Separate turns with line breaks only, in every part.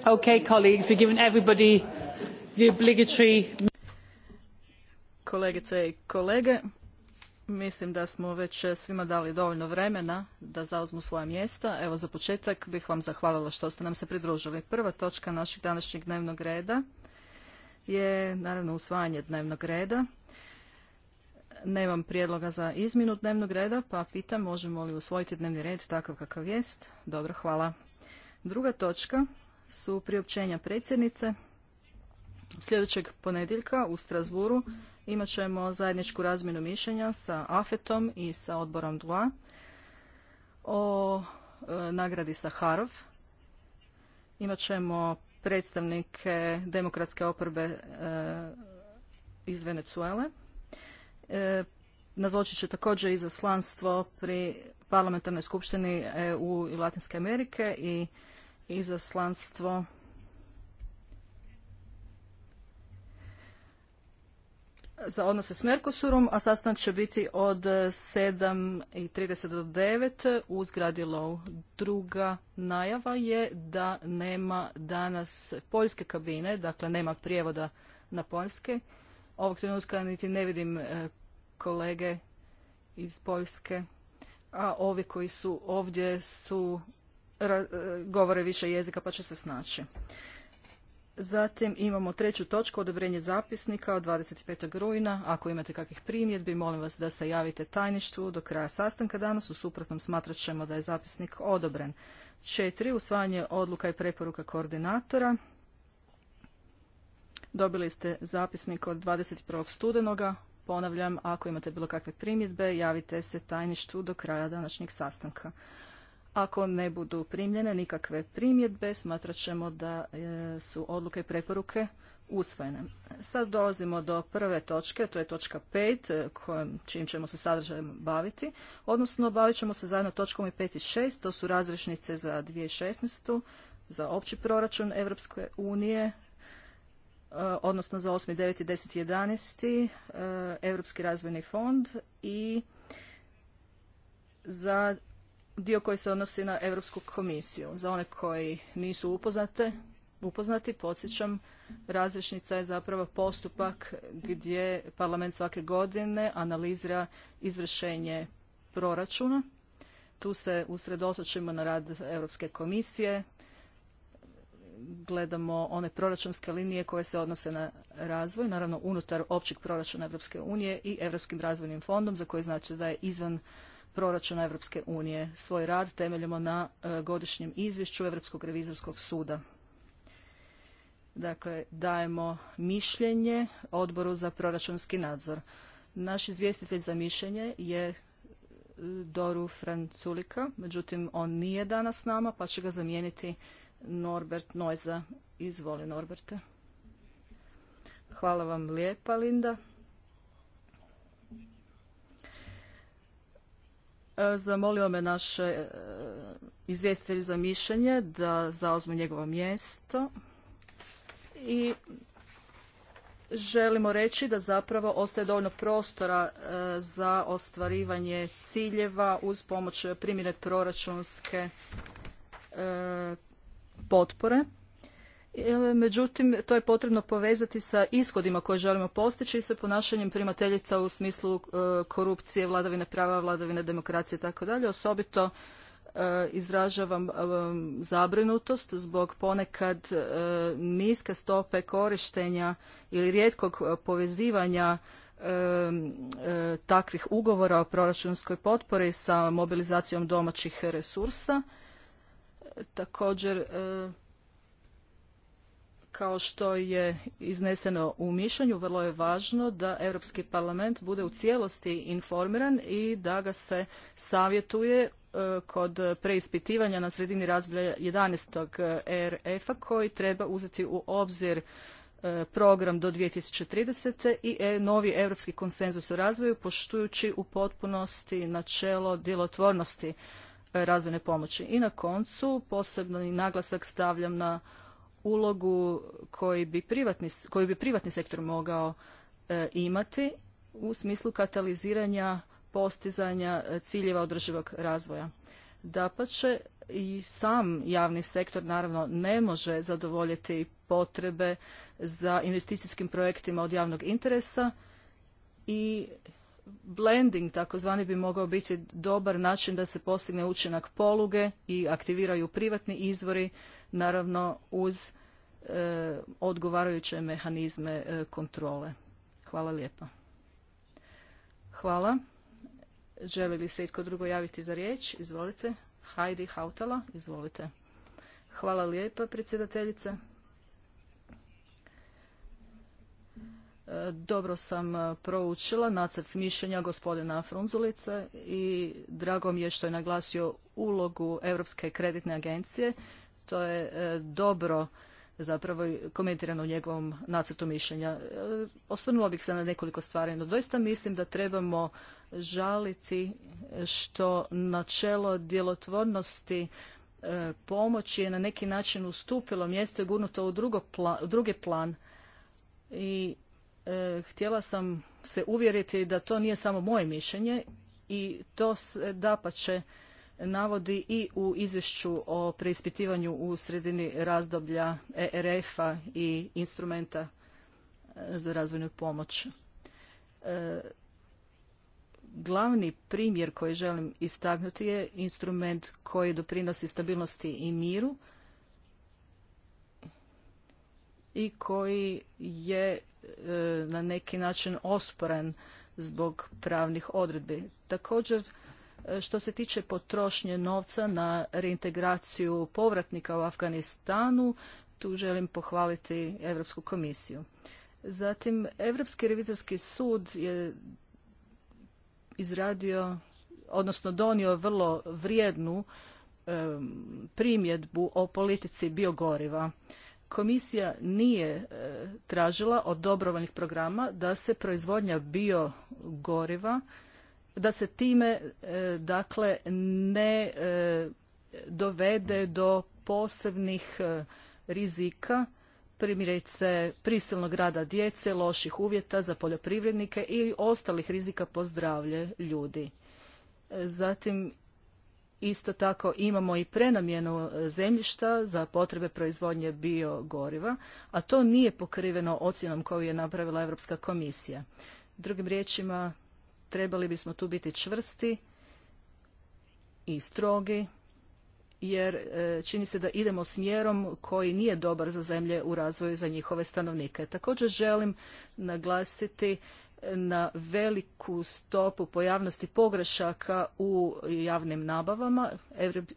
Okay, colleagues, given everybody
the obligatory... Kolegice i kolege, mislim da smo već svima dali dovoljno vremena da zauzmu svoja mjesta. Evo za početak bih vam zahvalila što ste nam se pridružili. Prva točka našeg današnjeg dnevnog reda je naravno usvajanje dnevnog reda. Nemam prijedloga za izmjenu dnevnog reda, pa pitam možemo li usvojiti dnevni red takav kakav jest. Dobro, hvala. Druga točka su priopćenja predsjednice. Sljedećeg ponedjeljka u Strasburu imat ćemo zajedničku razmjenu mišljenja sa AFET-om i sa odborom 2 o e, nagradi Saharov. Imat ćemo predstavnike demokratske oporbe e, iz Venecuele. E, nazočit će također izaslanstvo pri parlamentarnoj skupštini EU i Latinske Amerike i izaslanstvo za odnose s Merkosurom, a sastanak će biti od 7.30 do 9.00 u zgradi Druga najava je da nema danas poljske kabine, dakle nema prijevoda na poljske. Ovog trenutka niti ne vidim e, kolege iz Poljske, a ovi koji su ovdje su E, govore više jezika pa će se snaći. Zatim imamo treću točku, odobrenje zapisnika od 25. rujna. Ako imate kakvih primjedbi, molim vas da se javite tajništvu do kraja sastanka danas. U suprotnom smatrat ćemo da je zapisnik odobren. Četiri, usvajanje odluka i preporuka koordinatora. Dobili ste zapisnik od 21. studenoga. Ponavljam, ako imate bilo kakve primjedbe, javite se tajništvu do kraja današnjeg sastanka. Ako ne budu primljene nikakve primjedbe, smatrat ćemo da e, su odluke i preporuke usvojene. Sad dolazimo do prve točke, to je točka 5, e, čim ćemo se sadržajem baviti, odnosno bavit ćemo se zajedno točkom i 5 i 6, to su razrešnice za 2016. za opći proračun Evropske unije, e, odnosno za 8, 9, 10, 11, Europski razvojni fond i za dio koji se odnosi na Europsku komisiju. Za one koji nisu upoznate, upoznati, podsjećam, razrešnica je zapravo postupak gdje parlament svake godine analizira izvršenje proračuna. Tu se usredotočimo na rad Europske komisije, gledamo one proračunske linije koje se odnose na razvoj, naravno unutar općeg proračuna Europske unije i Europskim razvojnim fondom za koji znači da je izvan proračuna Europske unije. Svoj rad temeljimo na e, godišnjem izvješću Europskog revizorskog suda. Dakle, dajemo mišljenje odboru za proračunski nadzor. Naš izvjestitelj za mišljenje je e, Doru Franculika, međutim on nije danas s nama pa će ga zamijeniti Norbert Noiza. Izvoli Norberte. Hvala vam lijepa, Linda. E, zamolio me naše izvjestitelj za mišljenje da zauzmu njegovo mjesto i želimo reći da zapravo ostaje dovoljno prostora e, za ostvarivanje ciljeva uz pomoć primjene proračunske e, potpore E, međutim, to je potrebno povezati sa ishodima koje želimo postići i sa ponašanjem primateljica u smislu e, korupcije, vladavine prava, vladavine demokracije i tako dalje. Osobito e, izražavam zabrinutost zbog ponekad niske stope korištenja ili rijetkog povezivanja takvih ugovora o proračunskoj potpori sa mobilizacijom domaćih resursa. Također kao što je izneseno u mišljenju, vrlo je važno da Europski parlament bude u cijelosti informiran i da ga se savjetuje e, kod preispitivanja na sredini razdoblja 11. ERF-a koji treba uzeti u obzir e, program do 2030. i e, novi europski konsenzus o razvoju poštujući u potpunosti načelo djelotvornosti razvojne pomoći. I na koncu posebno naglasak stavljam na ulogu koji bi privatni, bi privatni sektor mogao e, imati u smislu kataliziranja postizanja e, ciljeva održivog razvoja. Dapače, i sam javni sektor naravno ne može zadovoljiti potrebe za investicijskim projektima od javnog interesa i blending takozvani bi mogao biti dobar način da se postigne učinak poluge i aktiviraju privatni izvori naravno uz e, odgovarajuće mehanizme e, kontrole. Hvala lijepa. Hvala. Želi li se itko drugo javiti za riječ? Izvolite. Heidi Hautala, izvolite. Hvala lijepa, predsjedateljice. E, dobro sam proučila nacrt mišljenja gospodina Frunzulice i drago mi je što je naglasio ulogu Europske kreditne agencije to je e, dobro zapravo komentirano u njegovom nacrtu mišljenja. E, osvrnula bih se na nekoliko stvari, no doista mislim da trebamo žaliti što načelo djelotvornosti e, pomoći je na neki način ustupilo mjesto i gurnuto u drugi plan i htjela sam se uvjeriti da to nije samo moje mišljenje i to dapače navodi i u izvješću o preispitivanju u sredini razdoblja ERF-a i instrumenta e, za razvojnu pomoć. E, glavni primjer koji želim istaknuti je instrument koji doprinosi stabilnosti i miru i koji je e, na neki način osporen zbog pravnih odredbi. Također što se tiče potrošnje novca na reintegraciju povratnika u Afganistanu, tu želim pohvaliti Europsku komisiju. Zatim, Europski revizorski sud je izradio, odnosno donio vrlo vrijednu primjedbu o politici biogoriva. Komisija nije e, tražila od dobrovoljnih programa da se proizvodnja biogoriva da se time e, dakle ne e, dovede do posebnih e, rizika primjerice prisilnog rada djece, loših uvjeta za poljoprivrednike i ostalih rizika po zdravlje ljudi. Zatim isto tako imamo i prenamjenu zemljišta za potrebe proizvodnje biogoriva, a to nije pokriveno ocjenom koju je napravila Europska komisija. Drugim riječima, Trebali bismo tu biti čvrsti i strogi jer e, čini se da idemo smjerom koji nije dobar za zemlje u razvoju za njihove stanovnike. Također želim naglasiti na veliku stopu pojavnosti pogrešaka u javnim nabavama.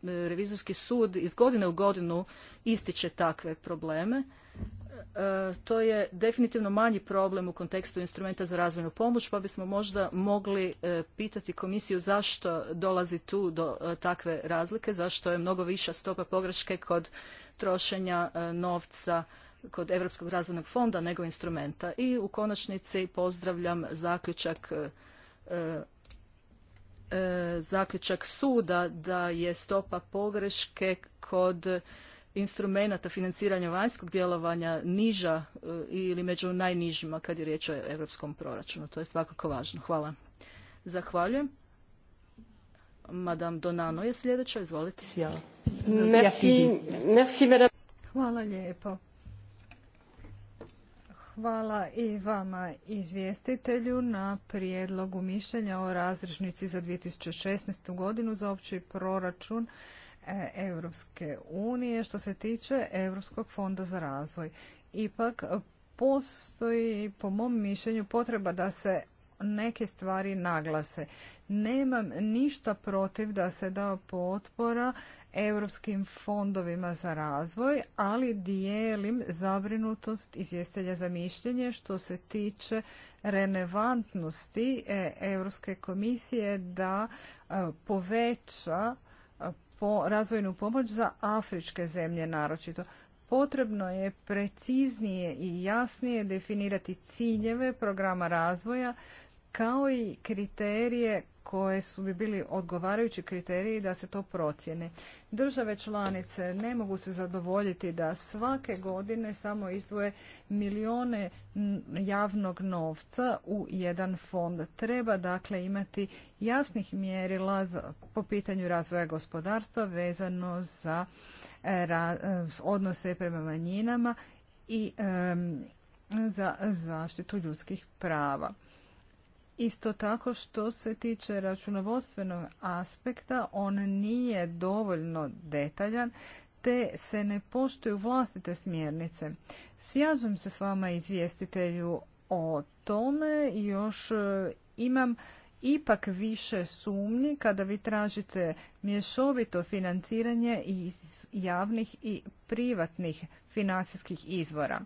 Revizorski sud iz godine u godinu ističe takve probleme to je definitivno manji problem u kontekstu instrumenta za razvojnu pomoć, pa bismo možda mogli e, pitati komisiju zašto dolazi tu do e, takve razlike, zašto je mnogo viša stopa pogreške kod trošenja e, novca kod Europskog razvojnog fonda nego instrumenta. I u konačnici pozdravljam zaključak zaključak suda da je stopa pogreške kod instrumenata financiranja vanjskog djelovanja niža e, ili među najnižima kad je riječ o europskom proračunu. To je svakako važno. Hvala. Zahvaljujem. Madame Donano je sljedeća, izvolite.
Hvala lijepo. Hvala i vama izvjestitelju na prijedlogu mišljenja o razrežnici za 2016. godinu za opći proračun Europske unije što se tiče Europskog fonda za razvoj. Ipak postoji po mom mišljenju potreba da se neke stvari naglase. Nemam ništa protiv da se da potpora europskim fondovima za razvoj, ali dijelim zabrinutost izvjestelja za mišljenje što se tiče relevantnosti e, Europske komisije da e, poveća po razvojnu pomoć za afričke zemlje naročito. Potrebno je preciznije i jasnije definirati ciljeve programa razvoja kao i kriterije koje su bi bili odgovarajući kriteriji da se to procjene. Države članice ne mogu se zadovoljiti da svake godine samo izdvoje milijone javnog novca u jedan fond. Treba dakle imati jasnih mjerila po pitanju razvoja gospodarstva vezano za e, e, odnose prema manjinama i za zaštitu ljudskih prava. Isto tako što se tiče računovodstvenog aspekta, on nije dovoljno detaljan te se ne poštuju vlastite smjernice. Sjažem se s vama izvjestitelju o tome još e, imam ipak više sumnji kada vi tražite mješovito financiranje iz javnih i privatnih financijskih izvora.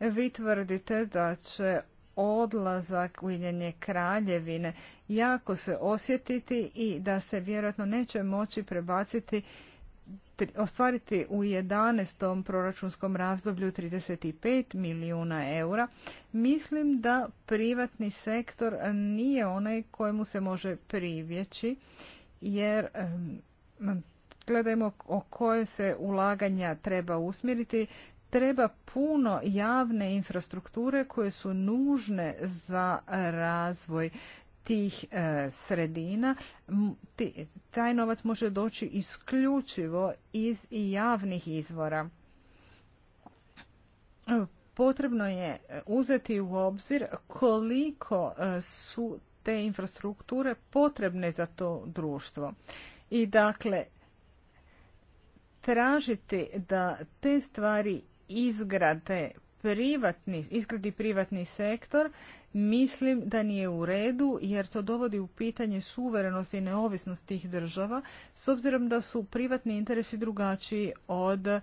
Vi tvrdite da će odlazak Ujedinjene kraljevine jako se osjetiti i da se vjerojatno neće moći prebaciti ostvariti u 11. proračunskom razdoblju 35 milijuna eura, mislim da privatni sektor nije onaj kojemu se može privjeći, jer gledajmo o kojem se ulaganja treba usmjeriti treba puno javne infrastrukture koje su nužne za razvoj tih e, sredina taj novac može doći isključivo iz javnih izvora potrebno je uzeti u obzir koliko e, su te infrastrukture potrebne za to društvo i dakle tražiti da te stvari izgrade privatni, izgradi privatni sektor, mislim da nije u redu jer to dovodi u pitanje suverenosti i neovisnost tih država s obzirom da su privatni interesi drugačiji od e,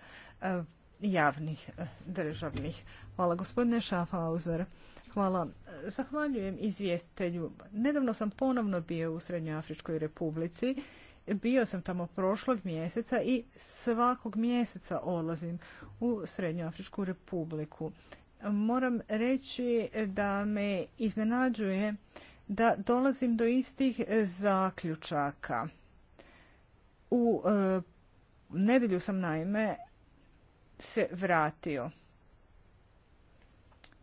javnih e, državnih. Hvala gospodine Schaffhauser. Hvala. Zahvaljujem izvjestitelju. Nedavno sam ponovno bio u Srednjoafričkoj republici bio sam tamo prošlog mjeseca i svakog mjeseca odlazim u Srednjoafričku republiku. Moram reći da me iznenađuje da dolazim do istih zaključaka. U e, nedjelju sam naime se vratio.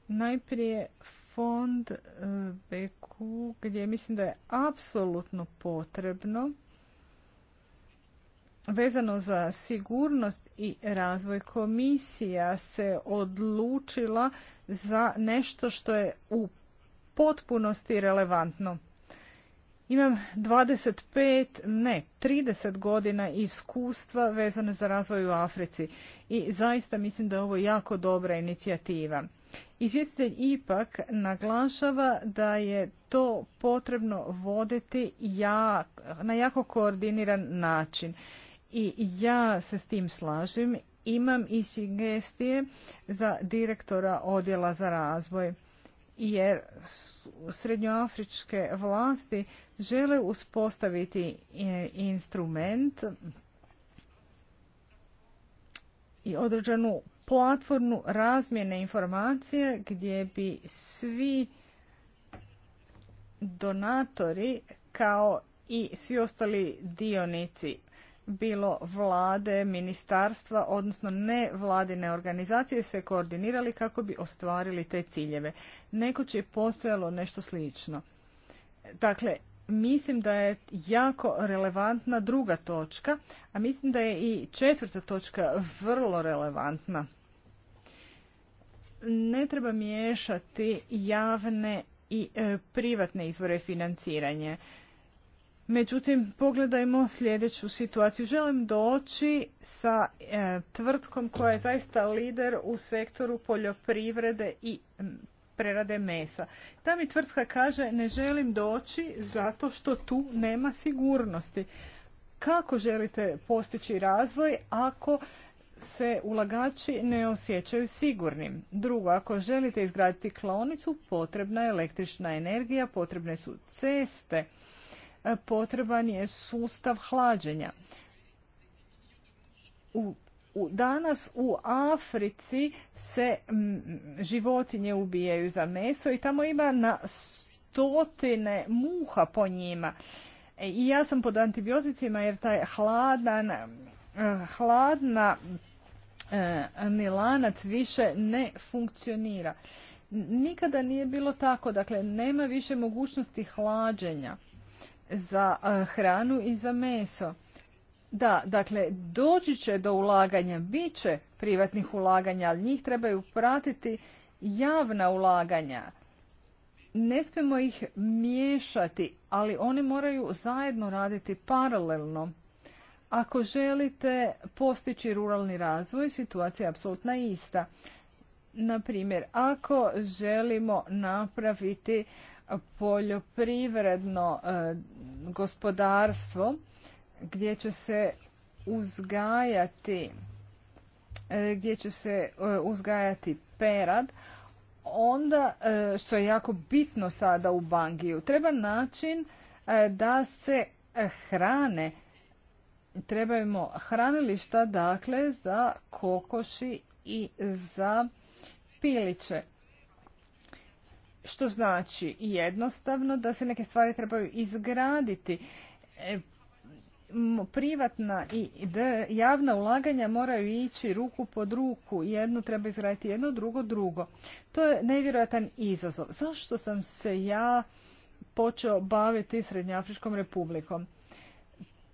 Najprije fond e, Beku gdje mislim da je apsolutno potrebno vezano za sigurnost i razvoj komisija se odlučila za nešto što je u potpunosti relevantno. Imam 25, ne, 30 godina iskustva vezane za razvoj u Africi i zaista mislim da je ovo jako dobra inicijativa. Izvjestitelj ipak naglašava da je to potrebno voditi na jako koordiniran način i ja se s tim slažem. Imam i sugestije za direktora odjela za razvoj jer srednjoafričke vlasti žele uspostaviti e, instrument i određenu platformu razmjene informacije gdje bi svi donatori kao i svi ostali dionici bilo vlade, ministarstva, odnosno ne vladine organizacije se koordinirali kako bi ostvarili te ciljeve. Nekoć je postojalo nešto slično. Dakle, mislim da je jako relevantna druga točka, a mislim da je i četvrta točka vrlo relevantna. Ne treba miješati javne i e, privatne izvore financiranja. Međutim, pogledajmo sljedeću situaciju. Želim doći sa e, tvrtkom koja je zaista lider u sektoru poljoprivrede i prerade mesa. Ta mi tvrtka kaže ne želim doći zato što tu nema sigurnosti. Kako želite postići razvoj ako se ulagači ne osjećaju sigurnim. Drugo, ako želite izgraditi klonicu potrebna je električna energija, potrebne su ceste potreban je sustav hlađenja. U, danas u Africi se životinje ubijaju za meso i tamo ima na stotine muha po njima. E, I ja sam pod antibioticima jer taj hladan, e, hladna e, milanac više ne funkcionira. Nikada nije bilo tako, dakle nema više mogućnosti hlađenja za e, hranu i za meso. Da, dakle, doći će do ulaganja, bit će privatnih ulaganja, ali njih trebaju pratiti javna ulaganja. Ne smijemo ih miješati, ali oni moraju zajedno raditi paralelno. Ako želite postići ruralni razvoj, situacija je apsolutno ista. Na primjer, ako želimo napraviti poljoprivredno e, gospodarstvo gdje će se uzgajati e, gdje će se e, uzgajati perad, onda, što je jako bitno sada u Bangiju, treba način da se hrane, trebamo hranilišta dakle za kokoši i za piliće što znači jednostavno da se neke stvari trebaju izgraditi. E, privatna i javna ulaganja moraju ići ruku pod ruku. Jedno treba izgraditi jedno, drugo drugo. To je nevjerojatan izazov. Zašto sam se ja počeo baviti Srednjoafričkom republikom?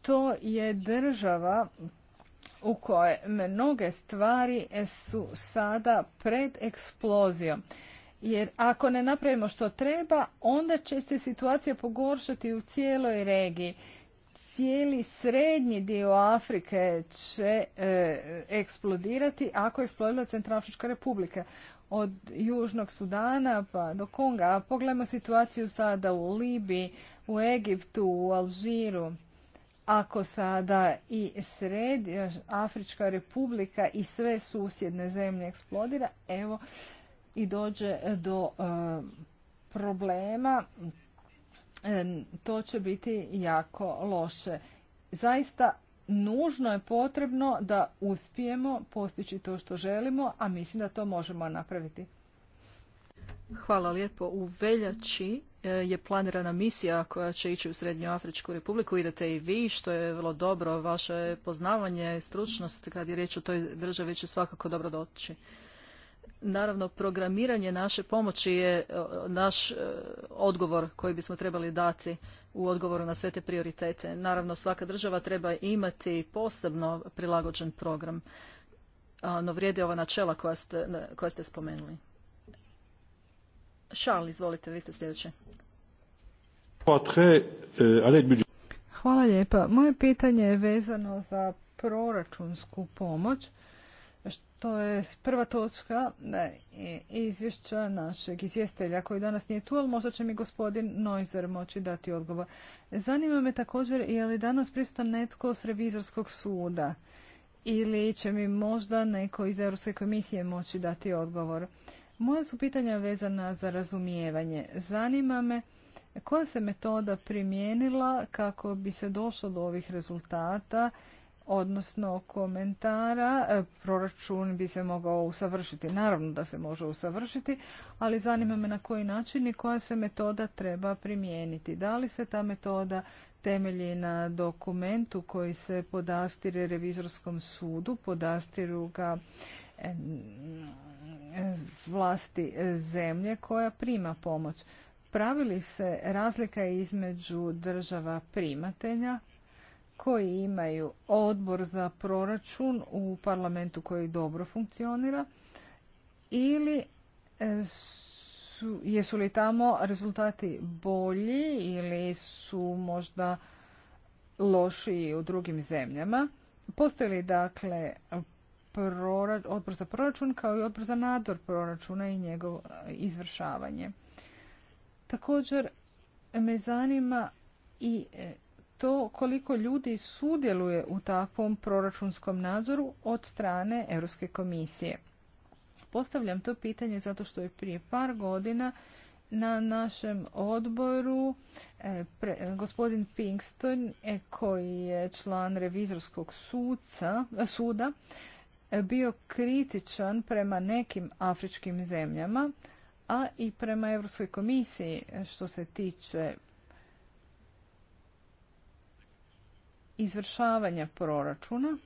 To je država u kojoj mnoge stvari su sada pred eksplozijom. Jer ako ne napravimo što treba, onda će se situacija pogoršati u cijeloj regiji. Cijeli srednji dio Afrike će e, eksplodirati ako eksplodira Centralafrička republika. Od Južnog Sudana pa do Konga. A pogledajmo situaciju sada u Libiji, u Egiptu, u Alžiru. Ako sada i srednja Afrička republika i sve susjedne zemlje eksplodira, evo i dođe do e, problema, e, to će biti jako loše. Zaista nužno je potrebno da uspijemo postići to što želimo, a mislim da to možemo napraviti.
Hvala lijepo. U veljači e, je planirana misija koja će ići u Srednjoafričku republiku. Idete i vi, što je vrlo dobro. Vaše poznavanje, stručnost, kad je riječ o toj državi, će svakako dobro doći. Naravno, programiranje naše pomoći je e, naš e, odgovor koji bismo trebali dati u odgovoru na sve te prioritete. Naravno, svaka država treba imati posebno prilagođen program, no vrijede ova načela koja ste, koja ste spomenuli.
Šal, izvolite, vi ste sljedeći. Hvala lijepa. Moje pitanje je vezano za proračunsku pomoć što je prva točka e, izvješća našeg izvjestelja koji danas nije tu, ali možda će mi gospodin Noizer moći dati odgovor. Zanima me također je li danas prisutan netko s revizorskog suda ili će mi možda neko iz Europske komisije moći dati odgovor. Moja su pitanja vezana za razumijevanje. Zanima me koja se metoda primijenila kako bi se došlo do ovih rezultata odnosno komentara. E, proračun bi se mogao usavršiti. Naravno da se može usavršiti, ali zanima me na koji način i koja se metoda treba primijeniti. Da li se ta metoda temelji na dokumentu koji se podastire revizorskom sudu, podastiru ga vlasti zemlje koja prima pomoć. Pravili se razlika između država primatelja koji imaju odbor za proračun u parlamentu koji dobro funkcionira ili e, su, jesu li tamo rezultati bolji ili su možda lošiji u drugim zemljama. Postoji li dakle odbor za proračun kao i odbor za nadzor proračuna i njegovo e, izvršavanje. Također me zanima i e, to koliko ljudi sudjeluje u takvom proračunskom nadzoru od strane Europske komisije. Postavljam to pitanje zato što je prije par godina na našem odboru e, gospodin Pinkston e, koji je član revizorskog suca, e, suda e, bio kritičan prema nekim afričkim zemljama a i prema Europskoj komisiji što se tiče izvršavanja proračuna.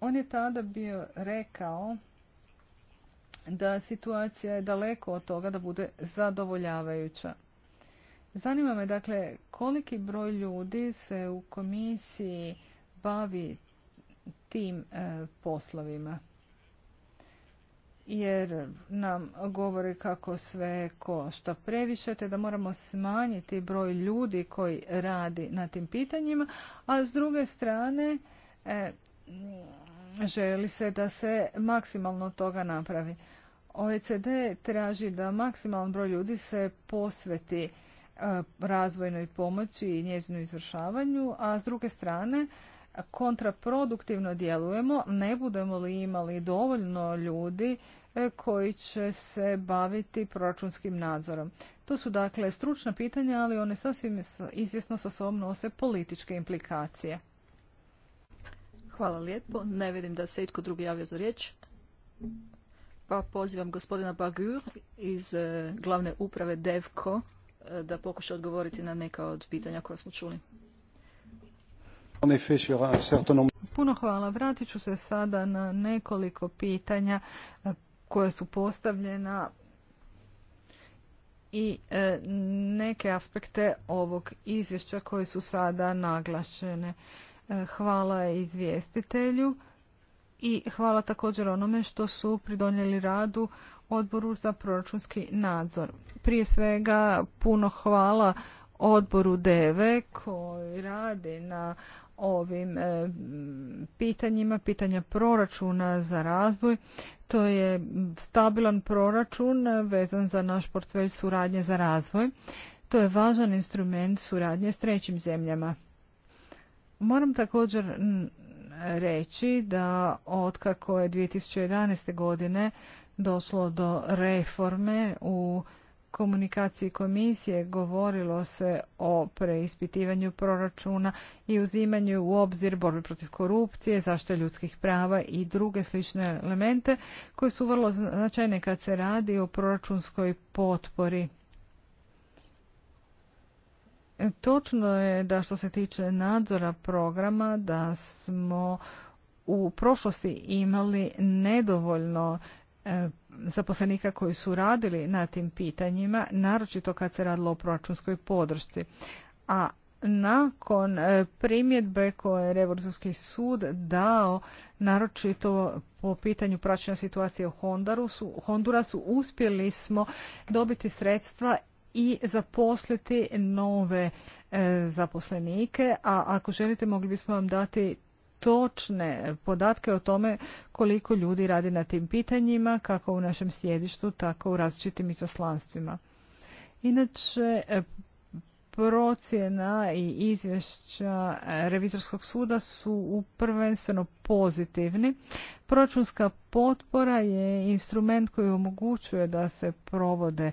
On je tada bio rekao da situacija je daleko od toga da bude zadovoljavajuća. Zanima me dakle koliki broj ljudi se u komisiji bavi tim e, poslovima jer nam govori kako sve košta previše, te da moramo smanjiti broj ljudi koji radi na tim pitanjima, a s druge strane e, želi se da se maksimalno toga napravi. OECD traži da maksimalan broj ljudi se posveti e, razvojnoj pomoći i njezinu izvršavanju, a s druge strane kontraproduktivno djelujemo, ne budemo li imali dovoljno ljudi e, koji će se baviti proračunskim nadzorom. To su dakle stručna pitanja, ali one sasvim izvjesno sa sobom nose političke implikacije. Hvala lijepo. Ne vidim da se itko drugi javio za
riječ. Pa pozivam gospodina Bagur iz e, glavne uprave DEVKO e, da pokuša odgovoriti na neka od pitanja koja smo čuli.
Puno hvala. Vratit ću se sada na nekoliko pitanja e, koja su postavljena i e, neke aspekte ovog izvješća koji su sada naglašene. E, hvala izvjestitelju i hvala također onome što su pridonijeli radu odboru za proračunski nadzor. Prije svega puno hvala odboru DEVE koji radi na ovim e, pitanjima, pitanja proračuna za razvoj. To je stabilan proračun vezan za naš portfelj suradnje za razvoj. To je važan instrument suradnje s trećim zemljama. Moram također reći da otkako je 2011. godine došlo do reforme u komunikaciji komisije govorilo se o preispitivanju proračuna i uzimanju u obzir borbe protiv korupcije, zaštite ljudskih prava i druge slične elemente koji su vrlo značajne kad se radi o proračunskoj potpori. E, točno je da što se tiče nadzora programa da smo u prošlosti imali nedovoljno E, zaposlenika koji su radili na tim pitanjima, naročito kad se radilo o proračunskoj podršci. A nakon e, primjedbe koje je Revolucijski sud dao, naročito po pitanju praćenja situacije u Hondurasu, Hondurasu uspjeli smo dobiti sredstva i zaposliti nove e, zaposlenike, a ako želite mogli bismo vam dati točne podatke o tome koliko ljudi radi na tim pitanjima, kako u našem sjedištu, tako u različitim izaslanstvima. Inače, e, procjena i izvješća revizorskog suda su prvenstveno pozitivni. Proračunska potpora je instrument koji omogućuje da se provode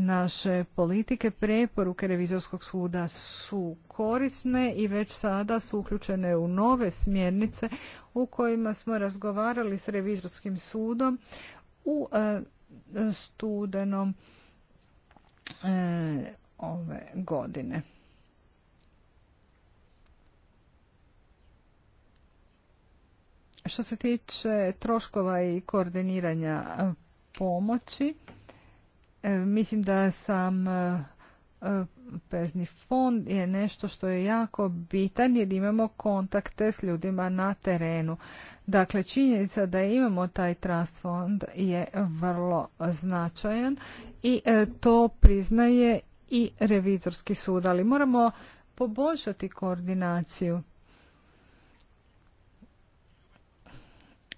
naše politike. Preporuke Revizorskog suda su korisne i već sada su uključene u nove smjernice u kojima smo razgovarali s Revizorskim sudom u e, studenom e, ove godine. Što se tiče troškova i koordiniranja e, pomoći, E, mislim da sam e, e, pezni fond je nešto što je jako bitan jer imamo kontakte s ljudima na terenu. Dakle, činjenica da imamo taj trust fond je vrlo značajan i to priznaje i revizorski sud, ali moramo poboljšati koordinaciju.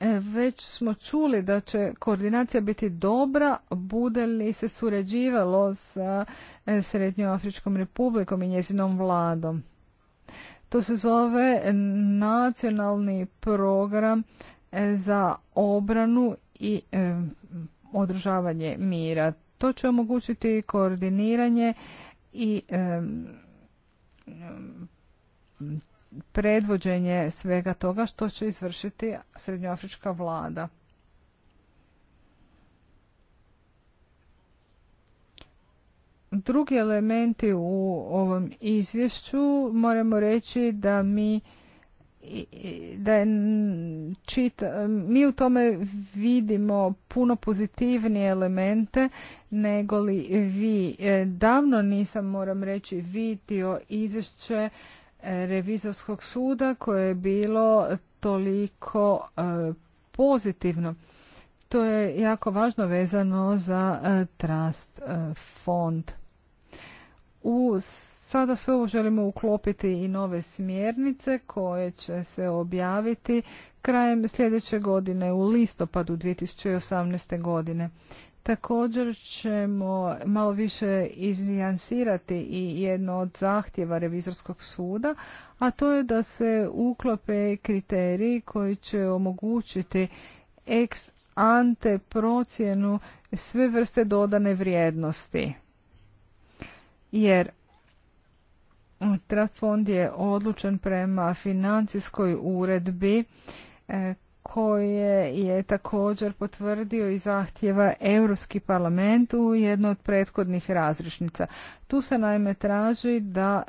E, već smo čuli da će koordinacija biti dobra bude li se surađivalo sa e, Srednjoafričkom republikom i njezinom vladom. To se zove nacionalni program e, za obranu i održavanje mira. To će omogućiti koordiniranje i predvođenje svega toga što će izvršiti srednjoafrička vlada. Drugi elementi u ovom izvješću moramo reći da mi da je mi u tome vidimo puno pozitivnije elemente nego li vi. E, davno nisam, moram reći, vidio izvješće revizorskog suda koje je bilo toliko e, pozitivno. To je jako važno vezano za e, Trust e, fond. U sada sve ovo želimo uklopiti i nove smjernice koje će se objaviti krajem sljedeće godine u listopadu 2018. godine. Također ćemo malo više iznijansirati i jedno od zahtjeva revizorskog suda, a to je da se uklope kriteriji koji će omogućiti ex ante procjenu sve vrste dodane vrijednosti. Jer Trust fond je odlučen prema financijskoj uredbi e, koje je također potvrdio i zahtjeva Europski parlament u jedno od prethodnih razrišnica. Tu se naime traži da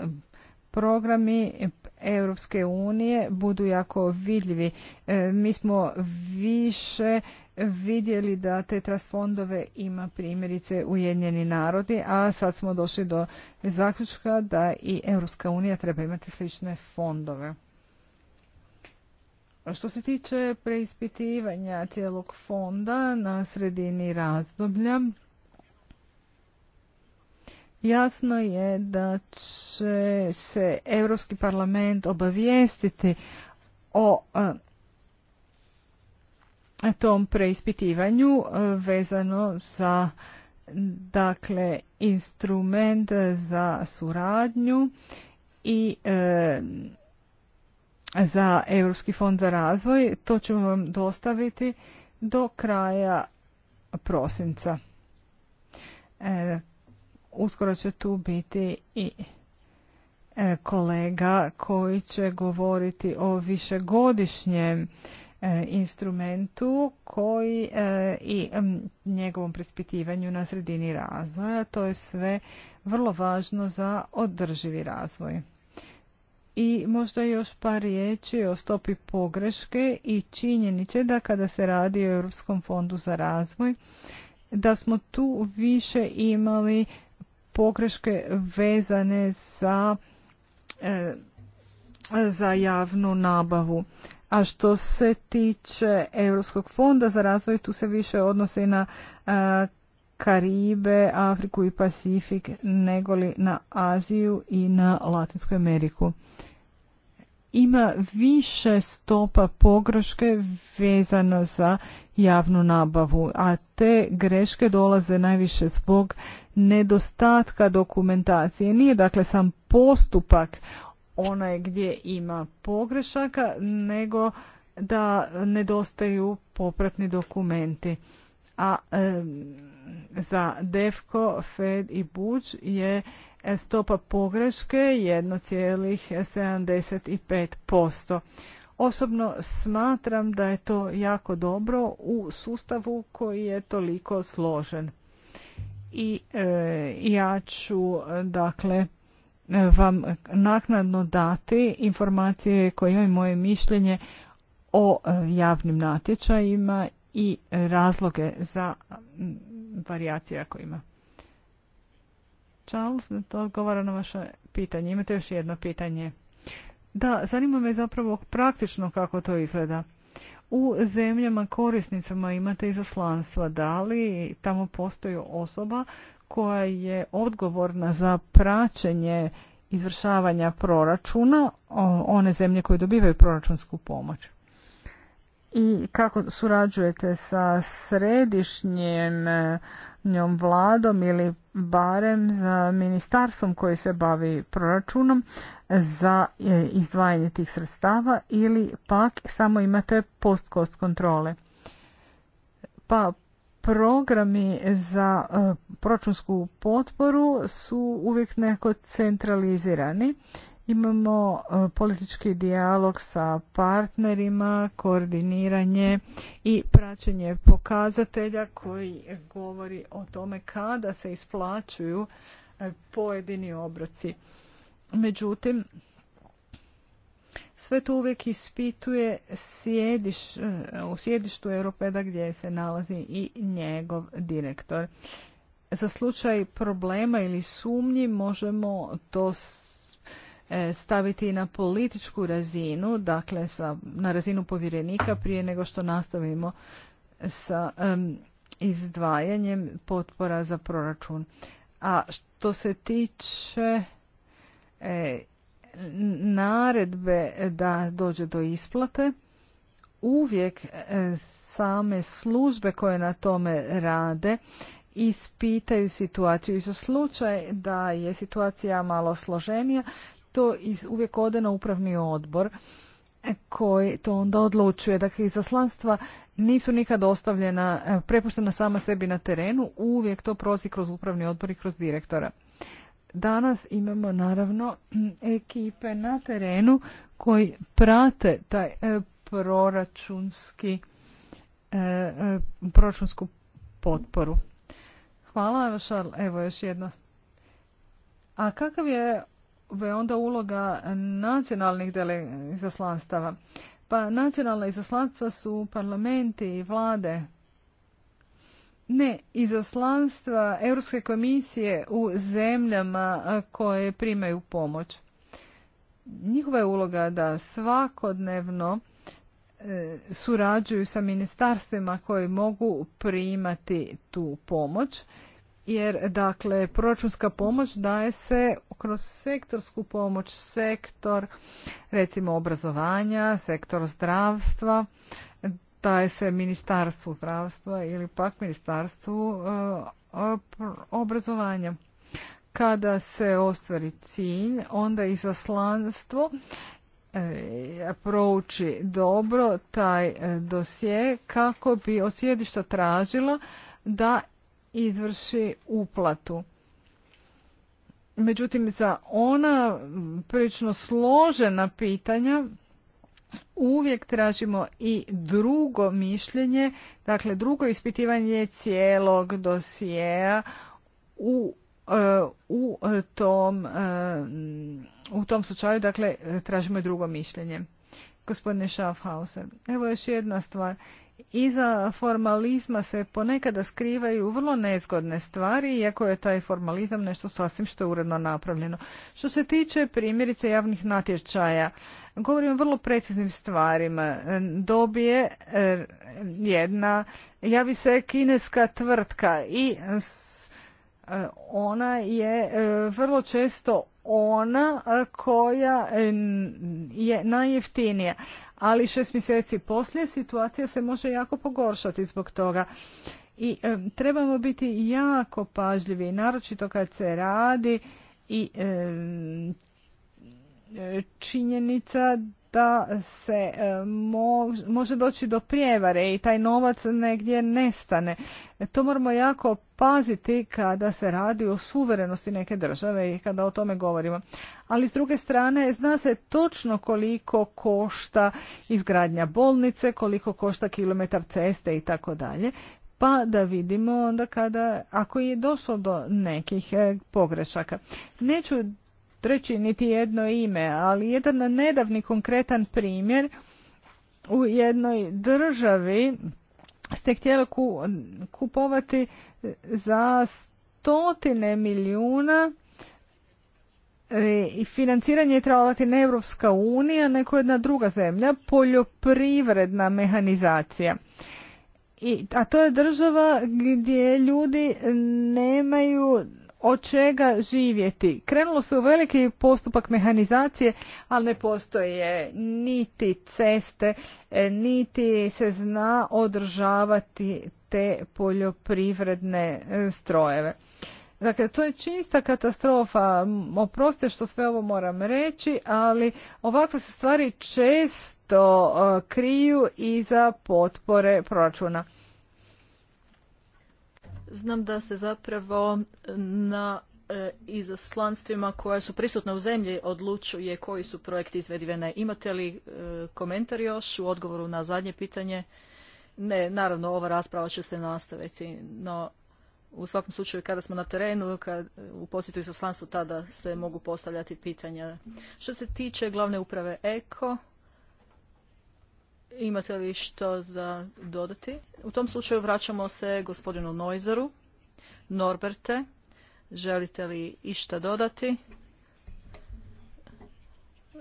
programi Europske unije budu jako vidljivi. E, mi smo više vidjeli da te trasfondove ima primjerice Ujedinjeni narodi, a sad smo došli do zaključka da i Europska unija treba imati slične fondove. Što se tiče preispitivanja cijelog fonda na sredini razdoblja, jasno je da će se Europski parlament obavijestiti o tom preispitivanju vezano za dakle instrument za suradnju i za Europski fond za razvoj. To ćemo vam dostaviti do kraja prosinca. E, uskoro će tu biti i e, kolega koji će govoriti o višegodišnjem e, instrumentu koji e, i njegovom prispitivanju na sredini razvoja. To je sve vrlo važno za održivi razvoj. I možda još par riječi o stopi pogreške i činjenice da kada se radi o Europskom fondu za razvoj, da smo tu više imali pogreške vezane za, e, za javnu nabavu. A što se tiče Europskog fonda za razvoj, tu se više odnosi na e, Karibe, Afriku i Pacifik negoli na Aziju i na Latinsku Ameriku. Ima više stopa pogreške vezano za javnu nabavu, a te greške dolaze najviše zbog nedostatka dokumentacije. Nije dakle sam postupak onaj gdje ima pogrešaka, nego da nedostaju popratni dokumenti a za DEFCO, FED i BUČ je stopa pogreške 1,75%. Osobno smatram da je to jako dobro u sustavu koji je toliko složen. I e, ja ću dakle vam naknadno dati informacije koje imaju moje mišljenje o e, javnim natječajima i razloge za varijacije ako ima. Charles, to odgovara na vaše pitanje. Imate još jedno pitanje. Da, zanima me zapravo praktično kako to izgleda. U zemljama korisnicama imate izaslanstva. Da li tamo postoji osoba koja je odgovorna za praćenje izvršavanja proračuna, one zemlje koje dobivaju proračunsku pomoć? i kako surađujete sa središnjem e, njom vladom ili barem za ministarstvom koji se bavi proračunom za e, izdvajanje tih sredstava ili pak samo imate post cost kontrole. Pa programi za e, proračunsku potporu su uvijek neko centralizirani Imamo e, politički dijalog sa partnerima, koordiniranje i praćenje pokazatelja koji govori o tome kada se isplaćuju e, pojedini obroci. Međutim, sve to uvijek ispituje sjediš, e, u sjedištu Europeda gdje se nalazi i njegov direktor. Za slučaj problema ili sumnji možemo to E, staviti na političku razinu, dakle sa, na razinu povjerenika prije nego što nastavimo sa izdvajanjem potpora za proračun. A što se tiče e, naredbe da dođe do isplate, uvijek e, same službe koje na tome rade ispitaju situaciju. I za slučaj da je situacija malo složenija, to iz, uvijek ode na upravni odbor e, koji to onda odlučuje. Dakle, izaslanstva nisu nikad ostavljena, e, prepuštena sama sebi na terenu, uvijek to prosi kroz upravni odbor i kroz direktora. Danas imamo naravno ekipe na terenu koji prate taj e, proračunski proračunsku potporu. Hvala, evo, evo još jedno. A kakav je onda uloga nacionalnih izaslanstava. Pa nacionalna izaslanstva su parlamenti i vlade. Ne, izaslanstva Europske komisije u zemljama koje primaju pomoć. Njihova je uloga da svakodnevno e, surađuju sa ministarstvima koji mogu primati tu pomoć jer dakle proračunska pomoć daje se kroz sektorsku pomoć, sektor recimo obrazovanja, sektor zdravstva, daje se ministarstvu zdravstva ili pak ministarstvu e, obrazovanja. Kada se ostvari cilj, onda izaslanstvo e, prouči dobro taj e, dosje kako bi od sjedišta tražila da izvrši uplatu. Međutim, za ona prilično složena pitanja uvijek tražimo i drugo mišljenje, dakle drugo ispitivanje cijelog dosijeja u, e, u, tom, e, u tom slučaju, dakle tražimo i drugo mišljenje. Gospodine Schaffhauser, evo još jedna stvar iza formalizma se ponekada skrivaju vrlo nezgodne stvari, iako je taj formalizam nešto sasvim što je uredno napravljeno. Što se tiče primjerice javnih natječaja, govorimo o vrlo preciznim stvarima. Dobije eh, jedna, ja bi se kineska tvrtka i eh, ona je eh, vrlo često ona koja je najjeftinija ali šest mjeseci poslije situacija se može jako pogoršati zbog toga. I trebamo biti jako pažljivi, naročito kad se radi i e, činjenica da se e, može doći do prijevare i taj novac negdje nestane. To moramo jako paziti kada se radi o suverenosti neke države i kada o tome govorimo. Ali s druge strane zna se točno koliko košta izgradnja bolnice, koliko košta kilometar ceste i tako Pa da vidimo onda kada, ako je došlo do nekih e, pogrešaka. Neću treći niti jedno ime, ali jedan nedavni konkretan primjer u jednoj državi ste htjeli kupovati za stotine milijuna e, i financiranje je trebala biti ne Europska unija, neko jedna druga zemlja, poljoprivredna mehanizacija. I, a to je država gdje ljudi nemaju od čega živjeti. Krenulo se u veliki postupak mehanizacije, ali ne postoje niti ceste, e, niti se zna održavati te poljoprivredne e, strojeve. Dakle, to je čista katastrofa. Oprostite što sve ovo moram reći, ali ovakve se stvari često e, kriju iza potpore proračuna.
Znam da se zapravo na e, izaslanstvima koja su prisutna u zemlji odlučuje koji su projekti izvedivene. Imate li e, komentar još u odgovoru na zadnje pitanje? Ne, naravno, ova rasprava će se nastaviti, no u svakom slučaju kada smo na terenu, u posjetu izaslanstvu, tada se mogu postavljati pitanja. Što se tiče glavne uprave EKO, Imate li što za dodati? U tom slučaju vraćamo se gospodinu Noizeru. Norberte, želite li išta dodati?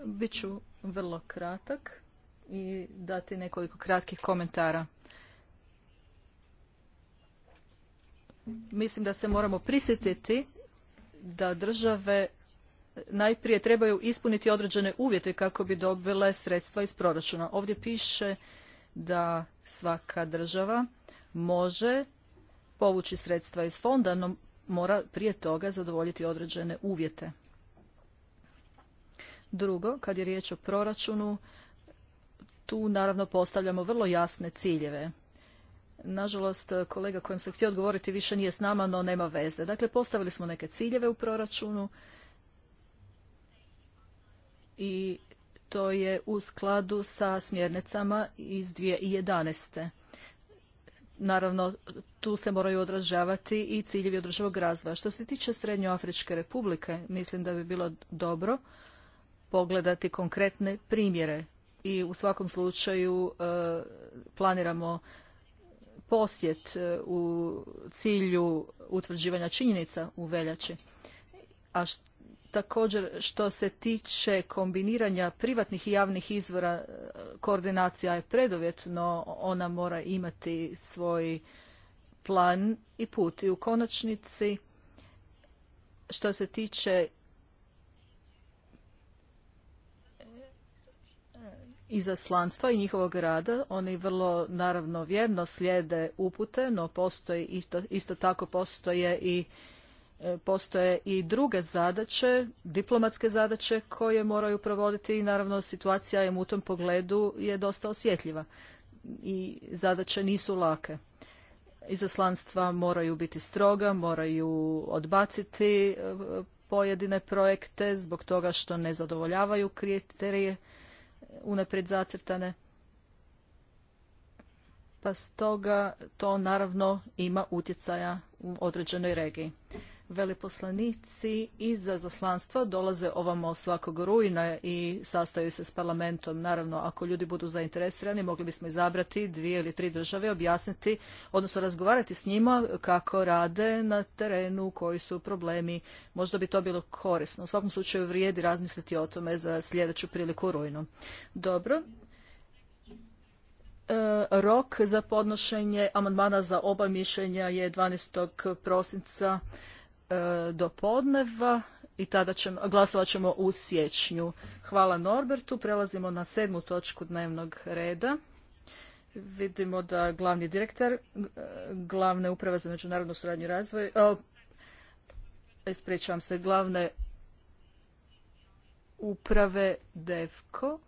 Biću vrlo kratak i dati nekoliko kratkih komentara. Mislim da se moramo prisjetiti da države najprije trebaju ispuniti određene uvjete kako bi dobile sredstva iz proračuna. Ovdje piše da svaka država može povući sredstva iz fonda, no mora prije toga zadovoljiti određene uvjete. Drugo, kad je riječ o proračunu, tu naravno postavljamo vrlo jasne ciljeve. Nažalost, kolega kojem se htio odgovoriti više nije s nama, no nema veze. Dakle, postavili smo neke ciljeve u proračunu i to je u skladu sa smjernicama iz 2011. Naravno, tu se moraju odražavati i ciljevi održivog razvoja. Što se tiče Srednjoafričke republike, mislim da bi bilo dobro pogledati konkretne primjere i u svakom slučaju e, planiramo posjet e, u cilju utvrđivanja činjenica u veljači. A Također što se tiče kombiniranja privatnih i javnih izvora, e, koordinacija je predovjetno, ona mora imati svoj plan i put. I u konačnici, što se tiče e, izaslanstva i njihovog rada. Oni vrlo naravno vjerno slijede upute, no postoji isto tako postoje i postoje i druge zadaće, diplomatske zadaće koje moraju provoditi i naravno situacija im u tom pogledu je dosta osjetljiva i zadaće nisu lake. Izaslanstva moraju biti stroga, moraju odbaciti e, pojedine projekte zbog toga što ne zadovoljavaju kriterije unaprijed zacrtane. Pa stoga to naravno ima utjecaja u određenoj regiji. Veleposlanici iz zaslanstva dolaze ovamo svakog rujna i sastaju se s parlamentom. Naravno, ako ljudi budu zainteresirani, mogli bismo izabrati dvije ili tri države, objasniti, odnosno razgovarati s njima kako rade na terenu, koji su problemi. Možda bi to bilo korisno. U svakom slučaju vrijedi razmisliti o tome za sljedeću priliku u rujnu. Dobro, e, rok za podnošenje amandmana za oba mišljenja je 12. prosinca E, do podneva i tada ćemo, glasovat ćemo u siječnju. Hvala Norbertu. Prelazimo na sedmu točku dnevnog reda. Vidimo da glavni direktor e, glavne uprave za međunarodnu suradnju i razvoj, o, ispričavam se, glavne uprave DEVKO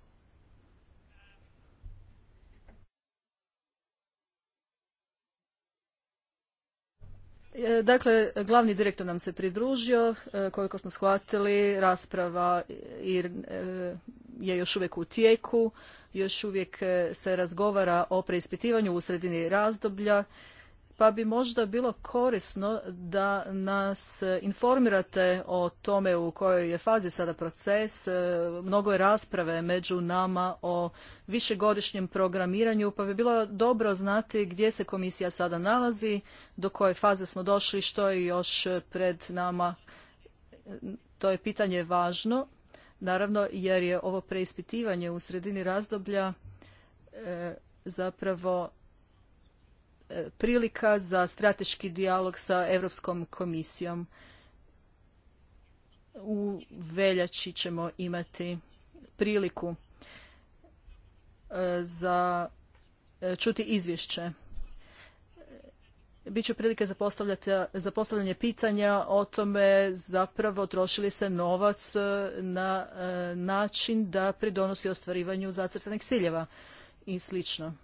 E, dakle, glavni direktor nam se pridružio, e, koliko smo shvatili, rasprava e, je još uvijek u tijeku, još uvijek se razgovara o preispitivanju u sredini razdoblja pa bi možda bilo korisno da nas informirate o tome u kojoj je fazi sada proces. E, mnogo je rasprave među nama o višegodišnjem programiranju, pa bi bilo dobro znati gdje se komisija sada nalazi, do koje faze smo došli, što je još pred nama. E, to je pitanje važno, naravno jer je ovo preispitivanje u sredini razdoblja e, zapravo E, prilika za strateški dijalog sa Europskom komisijom. U veljači ćemo imati priliku e, za e, čuti izvješće. Biće prilike za postavljanje pitanja o tome zapravo trošili se novac na način da pridonosi ostvarivanju zacrtanih ciljeva i slično.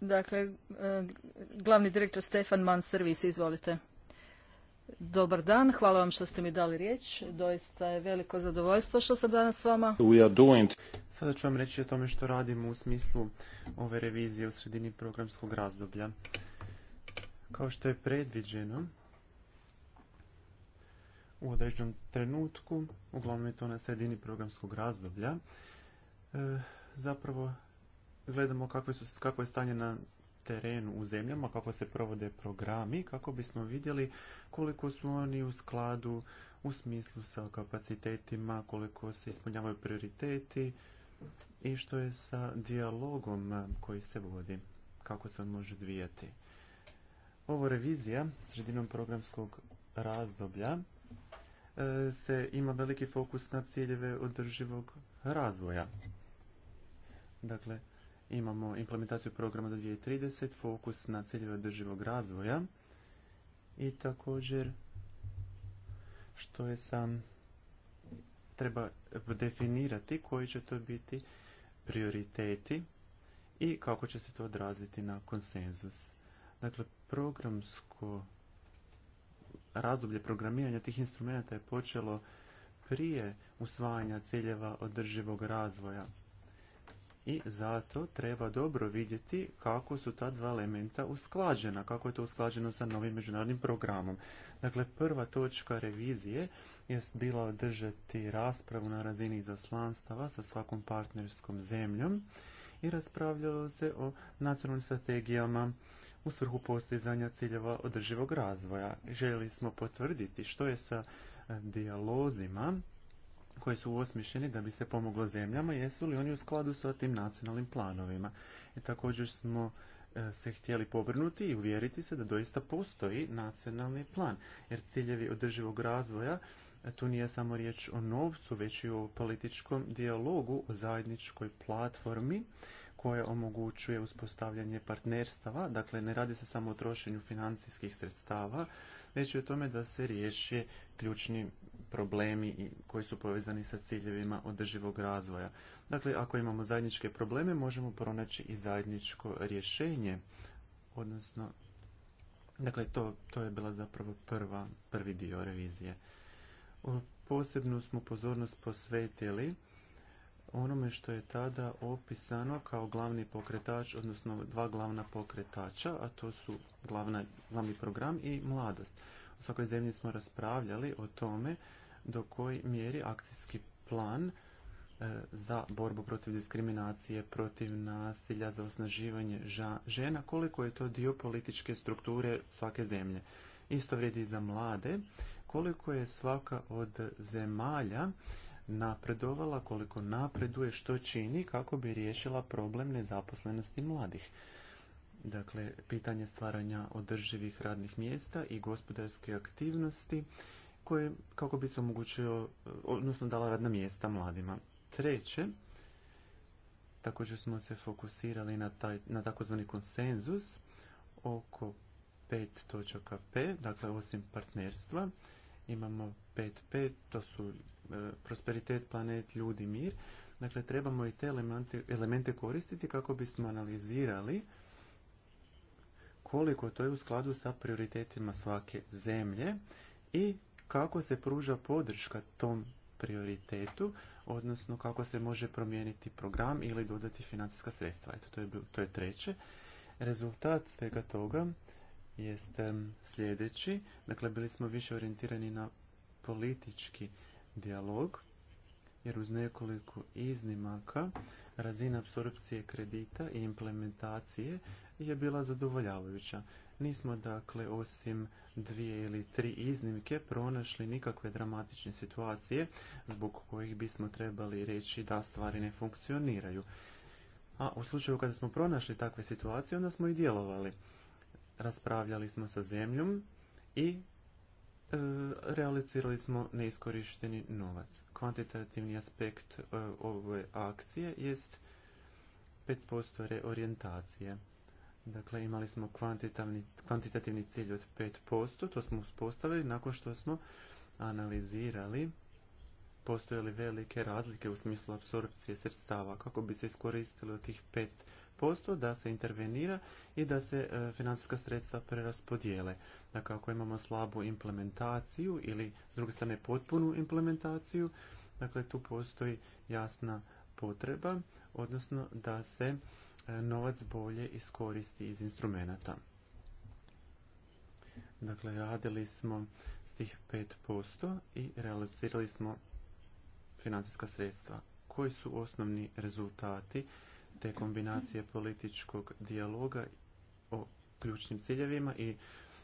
Dakle, e, glavni direktor Stefan Man Servis, izvolite. Dobar dan, hvala vam što ste mi dali riječ. Doista je veliko zadovoljstvo što sam danas s vama.
Sada ću vam reći o tome što radimo u smislu ove revizije u sredini programskog razdoblja. Kao što je predviđeno, u određenom trenutku, uglavnom je to na sredini programskog razdoblja, e, zapravo gledamo kakve su, kako je stanje na terenu u zemljama, kako se provode programi, kako bismo vidjeli koliko su oni u skladu u smislu sa kapacitetima, koliko se ispunjavaju prioriteti i što je sa dijalogom koji se vodi, kako se on može odvijati. Ovo revizija sredinom programskog razdoblja e, se ima veliki fokus na ciljeve održivog razvoja. Dakle, Imamo implementaciju programa do 2030, fokus na ciljeve održivog razvoja i također što je sam treba definirati koji će to biti prioriteti i kako će se to odraziti na konsenzus. Dakle, programsko razdoblje programiranja tih instrumenta je počelo prije usvajanja ciljeva održivog razvoja i zato treba dobro vidjeti kako su ta dva elementa usklađena, kako je to usklađeno sa novim međunarodnim programom. Dakle, prva točka revizije jest bila održati raspravu na razini izaslanstava sa svakom partnerskom zemljom i raspravljalo se o nacionalnim strategijama u svrhu postizanja ciljeva održivog razvoja. Željeli smo potvrditi što je sa dijalozima koji su osmišljeni da bi se pomoglo zemljama, jesu li oni u skladu sa tim nacionalnim planovima. I e, također smo e, se htjeli povrnuti i uvjeriti se da doista postoji nacionalni plan, jer ciljevi održivog razvoja e, tu nije samo riječ o novcu, već i o političkom dijalogu, o zajedničkoj platformi koja omogućuje uspostavljanje partnerstava. Dakle, ne radi se samo o trošenju financijskih sredstava, već i o tome da se riješi ključni problemi koji su povezani sa ciljevima održivog razvoja. Dakle, ako imamo zajedničke probleme, možemo pronaći i zajedničko rješenje, odnosno, dakle, to, to je bila zapravo prva, prvi dio revizije. Posebnu smo pozornost posvetili onome što je tada opisano kao glavni pokretač, odnosno dva glavna pokretača, a to su glavna, glavni program i mladost. U svakoj zemlji smo raspravljali o tome do koji mjeri akcijski plan e, za borbu protiv diskriminacije, protiv nasilja, za osnaživanje žena, koliko je to dio političke strukture svake zemlje. Isto vrijedi i za mlade, koliko je svaka od zemalja napredovala, koliko napreduje, što čini kako bi riješila problem nezaposlenosti mladih dakle pitanje stvaranja održivih radnih mjesta i gospodarske aktivnosti koje kako bi se omogućio, odnosno dala radna mjesta mladima. Treće, također smo se fokusirali na, na takozvani konsenzus oko pet točaka P, dakle osim partnerstva, imamo pet p to su e, prosperitet, planet, ljudi, mir. Dakle, trebamo i te elemente koristiti kako bismo analizirali koliko to je u skladu sa prioritetima svake zemlje i kako se pruža podrška tom prioritetu, odnosno kako se može promijeniti program ili dodati financijska sredstva. Eto, to je, to je treće. Rezultat svega toga jest sljedeći. Dakle, bili smo više orijentirani na politički dijalog, jer uz nekoliko iznimaka razina apsorpcije kredita i implementacije je bila zadovoljavajuća. Nismo dakle osim dvije ili tri iznimke pronašli nikakve dramatične situacije zbog kojih bismo trebali reći da stvari ne funkcioniraju. A u slučaju kada smo pronašli takve situacije, onda smo i djelovali. Raspravljali smo sa zemljom i e, realizirali smo neiskorišteni novac. Kvantitativni aspekt e, ove akcije jest 5% reorijentacije. Dakle, imali smo kvantitativni cilj od 5%, to smo uspostavili nakon što smo analizirali postoje li velike razlike u smislu apsorpcije sredstava kako bi se iskoristilo od tih 5% da se intervenira i da se e, financijska sredstva preraspodijele. Dakle, ako imamo slabu implementaciju ili s druge strane potpunu implementaciju, dakle tu postoji jasna potreba, odnosno da se novac bolje iskoristi iz instrumenta. Dakle, radili smo s tih 5% i realizirali smo financijska sredstva. Koji su osnovni rezultati te kombinacije političkog dijaloga o ključnim ciljevima i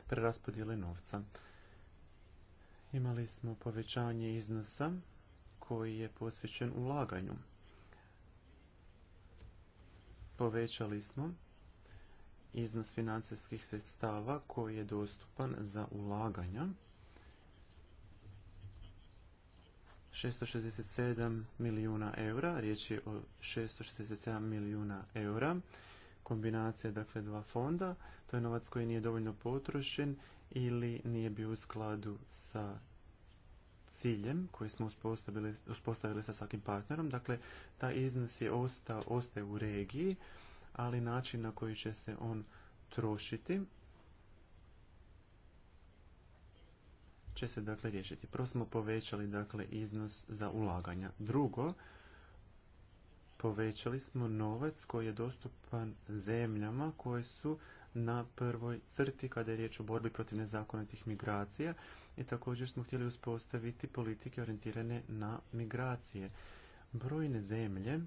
preraspodjele novca? Imali smo povećanje iznosa koji je posvećen ulaganju Povećali smo iznos financijskih sredstava koji je dostupan za ulaganja. 667 milijuna eura, riječ je o 667 milijuna eura, kombinacija dakle dva fonda, to je novac koji nije dovoljno potrošen ili nije bio u skladu sa ciljem koji smo uspostavili, sa svakim partnerom. Dakle, taj iznos je osta, ostaje u regiji, ali način na koji će se on trošiti će se dakle riješiti. Prvo smo povećali dakle iznos za ulaganja. Drugo, povećali smo novac koji je dostupan zemljama koje su na prvoj crti kada je riječ o borbi protiv nezakonitih migracija i također smo htjeli uspostaviti politike orijentirane na migracije. Brojne zemlje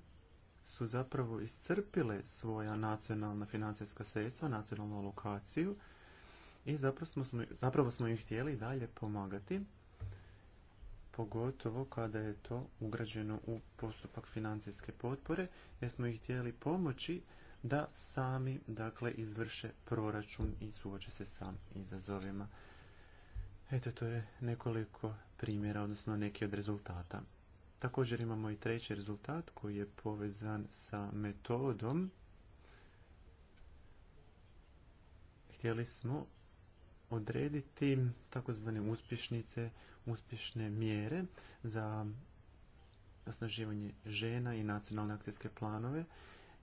su zapravo iscrpile svoja nacionalna financijska sredstva, nacionalnu alokaciju i zapravo smo, zapravo smo im htjeli dalje pomagati, pogotovo kada je to ugrađeno u postupak financijske potpore, jer smo ih htjeli pomoći da sami dakle izvrše proračun i suoče se sam izazovima. Eto to je nekoliko primjera, odnosno neki od rezultata. Također imamo i treći rezultat koji je povezan sa metodom. Htjeli smo odrediti takozvane uspješnice, uspješne mjere za osnaživanje žena i nacionalne akcijske planove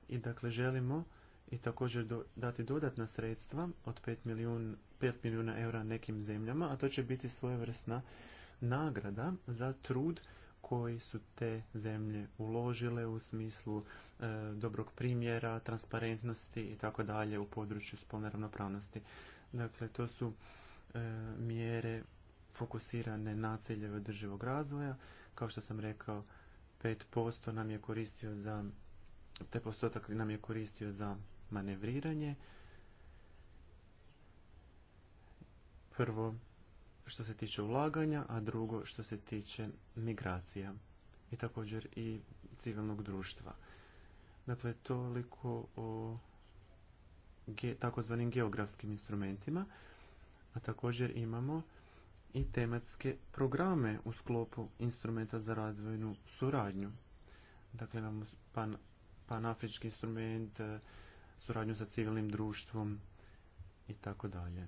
i dakle želimo i također dati dodatna sredstva od 5 milijuna, 5 eura nekim zemljama, a to će biti svojevrsna nagrada za trud koji su te zemlje uložile u smislu e, dobrog primjera, transparentnosti i tako dalje u području spolne ravnopravnosti. Dakle, to su e, mjere fokusirane na ciljeve održivog razvoja. Kao što sam rekao, 5% nam je koristio za taj postotak nam je koristio za manevriranje. Prvo što se tiče ulaganja, a drugo što se tiče migracija i također i civilnog društva. Dakle, toliko o ge, takozvanim geografskim instrumentima, a također imamo i tematske programe u sklopu instrumenta za razvojnu suradnju. Dakle, imamo pan panafrički instrument, e, suradnju sa civilnim društvom i tako dalje.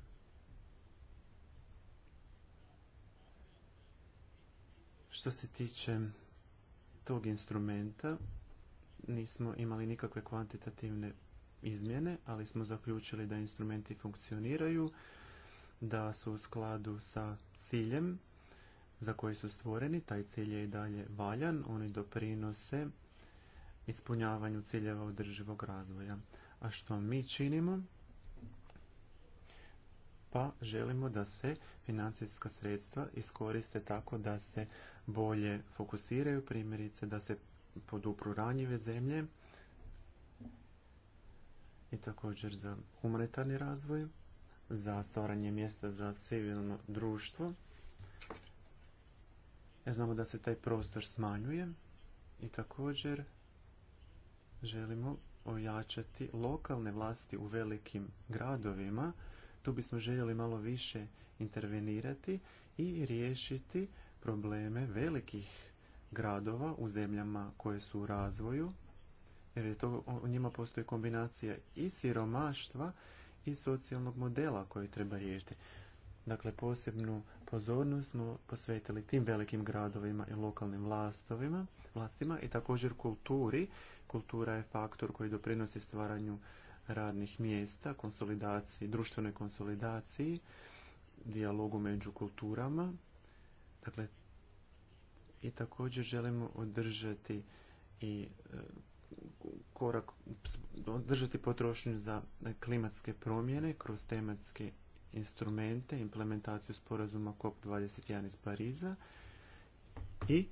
Što se tiče tog instrumenta, nismo imali nikakve kvantitativne izmjene, ali smo zaključili da instrumenti funkcioniraju, da su u skladu sa ciljem za koji su stvoreni, taj cilj je i dalje valjan, oni doprinose ispunjavanju ciljeva održivog razvoja. A što mi činimo? Pa želimo da se financijska sredstva iskoriste tako da se bolje fokusiraju, primjerice da se podupru ranjive zemlje i također za humanitarni razvoj, za stvaranje mjesta za civilno društvo. E, znamo da se taj prostor smanjuje i također želimo ojačati lokalne vlasti u velikim gradovima. Tu bismo željeli malo više intervenirati i riješiti probleme velikih gradova u zemljama koje su u razvoju, jer je to, u njima postoji kombinacija i siromaštva i socijalnog modela koji treba riješiti. Dakle, posebnu pozornost smo posvetili tim velikim gradovima i lokalnim vlastovima, vlastima i također kulturi. Kultura je faktor koji doprinosi stvaranju radnih mjesta, konsolidaciji, društvenoj konsolidaciji, dijalogu među kulturama. Dakle, i također želimo održati i e, korak, održati potrošnju za klimatske promjene kroz tematski instrumente, implementaciju sporazuma COP21 iz Pariza i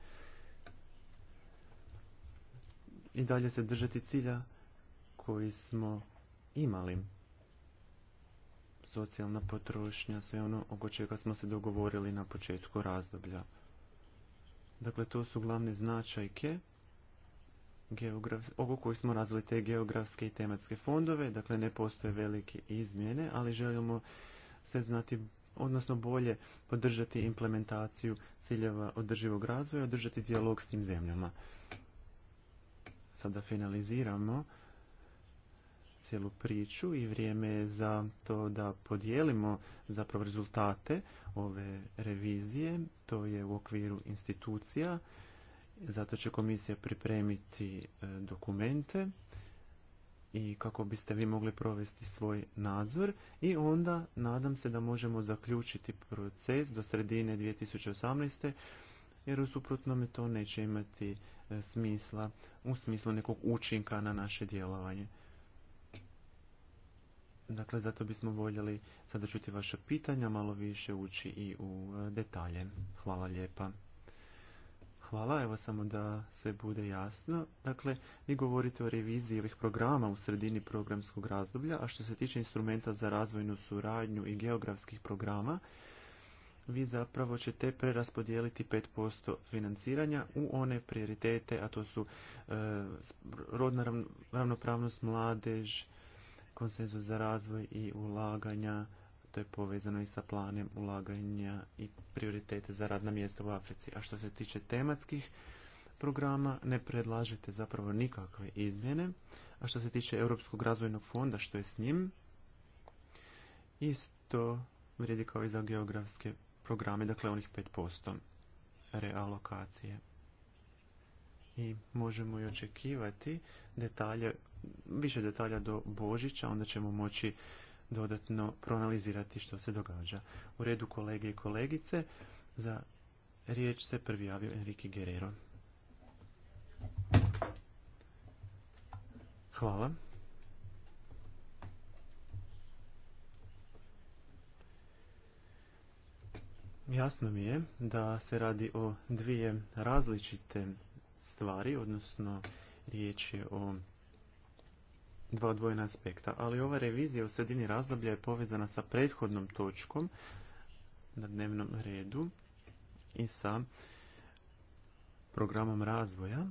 i dalje se držati cilja koji smo imali. Socijalna potrošnja, sve ono oko čega smo se dogovorili na početku razdoblja. Dakle, to su glavne značajke oko kojih smo razvili te geografske i tematske fondove. Dakle, ne postoje velike izmjene, ali želimo se znati odnosno bolje podržati implementaciju ciljeva održivog razvoja i održati dijalog s tim zemljama. Sada finaliziramo cijelu priču i vrijeme je za to da podijelimo zapravo rezultate ove revizije. To je u okviru institucija. Zato će komisija pripremiti e, dokumente i kako biste vi mogli provesti svoj nadzor i onda nadam se da možemo zaključiti proces do sredine 2018. jer u suprotnome to neće imati e, smisla u smislu nekog učinka na naše djelovanje. Dakle, zato bismo voljeli sada čuti vaše pitanja, malo više ući i u e, detalje. Hvala lijepa. Hvala, evo samo da se bude jasno. Dakle, vi govorite o reviziji ovih programa u sredini programskog razdoblja, a što se tiče instrumenta za razvojnu suradnju i geografskih programa, vi zapravo ćete preraspodijeliti 5% financiranja u one prioritete, a to su e, rodna ravnopravnost mladež, konsenzus za razvoj i ulaganja, to je povezano i sa planem ulaganja i prioritete za radna mjesta u Africi. A što se tiče tematskih programa, ne predlažete zapravo nikakve izmjene. A što se tiče Europskog razvojnog fonda, što je s njim, isto vrijedi kao i za geografske programe, dakle onih 5% realokacije. I možemo i očekivati detalje, više detalja do Božića, onda ćemo moći dodatno proanalizirati što se događa. U redu kolege i kolegice, za riječ se prvi javio Enrique Guerrero. Hvala. Jasno mi je da se radi o dvije različite stvari, odnosno riječ je o dva odvojena aspekta, ali ova revizija u sredini razdoblja je povezana sa prethodnom točkom na dnevnom redu i sa programom razvoja.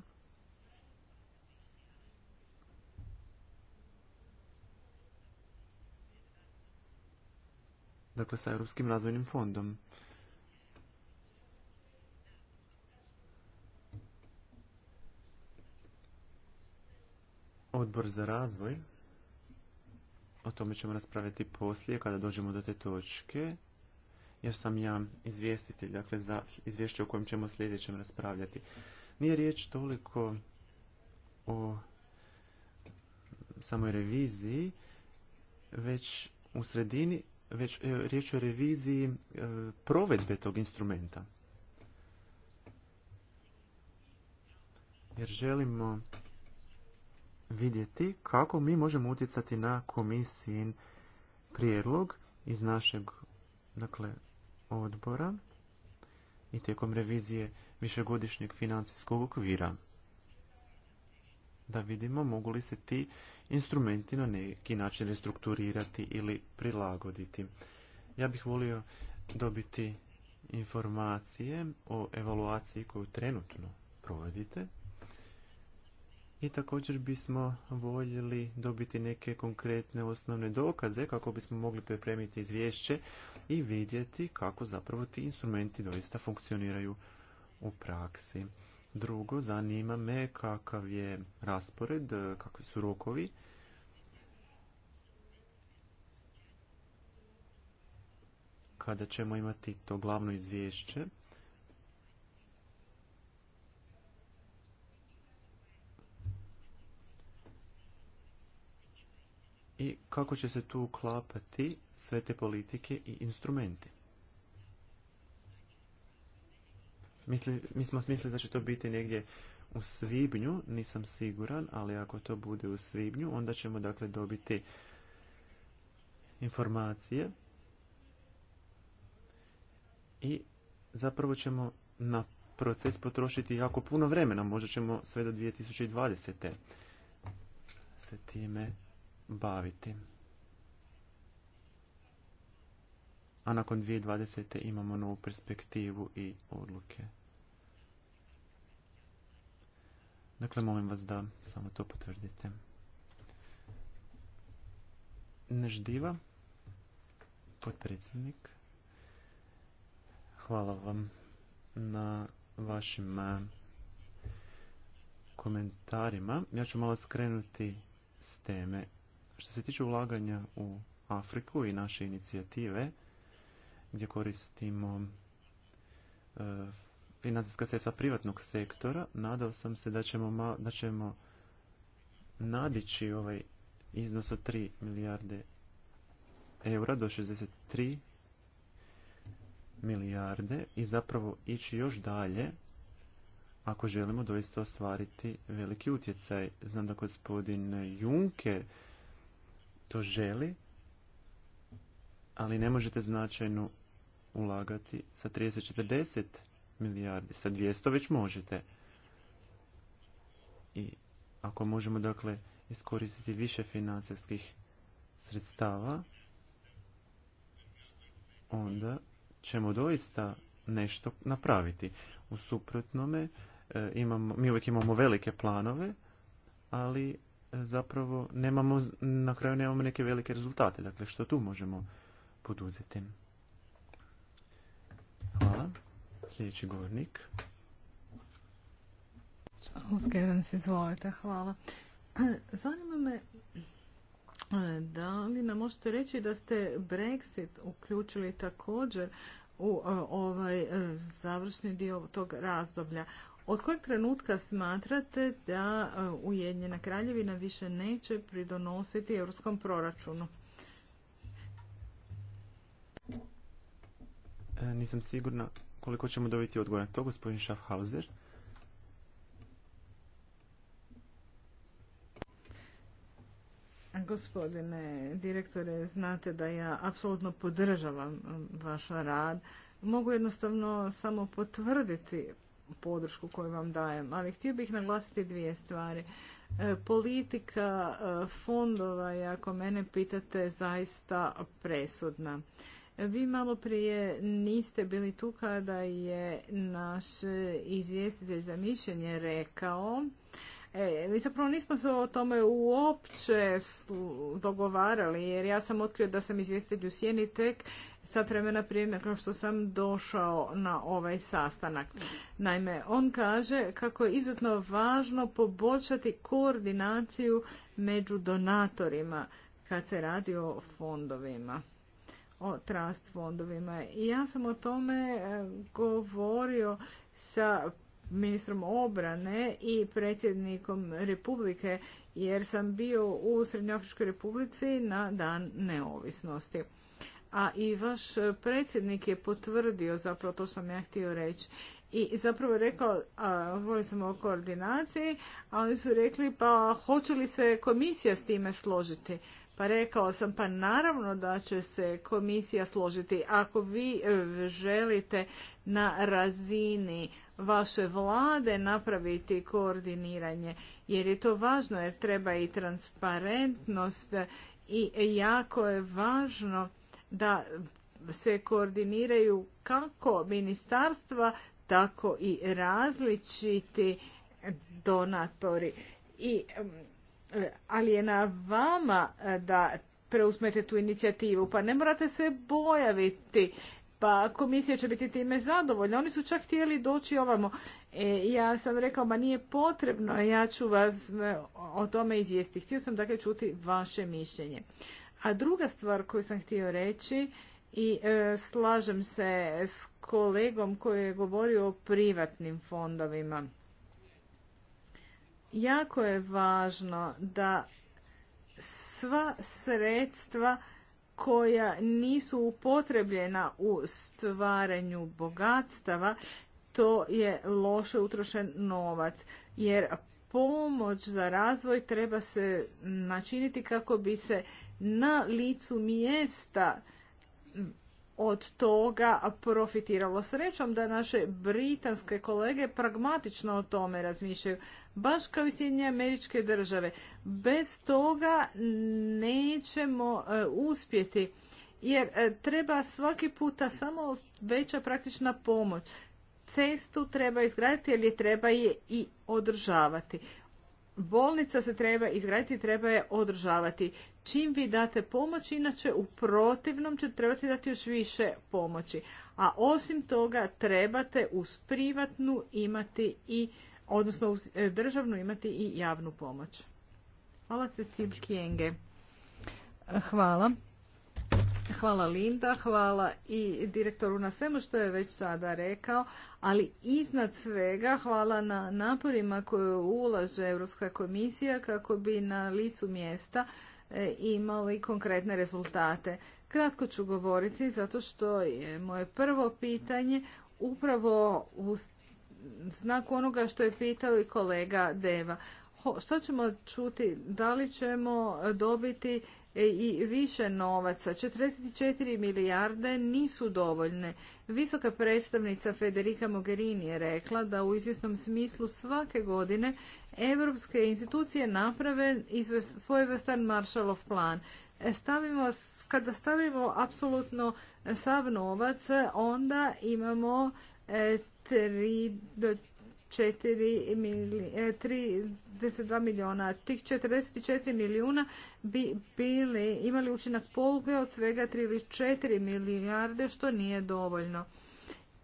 Dakle, sa Europskim razvojnim fondom. Odbor za razvoj. O tome ćemo raspraviti poslije kada dođemo do te točke. Jer sam ja izvjestitelj, dakle za izvješće o kojem ćemo sljedećem raspravljati. Nije riječ toliko o samoj reviziji, već u sredini, već e, je riječ o reviziji e, provedbe tog instrumenta. Jer želimo vidjeti kako mi možemo utjecati na komisijin prijedlog iz našeg dakle, odbora i tijekom revizije višegodišnjeg financijskog okvira. Da vidimo mogu li se ti instrumenti na neki način restrukturirati ili prilagoditi. Ja bih volio dobiti informacije o evaluaciji koju trenutno provodite i također bismo voljeli dobiti neke konkretne osnovne dokaze kako bismo mogli pripremiti izvješće i vidjeti kako zapravo ti instrumenti doista funkcioniraju u praksi. Drugo, zanima me kakav je raspored, kakvi su rokovi. Kada ćemo imati to glavno izvješće, i kako će se tu uklapati sve te politike i instrumenti. Misli, mi smo smislili da će to biti negdje u svibnju, nisam siguran, ali ako to bude u svibnju, onda ćemo dakle dobiti informacije i zapravo ćemo na proces potrošiti jako puno vremena, možda ćemo sve do 2020. se time baviti. A nakon 2020. imamo novu perspektivu i odluke. Dakle, molim vas da samo to potvrdite. Neždiva, potpredsjednik, hvala vam na vašim eh, komentarima. Ja ću malo skrenuti s teme što se tiče ulaganja u Afriku i naše inicijative, gdje koristimo e, financijska sredstva privatnog sektora, nadao sam se da ćemo, da ćemo nadići ovaj iznos od 3 milijarde eura do 63 milijarde i zapravo ići još dalje ako želimo doista ostvariti veliki utjecaj. Znam da gospodin Juncker to želi, ali ne možete značajno ulagati sa 30-40 milijardi, sa 200 već možete. I ako možemo dakle iskoristiti više financijskih sredstava, onda ćemo doista nešto napraviti. U suprotnome, e, mi uvijek imamo velike planove, ali zapravo nemamo, na kraju nemamo neke velike rezultate. Dakle, što tu možemo poduzeti? Hvala. Sljedeći govornik.
Charles hvala. Zanima me da li nam možete reći da ste Brexit uključili također u e, ovaj e, završni dio tog razdoblja. Od kojeg trenutka smatrate da e, Ujedinjena kraljevina više neće pridonositi europskom proračunu?
E, nisam sigurna koliko ćemo dobiti odgovor na to, gospodin Schaffhauser.
Gospodine direktore, znate da ja apsolutno podržavam vaš rad. Mogu jednostavno samo potvrditi podršku koju vam dajem. Ali htio bih naglasiti dvije stvari. E, politika e, fondova je, ako mene pitate, zaista presudna. Vi malo prije niste bili tu kada je naš izvjestitelj za mišljenje rekao E, mi zapravo nismo se o tome uopće dogovarali, jer ja sam otkrio da sam izvjestitelj u Sjeni tek sat vremena prije nakon što sam došao na ovaj sastanak. Naime, on kaže kako je izuzetno važno poboljšati koordinaciju među donatorima kad se radi o fondovima o trust fondovima. I ja sam o tome e, govorio sa ministrom obrane i predsjednikom republike jer sam bio u Srednjoafričkoj republici na dan neovisnosti a i vaš predsjednik je potvrdio zapravo to sam ja htio reći. I zapravo rekao, govorili sam o koordinaciji, a oni su rekli pa hoće li se komisija s time složiti? Pa rekao sam, pa naravno da će se komisija složiti. Ako vi e, želite na razini vaše vlade napraviti koordiniranje, jer je to važno, jer treba i transparentnost i jako je važno da se koordiniraju kako ministarstva, tako i različiti donatori. I, ali je na vama e, da preusmete tu inicijativu, pa ne morate se bojaviti. Pa komisija će biti time zadovoljna. Oni su čak htjeli doći ovamo. E, ja sam rekao, ma nije potrebno, ja ću vas e, o tome izvijesti. Htio sam dakle čuti vaše mišljenje. A druga stvar koju sam htio reći i e, slažem se s kolegom koji je govorio o privatnim fondovima. Jako je važno da sva sredstva koja nisu upotrebljena u stvaranju bogatstava, to je loše utrošen novac. Jer pomoć za razvoj treba se načiniti kako bi se na licu mjesta od toga profitiralo. Srećom da naše britanske kolege pragmatično o tome razmišljaju, baš kao i Sjedinje američke države. Bez toga nećemo e, uspjeti, jer e, treba svaki puta samo veća praktična pomoć. Cestu treba izgraditi, ali treba je i održavati bolnica se treba izgraditi, treba je održavati. Čim vi date pomoć, inače u protivnom će trebati dati još više pomoći. A osim toga trebate uz privatnu imati i, odnosno uz e, državnu imati i javnu pomoć. Hvala se Enge. Hvala. Hvala Linda, hvala i direktoru na svemu što je već sada rekao, ali iznad svega hvala na naporima koje ulaže Europska komisija kako bi na licu mjesta e, imali konkretne rezultate. Kratko ću govoriti zato što je moje prvo pitanje upravo u znaku onoga što je pitao i kolega Deva. Što ćemo čuti? Da li ćemo dobiti E, i više novaca. 44 milijarde nisu dovoljne. Visoka predstavnica Federica Mogherini je rekla da u izvjesnom smislu svake godine europske institucije naprave svoj svojevrstan maršalov plan. E, stavimo, kada stavimo apsolutno sav novac, onda imamo 3, e, 32 milijuna. E, Tih 44 milijuna bi bili, imali učinak poluge od svega 3 ili 4 milijarde, što nije dovoljno.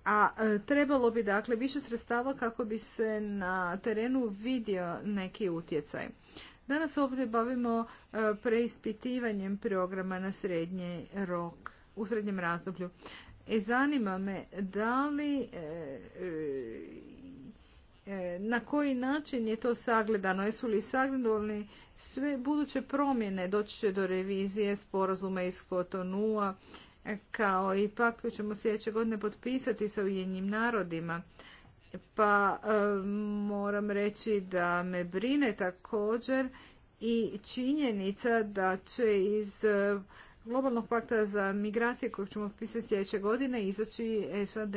A e, trebalo bi dakle više sredstava kako bi se na terenu vidio neki utjecaj. Danas ovdje bavimo e, preispitivanjem programa na srednji rok, u srednjem razdoblju. E, zanima me da li E, na koji način je to sagledano? Jesu li sagledani sve buduće promjene? Doći će do revizije sporazuma iz Kotonua, e, kao i pakt koji ćemo sljedeće godine potpisati sa Ujedinjim narodima. Pa e, moram reći da me brine također i činjenica da će iz globalnog pakta za migracije kojeg ćemo potpisati sljedeće godine izaći SAD.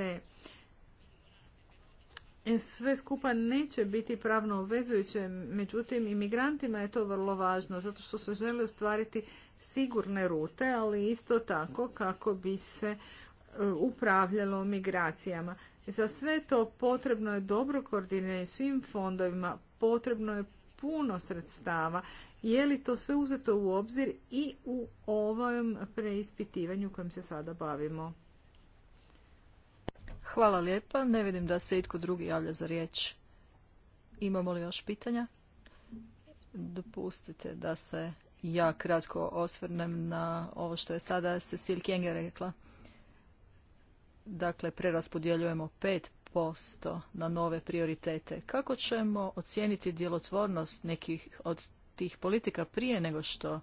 E, sve skupa neće biti pravno obvezujuće, međutim imigrantima je to vrlo važno zato što se želi ostvariti sigurne rute, ali isto tako kako bi se e, upravljalo migracijama. Za sve to potrebno je dobro koordiniranje svim fondovima, potrebno je puno sredstava. Je li to sve uzeto u obzir i u ovom preispitivanju kojim se sada bavimo? Hvala lijepa. Ne vidim da
se itko drugi javlja za riječ. Imamo li još pitanja? Dopustite da se ja kratko osvrnem na ovo što je sada Cecil Kenge rekla. Dakle, preraspodjeljujemo 5% na nove prioritete. Kako ćemo ocijeniti djelotvornost nekih od tih politika prije nego što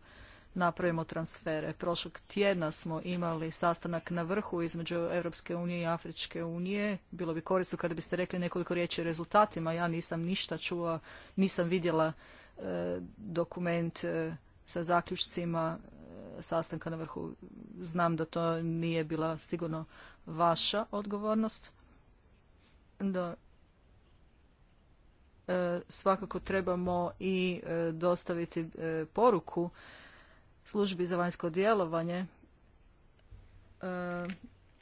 napravimo transfere. Prošlog tjedna smo imali sastanak na vrhu između Europske unije i Afričke unije. Bilo bi korisno kada biste rekli nekoliko riječi o rezultatima. Ja nisam ništa čuo, nisam vidjela e, dokument e, sa zaključcima e, sastanka na vrhu. Znam da to nije bila sigurno vaša odgovornost. Da svakako trebamo i dostaviti poruku službi za vanjsko djelovanje e,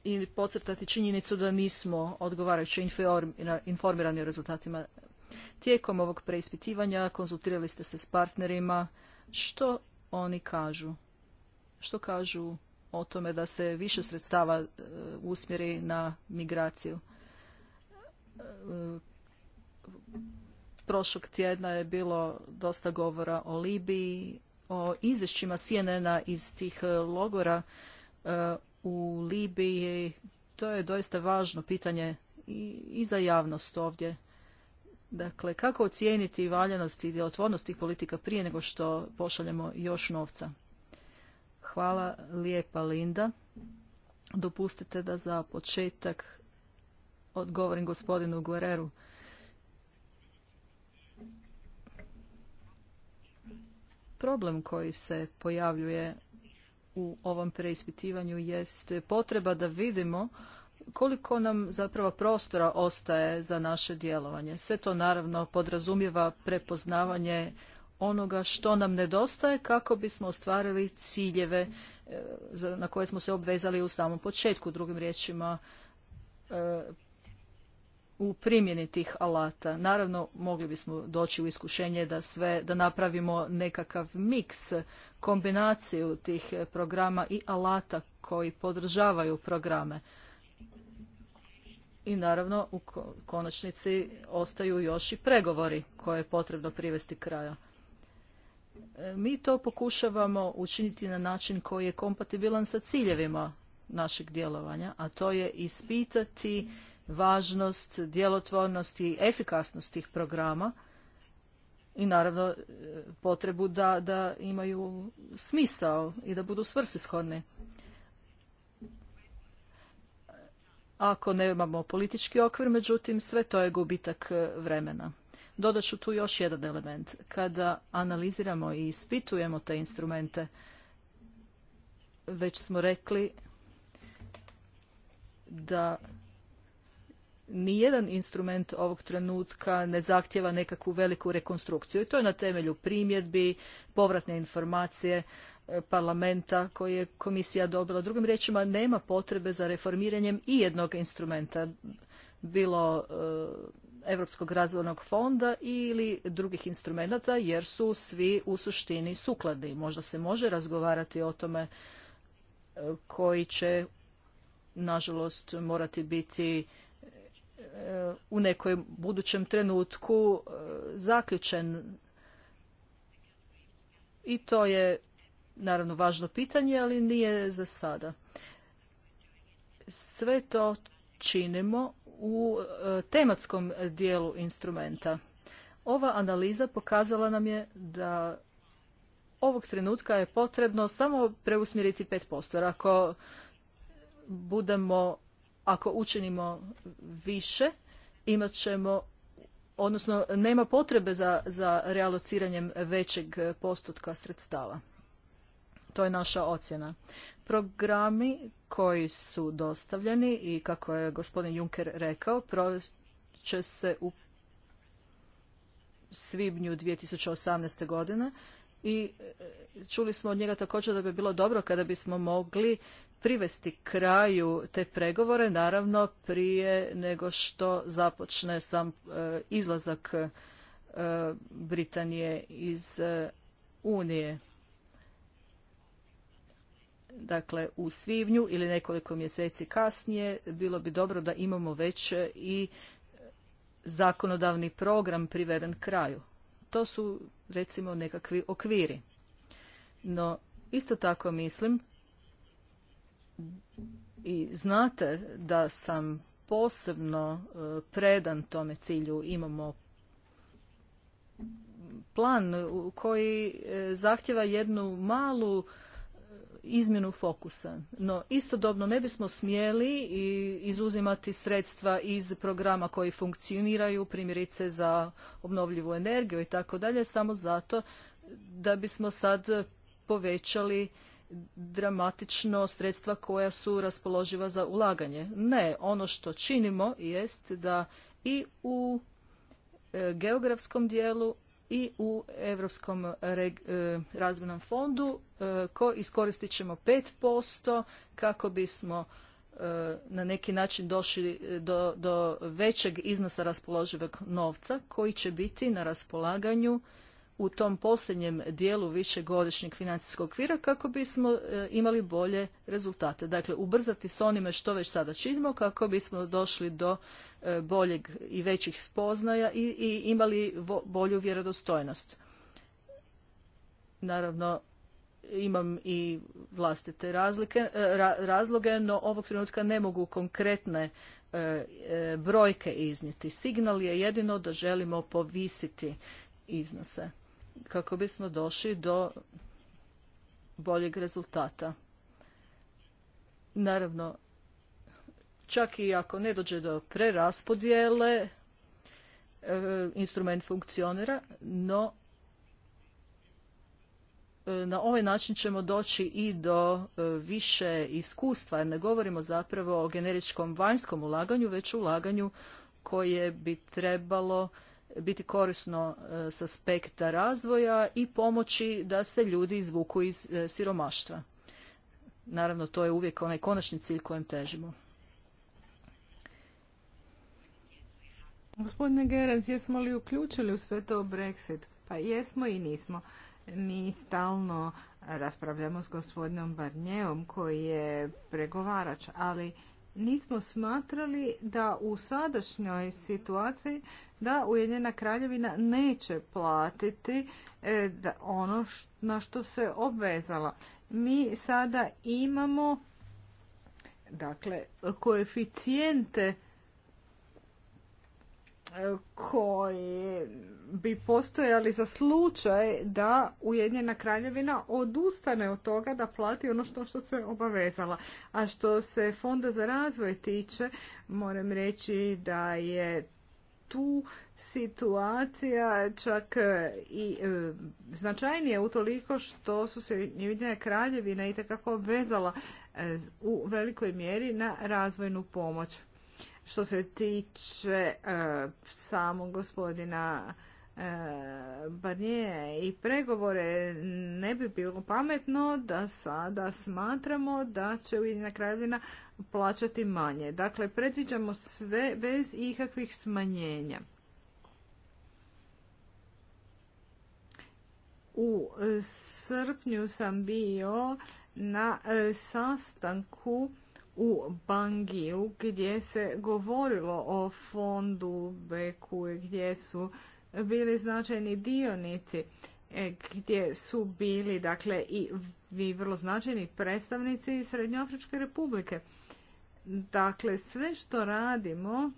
i podcrtati činjenicu da nismo odgovarajuće informirani o rezultatima. Tijekom ovog preispitivanja konzultirali ste se s partnerima. Što oni kažu? Što kažu o tome da se više sredstava e, usmjeri na migraciju? E, prošlog tjedna je bilo dosta govora o Libiji, o izvješćima CNN-a iz tih e, logora e, u Libiji. To je doista važno pitanje i za javnost ovdje. Dakle, kako ocijeniti valjanost i djelotvornost tih politika prije nego što pošaljemo još novca? Hvala lijepa Linda. Dopustite da za početak odgovorim gospodinu Guerreru. Problem koji se pojavljuje u ovom preispitivanju jest potreba da vidimo koliko nam zapravo prostora ostaje za naše djelovanje. Sve to naravno podrazumijeva prepoznavanje onoga što nam nedostaje kako bismo ostvarili ciljeve e, na koje smo se obvezali u samom početku. Drugim riječima e, u primjeni tih alata. Naravno, mogli bismo doći u iskušenje da sve, da napravimo nekakav miks, kombinaciju tih programa i alata koji podržavaju programe. I naravno, u konačnici ostaju još i pregovori koje je potrebno privesti kraja. E, mi to pokušavamo učiniti na način koji je kompatibilan sa ciljevima našeg djelovanja, a to je ispitati važnost, djelotvornost i efikasnost tih programa i naravno e, potrebu da, da imaju smisao i da budu svrsishodni. Ako nemamo politički okvir, međutim, sve to je gubitak e, vremena. Dodat tu još jedan element. Kada analiziramo i ispitujemo te instrumente, već smo rekli da nijedan instrument ovog trenutka ne zahtjeva nekakvu veliku rekonstrukciju i to je na temelju primjedbi, povratne informacije e, parlamenta koje je komisija dobila. Drugim riječima, nema potrebe za reformiranjem i jednog instrumenta, bilo e, Europskog razvojnog fonda ili drugih instrumenta, jer su svi u suštini sukladni. Možda se može razgovarati o tome e, koji će, nažalost, morati biti E, u nekom budućem trenutku e, zaključen. I to je naravno važno pitanje, ali nije za sada. Sve to činimo u e, tematskom dijelu instrumenta. Ova analiza pokazala nam je da ovog trenutka je potrebno samo preusmjeriti 5%. ako budemo ako učinimo više, imat ćemo odnosno nema potrebe za, za realociranjem većeg postotka sredstava. To je naša ocjena. Programi koji su dostavljeni i kako je gospodin Juncker rekao, će se u svibnju 2018. godine i e, čuli smo od njega također da bi bilo dobro kada bismo mogli privesti kraju te pregovore, naravno prije nego što započne sam e, izlazak e, Britanije iz e, Unije. Dakle, u svibnju ili nekoliko mjeseci kasnije bilo bi dobro da imamo već i zakonodavni program priveden kraju. To su recimo nekakvi okviri. No, isto tako mislim i znate da sam posebno e, predan tome cilju. Imamo plan koji e, zahtjeva jednu malu e, izmjenu fokusa. No istodobno ne bismo smjeli izuzimati sredstva iz programa koji funkcioniraju, primjerice za obnovljivu energiju i tako dalje, samo zato da bismo sad povećali dramatično sredstva koja su raspoloživa za ulaganje. Ne, ono što činimo jest da i u e, geografskom dijelu i u Europskom e, razvojnom fondu e, iskoristit ćemo 5% kako bismo na neki način došli do, do većeg iznosa raspoloživog novca koji će biti na raspolaganju u tom posljednjem dijelu višegodišnjeg financijskog okvira kako bismo e, imali bolje rezultate. Dakle, ubrzati s onime što već sada činimo kako bismo došli do e, boljeg i većih spoznaja i, imali bolju vjerodostojnost. Naravno, imam i vlastite e, razloge, no ovog trenutka ne mogu konkretne brojke iznijeti. Signal je jedino da želimo povisiti iznose kako bismo došli do boljeg rezultata. Naravno, čak i ako ne dođe do preraspodjele, e, instrument funkcionira, no e, na ovaj način ćemo doći i do e, više iskustva, jer ne govorimo zapravo o generičkom vanjskom ulaganju, već ulaganju koje bi trebalo biti korisno e, s aspekta razvoja i pomoći da se ljudi izvuku iz e, siromaštva. Naravno, to je uvijek
onaj konačni cilj kojem težimo. Gospodine Gerens, jesmo li uključili u sve to Brexit? Pa jesmo i nismo. Mi stalno raspravljamo s gospodinom Barnjevom koji je pregovarač, ali nismo smatrali da u sadašnjoj situaciji da Ujedinjena kraljevina neće platiti e, ono na što se obvezala. Mi sada imamo dakle koeficijente koji bi postojali za slučaj da Ujedinjena kraljevina odustane od toga da plati ono što, što se obavezala. A što se Fonda za razvoj tiče, moram reći da je tu situacija čak i e, značajnije utoliko što su se Ujedinjena kraljevina i takako obvezala e, u velikoj mjeri na razvojnu pomoć. Što se tiče e, samog gospodina e, Barnije i pregovore, ne bi bilo pametno da sada smatramo da će Ujedinjena kraljevina plaćati manje. Dakle, predviđamo sve bez ikakvih smanjenja. U srpnju sam bio na e, sastanku u Bangiju gdje se govorilo o fondu Beku gdje su bili značajni dionici e, gdje su bili dakle i vi vrlo značajni predstavnici Srednjoafričke republike. Dakle, sve što radimo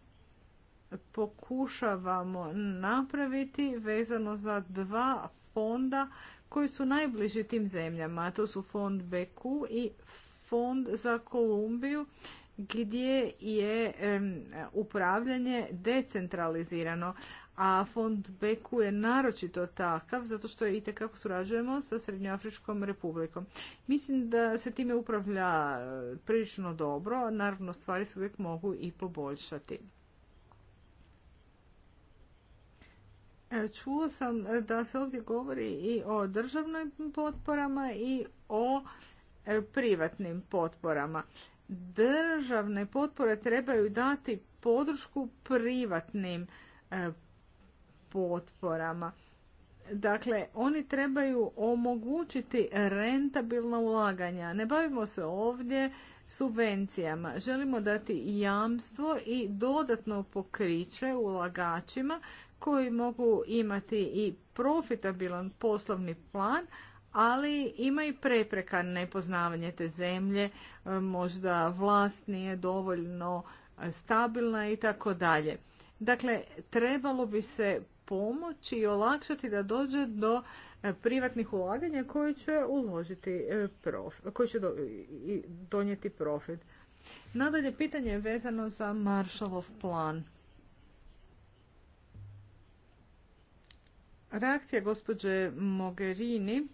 pokušavamo napraviti vezano za dva fonda koji su najbliži tim zemljama. A to su fond Beku i fond za Kolumbiju gdje je upravljanje decentralizirano, a fond Beku je naročito takav zato što i tekako surađujemo sa Srednjoafričkom republikom. Mislim da se time upravlja eh, prilično dobro, naravno stvari se uvijek mogu i poboljšati. Eh, čuo sam eh, da se ovdje govori i o državnim potporama i o E, privatnim potporama. Državne potpore trebaju dati podršku privatnim e, potporama. Dakle, oni trebaju omogućiti rentabilna ulaganja. Ne bavimo se ovdje subvencijama. Želimo dati jamstvo i dodatno pokriće ulagačima koji mogu imati i profitabilan poslovni plan, ali ima i prepreka nepoznavanje te zemlje, e, možda vlast nije dovoljno e, stabilna i tako dalje. Dakle, trebalo bi se pomoći i olakšati da dođe do e, privatnih ulaganja koji će uložiti koji će donijeti profit. Nadalje, pitanje je vezano za Marshallov plan. Reakcija gospođe Mogherini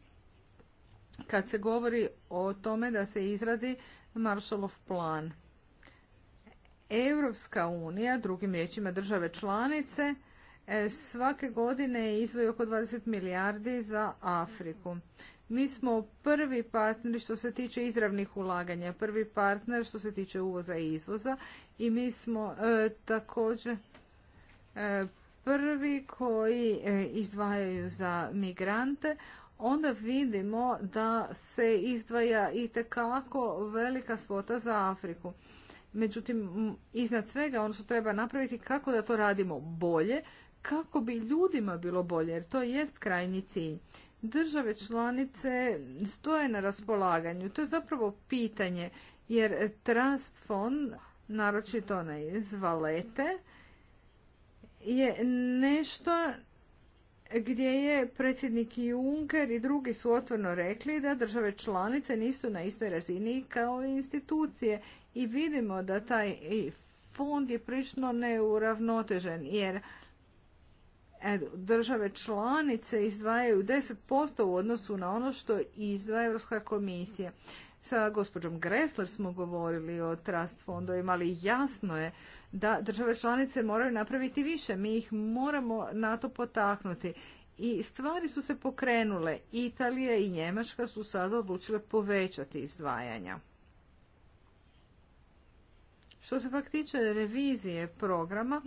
kad se govori o tome da se izradi Marshallov plan. Europska unija, drugim riječima države članice, e, svake godine izvoji oko 20 milijardi za Afriku. Mi smo prvi partner što se tiče izravnih ulaganja, prvi partner što se tiče uvoza i izvoza i mi smo e, također e, prvi koji izdvajaju za migrante, onda vidimo da se izdvaja i tekako velika svota za Afriku. Međutim, iznad svega ono što treba napraviti kako da to radimo bolje, kako bi ljudima bilo bolje, jer to jest krajnji cilj. Države članice stoje na raspolaganju. To je zapravo pitanje, jer Trust naročito onaj iz Valete, je nešto gdje je predsjednik Juncker i drugi su otvorno rekli da države članice nisu na istoj razini kao institucije i vidimo da taj fond je prično neuravnotežen jer države članice izdvajaju 10% u odnosu na ono što izdvaja Europska komisija. Sa gospođom Gressler smo govorili o trust fondovima, ali jasno je da države članice moraju napraviti više. Mi ih moramo na to potaknuti. I stvari su se pokrenule. Italija i Njemačka su sada odlučile povećati izdvajanja. Što se pak tiče revizije programa,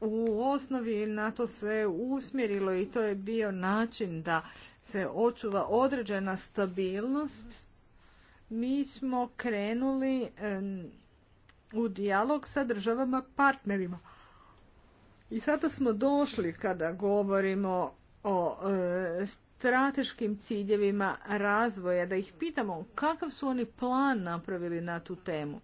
u osnovi na to se usmjerilo i to je bio način da se očuva određena stabilnost mi smo krenuli u dijalog sa državama partnerima. I sada smo došli kada govorimo o e, strateškim ciljevima razvoja, da ih pitamo kakav su oni plan napravili na tu temu.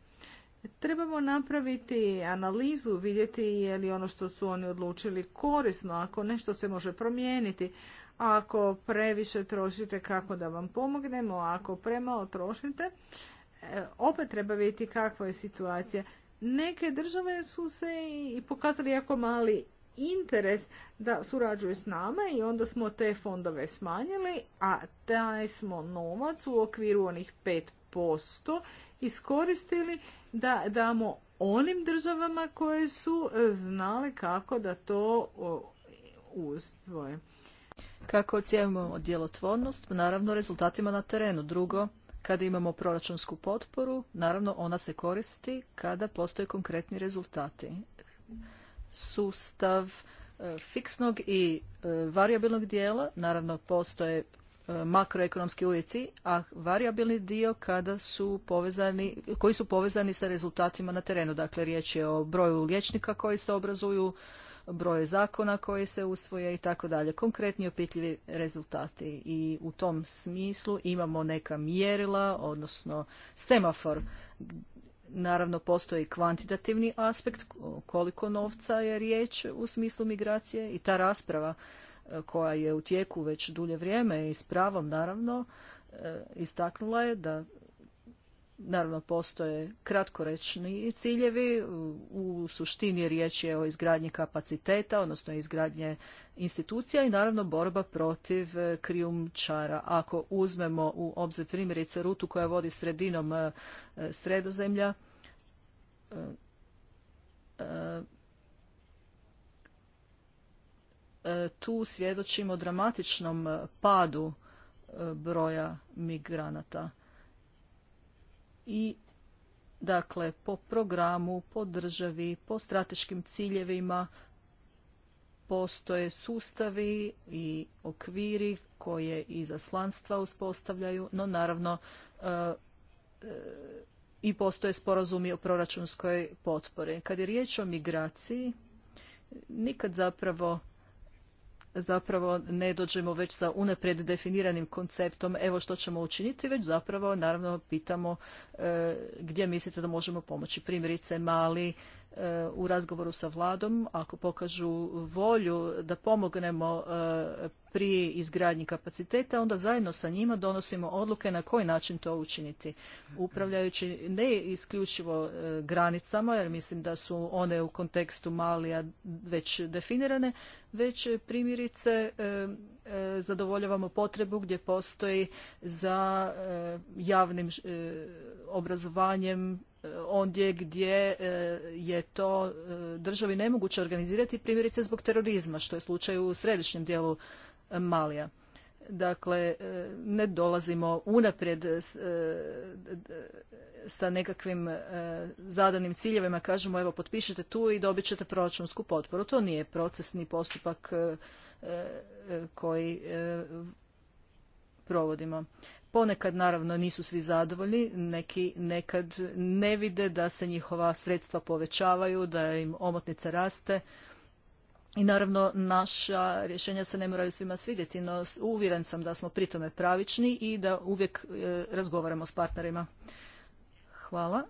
Trebamo napraviti analizu, vidjeti je li ono što su oni odlučili korisno, ako nešto se može promijeniti, ako previše trošite kako da vam pomognemo, ako premalo trošite, e, opet treba vidjeti kakva je situacija. Neke države su se i pokazali jako mali interes da surađuju s nama i onda smo te fondove smanjili, a taj smo novac u okviru onih 5% iskoristili da damo onim državama koje su e, znale kako da to ustvoje kako od
djelotvornost, naravno rezultatima na terenu. Drugo, kada imamo proračunsku potporu, naravno ona se koristi kada postoje konkretni rezultati. Sustav e, fiksnog i e, variabilnog dijela, naravno postoje e, makroekonomski uvjeti, a varijabilni dio kada su povezani, koji su povezani sa rezultatima na terenu. Dakle, riječ je o broju liječnika koji se obrazuju, broj zakona koji se usvoje i tako dalje. Konkretni opitljivi rezultati i u tom smislu imamo neka mjerila, odnosno semafor. Naravno, postoji kvantitativni aspekt, koliko novca je riječ u smislu migracije i ta rasprava e, koja je u tijeku već dulje vrijeme i s pravom naravno, e, istaknula je da Naravno, postoje kratkorečni ciljevi. U suštini riječ je o izgradnji kapaciteta, odnosno izgradnje institucija i naravno borba protiv e, krijumčara. Ako uzmemo u obzir primjerice rutu koja vodi sredinom e, sredozemlja, e, tu svjedočimo dramatičnom padu broja migranata i dakle po programu, po državi, po strateškim ciljevima postoje sustavi i okviri koje i zaslanstva uspostavljaju, no naravno e, e, i postoje sporazumi o proračunskoj potpori. Kad je riječ o migraciji, nikad zapravo zapravo ne dođemo već sa unaprijed definiranim konceptom evo što ćemo učiniti, već zapravo naravno pitamo e, gdje mislite da možemo pomoći. Primjerice mali u razgovoru sa vladom, ako pokažu volju da pomognemo e, pri izgradnji kapaciteta, onda zajedno sa njima donosimo odluke na koji način to učiniti. Upravljajući ne isključivo e, granicama, jer mislim da su one u kontekstu Malija već definirane, već e, primjerice zadovoljavamo potrebu gdje postoji za javnim obrazovanjem ondje gdje e, je to e, državi nemoguće organizirati, primjerice zbog terorizma, što je slučaj u središnjem dijelu e, Malija. Dakle, ne dolazimo unaprijed sa nekakvim zadanim ciljevima, kažemo evo potpišite tu i dobit ćete proračunsku potporu. To nije procesni postupak koji provodimo. Ponekad naravno nisu svi zadovoljni, neki nekad ne vide da se njihova sredstva povećavaju, da im omotnica raste. I naravno naša rješenja se ne moraju svima svidjeti, no uvjeren sam da smo tome pravični i da uvijek e, razgovaramo s partnerima. Hvala.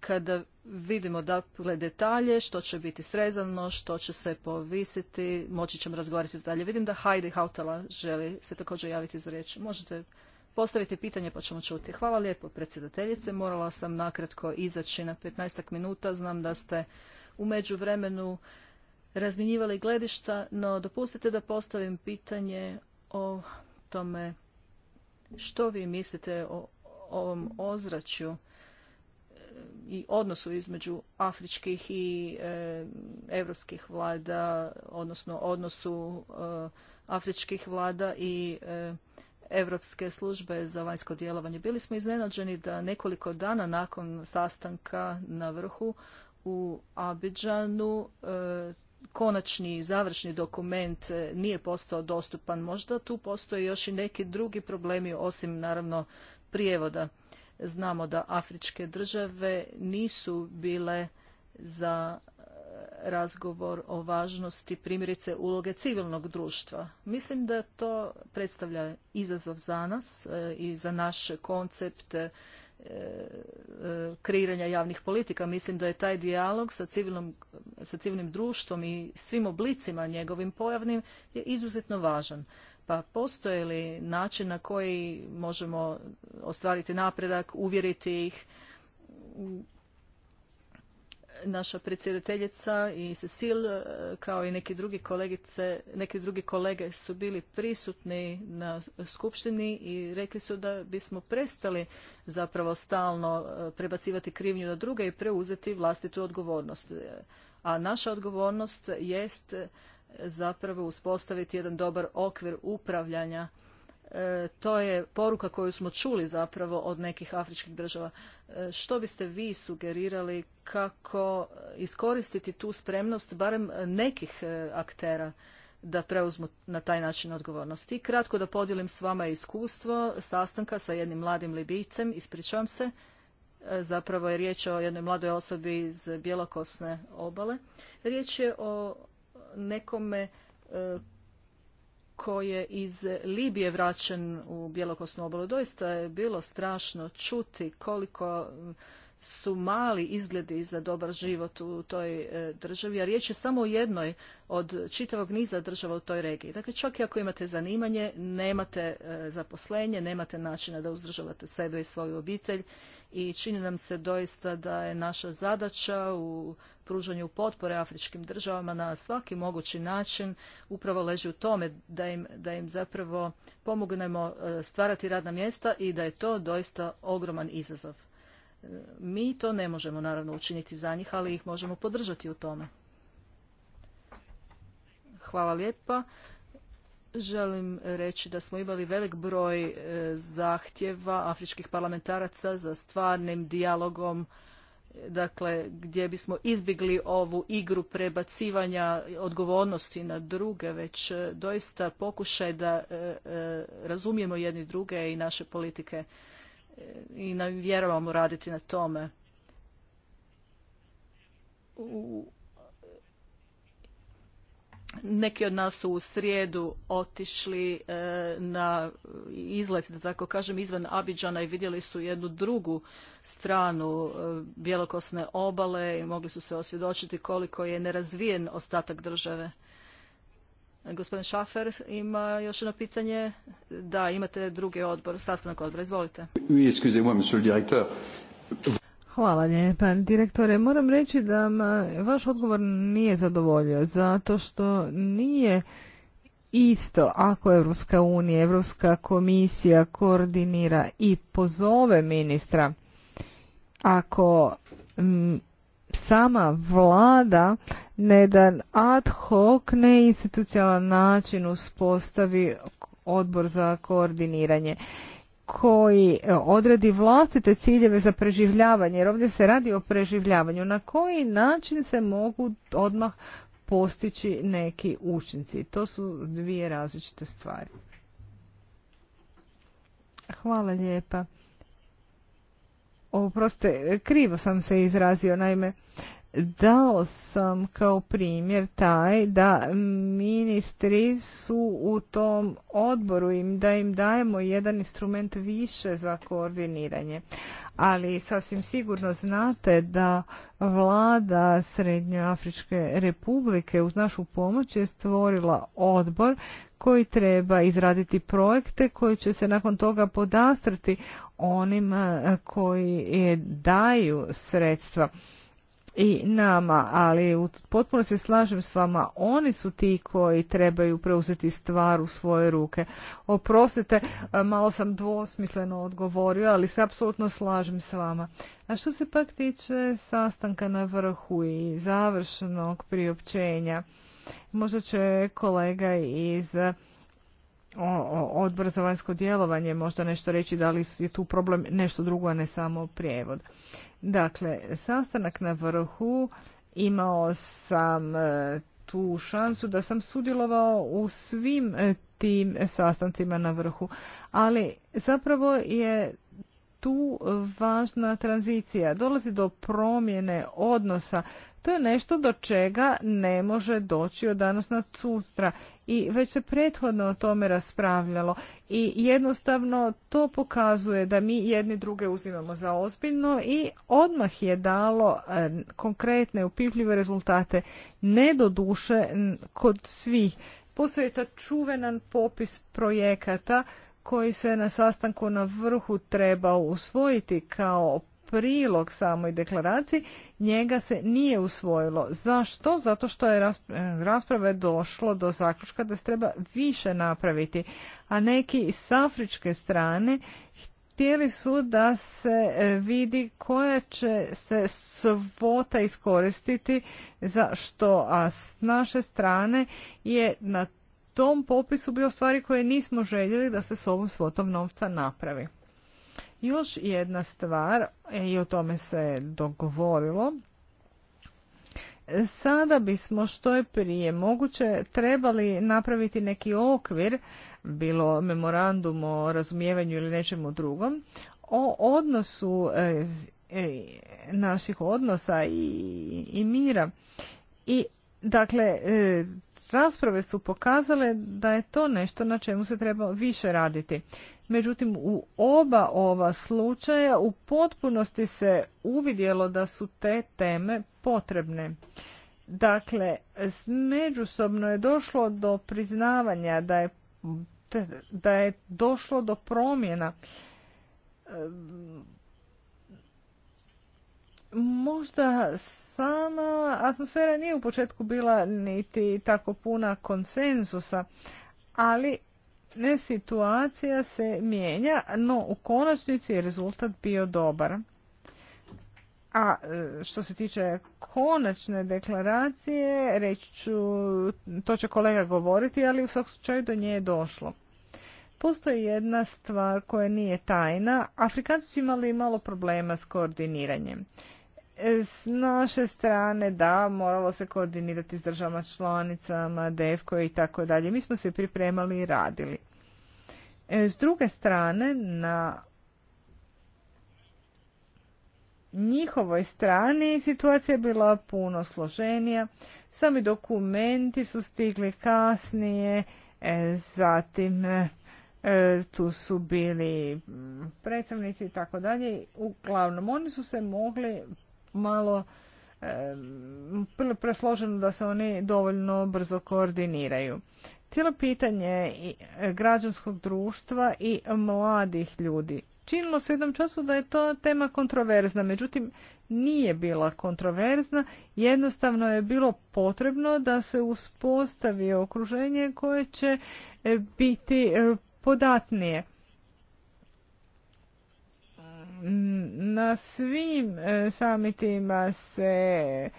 Kada Vidimo dakle detalje, što će biti srezano, što će se povisiti, moći ćemo razgovarati detalje. Vidim da Heidi Hautala želi se također javiti za riječ. Možete postaviti pitanje pa ćemo čuti. Hvala lijepo predsjedateljice, morala sam nakratko izaći na 15 minuta, znam da ste u međuvremenu razminjivali gledišta, no dopustite da postavim pitanje o tome što vi mislite o ovom ozračju i odnosu između afričkih i europskih vlada, odnosno odnosu e, afričkih vlada i Europske službe za vanjsko djelovanje. Bili smo iznenađeni da nekoliko dana nakon sastanka na vrhu u Abidžanu e, konačni završni dokument e, nije postao dostupan. Možda tu postoje još i neki drugi problemi osim naravno prijevoda. Znamo da afričke države nisu bile za e, razgovor o važnosti primjerice uloge civilnog društva. Mislim da to predstavlja izazov za nas e, i za naš koncept e, kreiranja javnih politika. Mislim da je taj dijalog sa, sa civilnim društvom i svim oblicima njegovim pojavnim je izuzetno važan. Pa postoje li način na koji možemo ostvariti napredak, uvjeriti ih? Naša predsjedateljica i Cecil, e, kao i neki drugi, kolegice, neki drugi kolege su bili prisutni na skupštini i rekli su da bismo prestali zapravo stalno e, prebacivati krivnju na druge i preuzeti vlastitu odgovornost. E, a naša odgovornost jest zapravo uspostaviti jedan dobar okvir upravljanja. E, to je poruka koju smo čuli zapravo od nekih afričkih država. E, što biste vi sugerirali kako iskoristiti tu spremnost barem nekih e, aktera da preuzmu na taj način odgovornost. I kratko da podijelim s vama iskustvo sastanka sa jednim mladim Libijcem, ispričavam se, zapravo je riječ o jednoj mladoj osobi iz Bjelokosne obale. Riječ je o nekome e, koji je iz Libije vraćen u Bjelokosnu obalu. Doista je bilo strašno čuti koliko su mali izgledi za dobar život u toj e, državi, a riječ je samo o jednoj od čitavog niza država u toj regiji. Dakle, čak i ako imate zanimanje, nemate e, zaposlenje, nemate načina da uzdržavate sebe i svoju obitelj i čini nam se doista da je naša zadaća u pružanju potpore afričkim državama na svaki mogući način upravo leži u tome da im, da im zapravo pomognemo e, stvarati radna mjesta i da je to doista ogroman izazov. E, mi to ne možemo naravno učiniti za njih, ali ih možemo podržati u tome. Hvala lijepa. Želim reći da smo imali velik broj e, zahtjeva afričkih parlamentaraca za stvarnim dijalogom dakle gdje bismo izbjegli ovu igru prebacivanja odgovornosti na druge već e, doista pokušaj da e, e, razumijemo jedni druge i naše politike i i vjerovamo raditi na tome u neki od nas su u srijedu otišli e, na izlet, da tako kažem, izvan Abidžana i vidjeli su jednu drugu stranu e, bjelokosne obale i mogli su se osvjedočiti koliko je nerazvijen ostatak države. gospodin Šafer ima još jedno pitanje. Da, imate drugi odbor, sastanak odbora. Izvolite.
Oui, Hvala lijepa. Direktore, moram reći da vaš odgovor nije zadovoljio zato što nije isto ako Evropska unija, Evropska komisija koordinira i pozove ministra, ako sama vlada ne da ad hoc neinstitucionalan način uspostavi odbor za koordiniranje koji e, odredi vlastite ciljeve za preživljavanje, jer ovdje se radi o preživljavanju, na koji način se mogu odmah postići neki učinci. To su dvije različite stvari. Hvala lijepa. Oproste, krivo sam se izrazio, naime, Dao sam kao primjer taj da ministri su u tom odboru im da im dajemo jedan instrument više za koordiniranje. Ali sasvim sigurno znate da vlada Srednjoafričke republike uz našu pomoć je stvorila odbor koji treba izraditi projekte koji će se nakon toga podastrati onima eh, koji daju sredstva i nama, ali potpuno se slažem s vama, oni su ti koji trebaju preuzeti stvar u svoje ruke. Oprostite, e, malo sam dvosmisleno odgovorio, ali se apsolutno slažem s vama. A što se pak tiče sastanka na vrhu i završenog priopćenja, možda će kolega iz e, odbora za vanjsko djelovanje možda nešto reći da li je tu problem nešto drugo, a ne samo prijevod. Dakle, sastanak na vrhu imao sam e, tu šansu da sam sudjelovao u svim e, tim sastancima na vrhu. Ali zapravo je tu važna tranzicija. Dolazi do promjene odnosa to je nešto do čega ne može doći od danas na sutra i već se prethodno o tome raspravljalo i jednostavno to pokazuje da mi jedni druge uzimamo za ozbiljno i odmah je dalo e, konkretne upipljive rezultate, ne do duše kod svih. Postoji ta čuvenan popis projekata koji se na sastanku na vrhu treba usvojiti kao prilog samoj deklaraciji, njega se nije usvojilo. Zašto? Zato što je e, rasprave došlo do zaključka da se treba više napraviti, a neki s afričke strane htjeli su da se e, vidi koja će se svota iskoristiti za što, a s naše strane je na tom popisu bio stvari koje nismo željeli da se s ovom svotom novca napravi. Još jedna stvar, e, i o tome se dogovorilo, sada bismo što je prije moguće trebali napraviti neki okvir, bilo memorandum o razumijevanju ili nečemu drugom, o odnosu e, e, naših odnosa i, mira. I dakle, rasprave su pokazale da je to nešto na čemu se treba više raditi. Međutim, u oba ova slučaja u potpunosti se uvidjelo da su te teme potrebne. Dakle, međusobno je došlo do priznavanja da je, da je došlo do promjena. Ehm, možda Sama atmosfera nije u početku bila niti tako puna konsenzusa, ali ne situacija se mijenja, no u konačnici je rezultat bio dobar. A e, što se tiče konačne deklaracije, reći ću, to će kolega govoriti, ali u svakom slučaju do nje je došlo. Postoji jedna stvar koja nije tajna. Afrikanci su imali malo problema s koordiniranjem. S naše strane, da, moralo se koordinirati s državama članicama, DEFKO i tako dalje. Mi smo se pripremali i radili. E, s druge strane, na njihovoj strani situacija je bila puno složenija. Sami dokumenti su stigli kasnije, e, zatim e, tu su bili predstavnici i tako dalje. Uglavnom, oni su se mogli malo presloženo da se oni dovoljno brzo koordiniraju. Cijelo pitanje e, građanskog društva i mladih ljudi. Činilo se u jednom času da je to tema kontroverzna, međutim nije bila kontroverzna, jednostavno je bilo potrebno da se uspostavi okruženje koje će e, biti e, podatnije. Na svim e, samitima se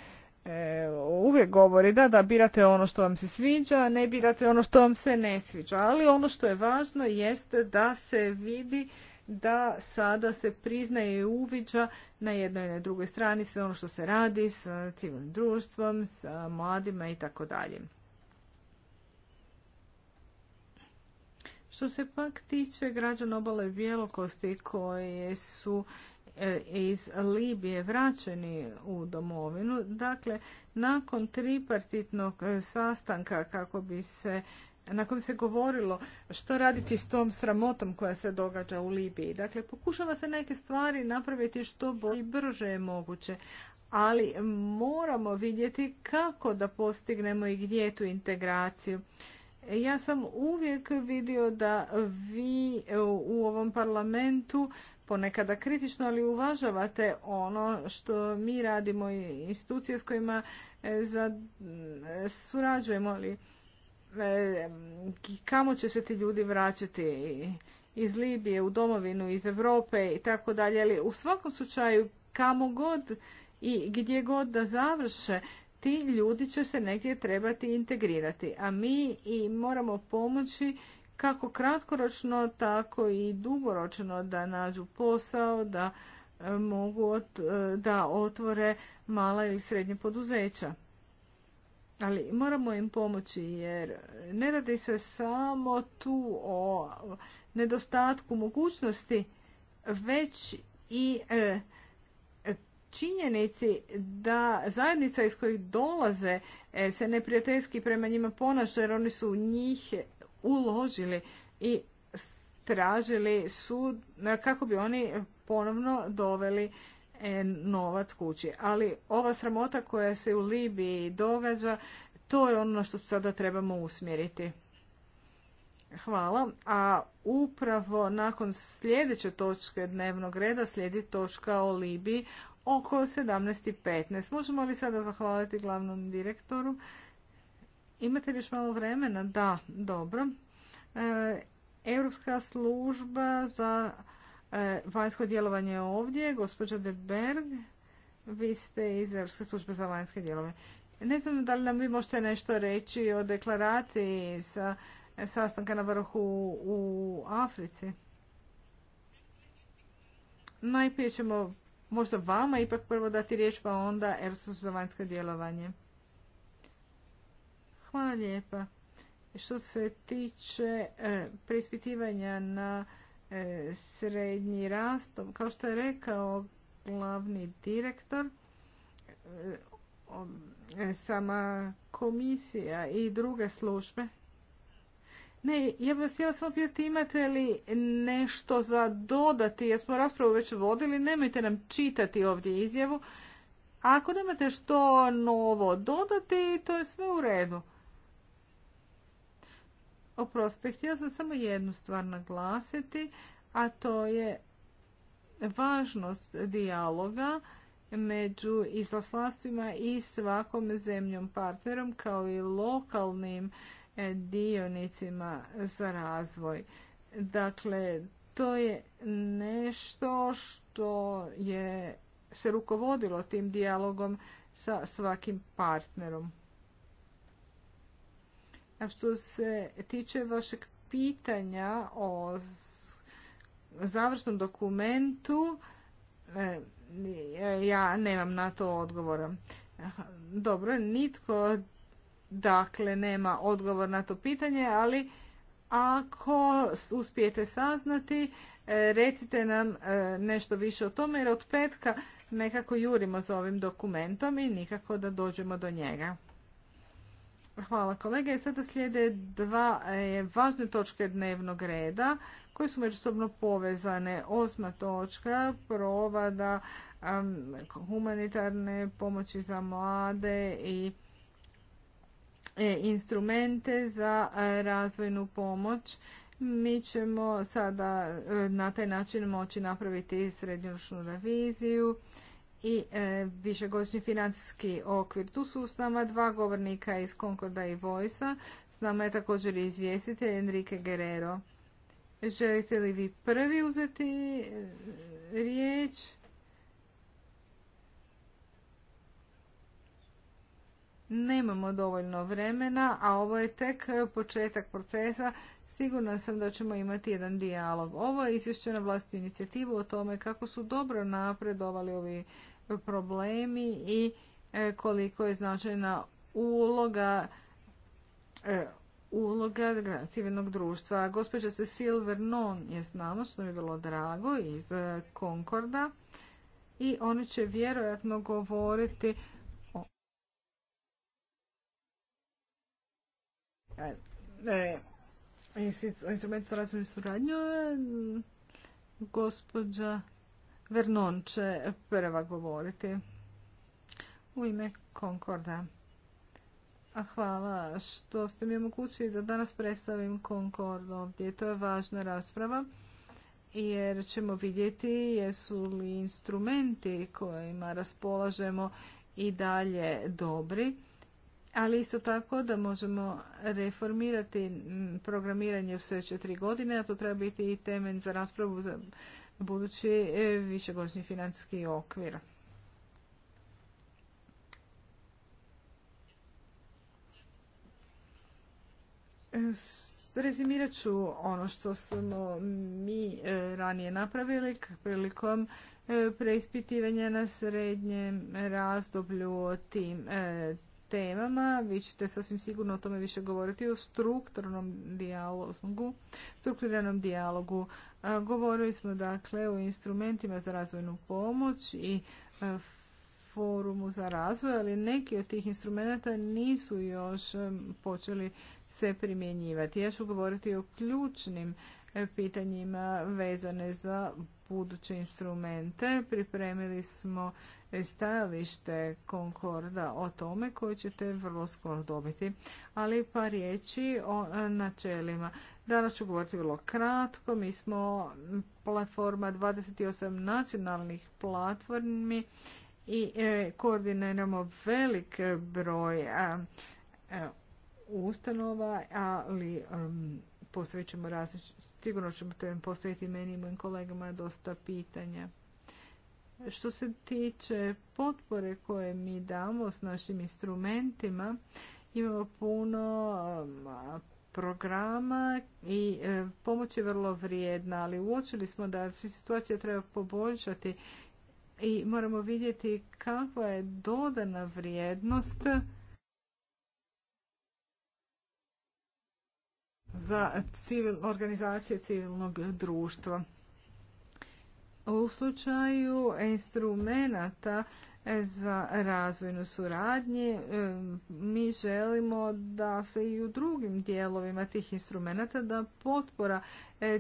e, uvijek govori da, da birate ono što vam se sviđa, ne birate ono što vam se ne sviđa. Ali ono što je važno jeste da se vidi da sada se priznaje i uviđa na jednoj i na drugoj strani sve ono što se radi sa civilnim društvom, sa mladima i tako dalje. Što se pak tiče građana obale Bjelokosti koje su e, iz Libije vraćeni u domovinu. Dakle, nakon tripartitnog e, sastanka kako bi se na kojem se govorilo što raditi s tom sramotom koja se događa u Libiji. Dakle, pokušava se neke stvari napraviti što bolje i brže je moguće, ali moramo vidjeti kako da postignemo i gdje tu integraciju. Ja sam uvijek vidio da vi e, u ovom parlamentu ponekada kritično, ali uvažavate ono što mi radimo i institucije s kojima e, e, surađujemo, kamo će se ti ljudi vraćati iz Libije, u domovinu, iz Europe i tako dalje, ali u svakom slučaju kamo god i gdje god da završe, ti ljudi će se negdje trebati integrirati, a mi i moramo pomoći kako kratkoročno, tako i dugoročno da nađu posao, da e, mogu e, da otvore mala ili srednje poduzeća. Ali moramo im pomoći jer ne radi se samo tu o nedostatku mogućnosti, već i e, činjenici da zajednica iz kojih dolaze e, se neprijateljski prema njima ponaša jer oni su u njih uložili i tražili sud kako bi oni ponovno doveli e, novac kući. Ali ova sramota koja se u Libiji događa, to je ono što sada trebamo usmjeriti. Hvala. A upravo nakon sljedeće točke dnevnog reda slijedi točka o Libiji oko 17.15. Možemo li sada zahvaliti glavnom direktoru? Imate li još malo vremena? Da, dobro. E, Europska služba za e, vanjsko djelovanje ovdje, gospođa De Berg, vi ste iz Europske službe za vanjske djelovanje. Ne znam da li nam vi možete nešto reći o deklaraciji sa sastanka na vrhu u Africi. Najprije ćemo možda vama ipak prvo dati riječ pa onda ERSUS za vanjsko djelovanje. Hvala lijepa. Što se tiče e, preispitivanja na e, srednji rast, kao što je rekao glavni direktor, e, sama komisija i druge službe ne, ja vas htjela samo pitati imate li nešto za dodati, jer smo raspravu već vodili, nemojte nam čitati ovdje izjavu. ako nemate što novo dodati, to je sve u redu. Oprostite, htjela sam samo jednu stvar naglasiti, a to je važnost dijaloga među izlaslastvima i svakom zemljom partnerom kao i lokalnim dionicima za razvoj. Dakle, to je nešto što je se rukovodilo tim dijalogom sa svakim partnerom. A što se tiče vašeg pitanja o završnom dokumentu, e, ja nemam na to odgovora. Dobro, nitko od dakle nema odgovor na to pitanje, ali ako uspijete saznati, e, recite nam e, nešto više o tome jer od petka nekako jurimo za ovim dokumentom i nikako da dođemo do njega. Hvala kolege. E, sada slijede dva važne točke dnevnog reda koje su međusobno povezane. Osma točka provada humanitarne pomoći za mlade i E, instrumente za e, razvojnu pomoć. Mi ćemo sada e, na taj način moći napraviti srednjoročnu reviziju i višegodišnji financijski okvir. Tu su s nama dva govornika iz Concorda i Vojsa. S nama je također izvjestitelj Enrique Guerrero. Želite li vi prvi uzeti riječ? nemamo dovoljno vremena, a ovo je tek e, početak procesa. Sigurna sam da ćemo imati jedan dijalog. Ovo je izvješće na inicijativu o tome kako su dobro napredovali ovi problemi i e, koliko je značajna uloga e, uloga civilnog društva. Gospođa Cecil Non je s nama, što mi je bilo drago, iz Konkorda i oni će vjerojatno govoriti e, instrument za razvojnu suradnju mm, gospođa Vernon će prva govoriti u ime Konkorda. A hvala što ste mi omogućili da danas predstavim Konkord ovdje. To je važna rasprava jer ćemo vidjeti jesu li instrumenti kojima raspolažemo i dalje dobri ali isto tako da možemo reformirati programiranje u sljedeće tri godine, a to treba biti i temelj za raspravu za budući e, višegodišnji financijski okvir. Rezimirat ću ono što smo mi e, ranije napravili prilikom e, preispitivanja na srednjem razdoblju tim temama. Vi ćete sasvim sigurno o tome više govoriti o strukturnom dijalogu. Strukturiranom dijalogu. E, govorili smo dakle o instrumentima za razvojnu pomoć i e, forumu za razvoj, ali neki od tih instrumenta nisu još e, počeli se primjenjivati. Ja ću govoriti o ključnim pitanjima vezane za buduće instrumente. Pripremili smo stajalište Concorda o tome koje ćete vrlo skoro dobiti. Ali pa riječi o e, načelima. Danas ću govoriti vrlo kratko. Mi smo platforma 28 nacionalnih platformi i e, koordiniramo velik broj e, ustanova, ali posvećemo ćemo sigurno ćemo to postaviti meni i mojim kolegama dosta pitanja. Što se tiče potpore koje mi damo s našim instrumentima, imamo puno programa i e, pomoć je vrlo vrijedna, ali uočili smo da situacija treba poboljšati i moramo vidjeti kakva je dodana vrijednost za civil, organizacije civilnog društva u slučaju instrumenata za razvojnu suradnju, mi želimo da se i u drugim dijelovima tih instrumenata da potpora e,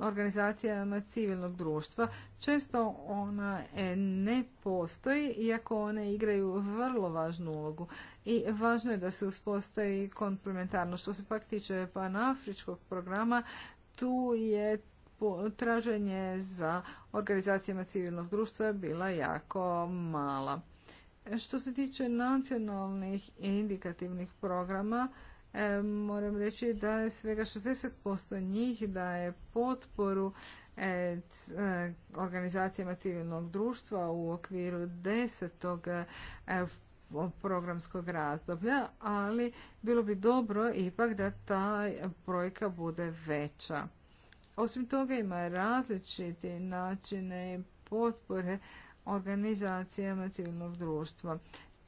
organizacijama civilnog društva često ona e, ne postoji iako one igraju vrlo važnu ulogu i važno je da se uspostavi komplementarno što se pak tiče panafričkog programa tu je traženje za organizacijama civilnog društva je bila jako mala. Što se tiče nacionalnih i indikativnih programa, e, moram reći da je svega 60% njih daje potporu e, e, organizacijama civilnog društva u okviru desetog programskog razdoblja, ali bilo bi dobro ipak da ta brojka bude veća. Osim toga ima različiti načine potpore organizacijama civilnog društva.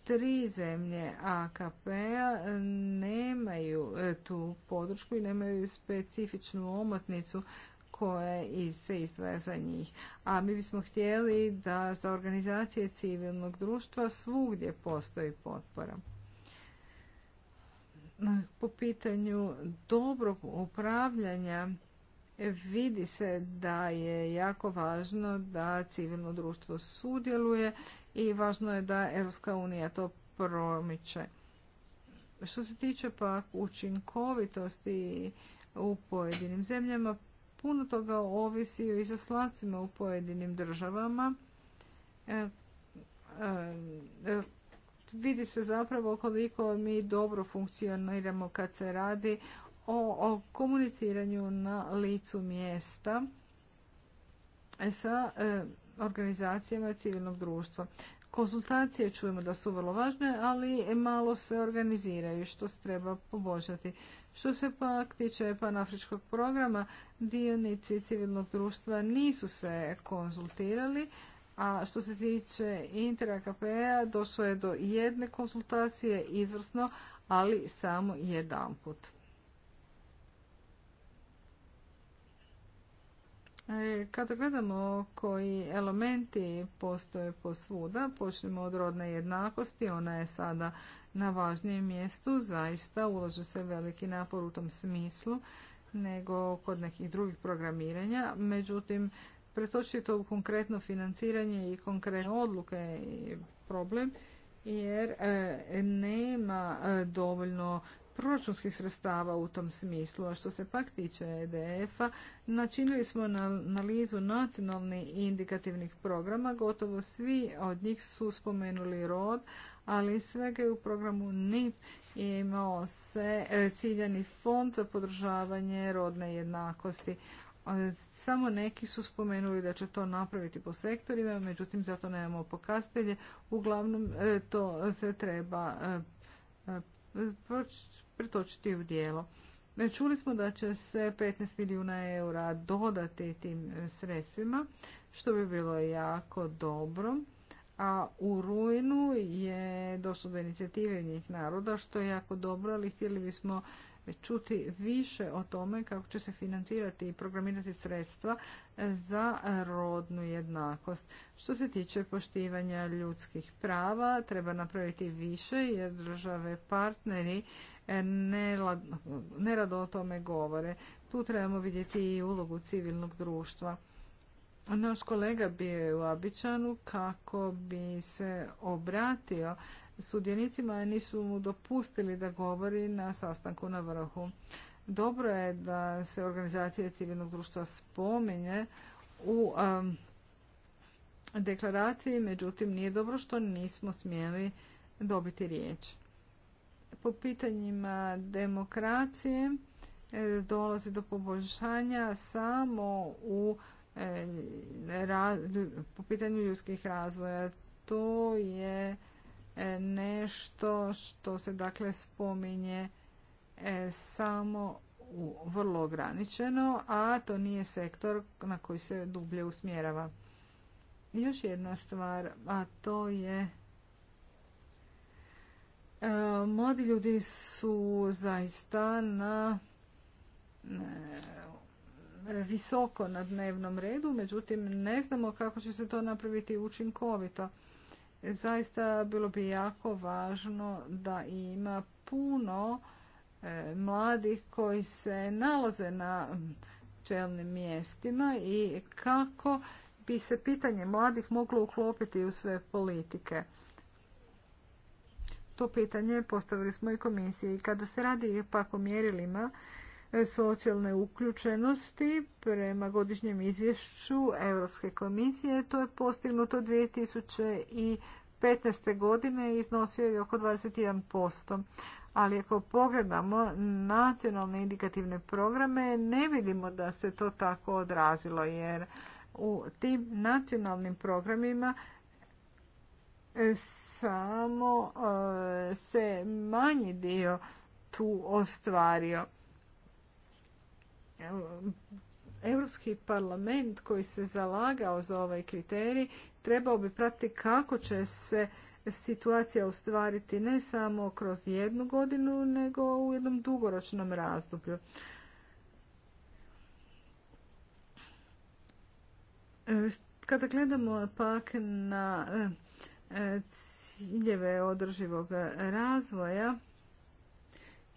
Tri zemlje AKP-a nemaju e, tu podršku i nemaju specifičnu omotnicu koja se izdvaja za njih. A mi bismo htjeli da za organizacije civilnog društva svugdje postoji potpora. Po pitanju dobrog upravljanja vidi se da je jako važno da civilno društvo sudjeluje i važno je da Europska unija to promiče. Što se tiče pak učinkovitosti u pojedinim zemljama, puno toga ovisi o izaslanstvima u pojedinim državama. E, e, e, vidi se zapravo koliko mi dobro funkcioniramo kad se radi o, komuniciranju na licu mjesta e, sa e, organizacijama civilnog društva. Konsultacije čujemo da su vrlo važne, ali malo se organiziraju, što se treba poboljšati. Što se pak tiče panafričkog programa, dionici civilnog društva nisu se konzultirali, a što se tiče Interakapea, došlo je do jedne konsultacije izvrsno, ali samo jedan put. E, kada gledamo koji elementi postoje posvuda, počnemo od rodne jednakosti, ona je sada na važnijem mjestu, zaista ulože se veliki napor u tom smislu nego kod nekih drugih programiranja. Međutim, pretočiti to u konkretno financiranje i konkretne odluke i problem jer e, nema e, dovoljno proračunskih sredstava u tom smislu. A što se pak tiče EDF-a, načinili smo analizu nacionalnih indikativnih programa. Gotovo svi od njih su spomenuli rod, ali svega je u programu NIP imao se e, ciljani fond za podržavanje rodne jednakosti. E, samo neki su spomenuli da će to napraviti po sektorima, međutim zato nemamo pokazatelje. Uglavnom e, to se treba pretočiti u dijelo. E, čuli smo da će se 15 milijuna eura dodati tim e, sredstvima, što bi bilo jako dobro. A u rujnu je došlo do inicijative njih naroda, što je jako dobro, ali htjeli bismo čuti više o tome kako će se financirati i programirati sredstva e, za rodnu jednakost. Što se tiče poštivanja ljudskih prava, treba napraviti više jer države partneri nerado o tome govore. Tu trebamo vidjeti i ulogu civilnog društva. Naš kolega bio je u Abičanu kako bi se obratio sudionicima, nisu mu dopustili da govori na sastanku na vrhu. Dobro je da se organizacije civilnog društva spominje u um, deklaraciji, međutim nije dobro što nismo smjeli dobiti riječ po pitanjima demokracije e, dolazi do poboljšanja samo u e, po pitanju ljudskih razvoja. To je e, nešto što se dakle spominje samo u vrlo ograničeno, a to nije sektor na koji se dublje usmjerava. Još jedna stvar, a to je E, mladi ljudi su zaista na visoko na dnevnom redu, međutim ne znamo kako će se to napraviti učinkovito. Zaista bilo bi jako važno da ima puno e, mladih koji se nalaze na čelnim mjestima i kako bi se pitanje mladih moglo uklopiti u sve politike to pitanje postavili smo i komisiji. Kada se radi pak o mjerilima e, socijalne uključenosti prema godišnjem izvješću Europske komisije, to je postignuto 2015. godine i iznosio je oko 21%. Ali ako pogledamo nacionalne indikativne programe, ne vidimo da se to tako odrazilo, jer u tim nacionalnim programima samo e, se manji dio tu ostvario. Europski parlament koji se zalagao za ovaj kriterij trebao bi pratiti kako će se situacija ostvariti ne samo kroz jednu godinu, nego u jednom dugoročnom razdoblju. E, kada gledamo pak na e, ciljeve održivog razvoja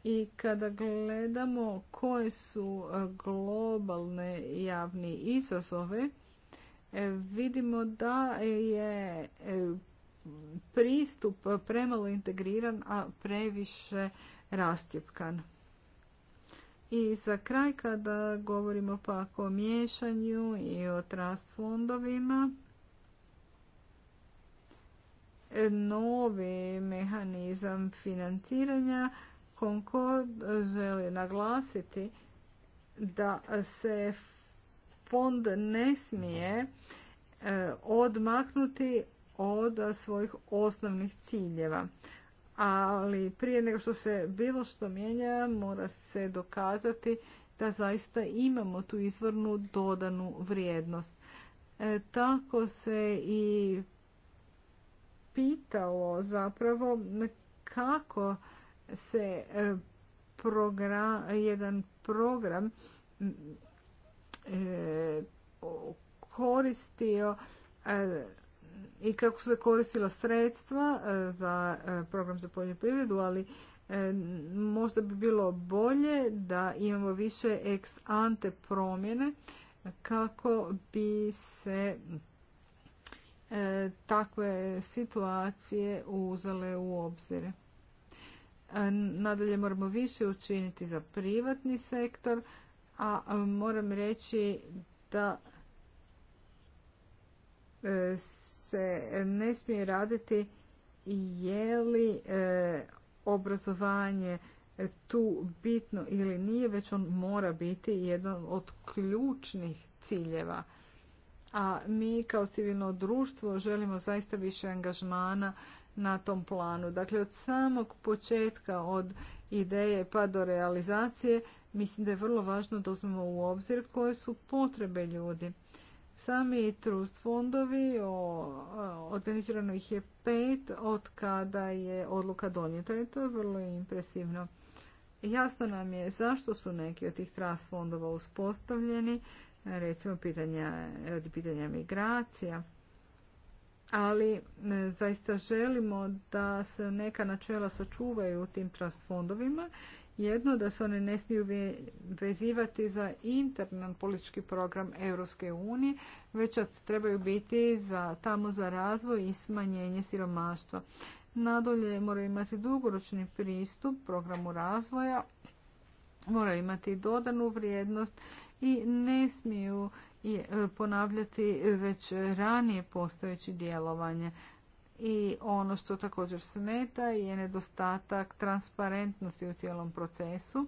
i kada gledamo koje su e, globalne javni izazove, e, vidimo da je e, pristup premalo integriran, a previše rastjepkan. I za kraj kada govorimo pak o miješanju i o trust fondovima, novi mehanizam financiranja. Concord želi naglasiti da se fond ne smije e, odmaknuti od svojih osnovnih ciljeva. Ali prije nego što se bilo što mijenja, mora se dokazati da zaista imamo tu izvornu dodanu vrijednost. E, tako se i pitalo zapravo kako se e, program, jedan program e, koristio e, i kako su se koristila sredstva za program za poljoprivredu, ali možda bi bilo bolje da imamo više ex ante promjene kako bi se E, takve situacije uzele u obzir. E, nadalje moramo više učiniti za privatni sektor, a moram reći da e, se ne smije raditi je li obrazovanje tu bitno ili nije, već on mora biti jedan od ključnih ciljeva a mi kao civilno društvo želimo zaista više angažmana na tom planu. Dakle, od samog početka, od ideje pa do realizacije, mislim da je vrlo važno da uzmemo u obzir koje su potrebe ljudi. Sami trust fondovi, organizirano ih je pet od kada je odluka donijeta i to je vrlo impresivno. Jasno nam je zašto su neki od tih trust fondova uspostavljeni, recimo pitanja, od pitanja migracija. Ali e, zaista želimo da se neka načela sačuvaju u tim trust fondovima. Jedno, da se one ne smiju vezivati za internan politički program Europske unije, već trebaju biti za, tamo za razvoj i smanjenje siromaštva. Nadolje moraju imati dugoročni pristup programu razvoja, moraju imati dodanu vrijednost i ne smiju e, ponavljati već ranije postojeći djelovanje. I ono što također smeta je nedostatak transparentnosti u cijelom procesu,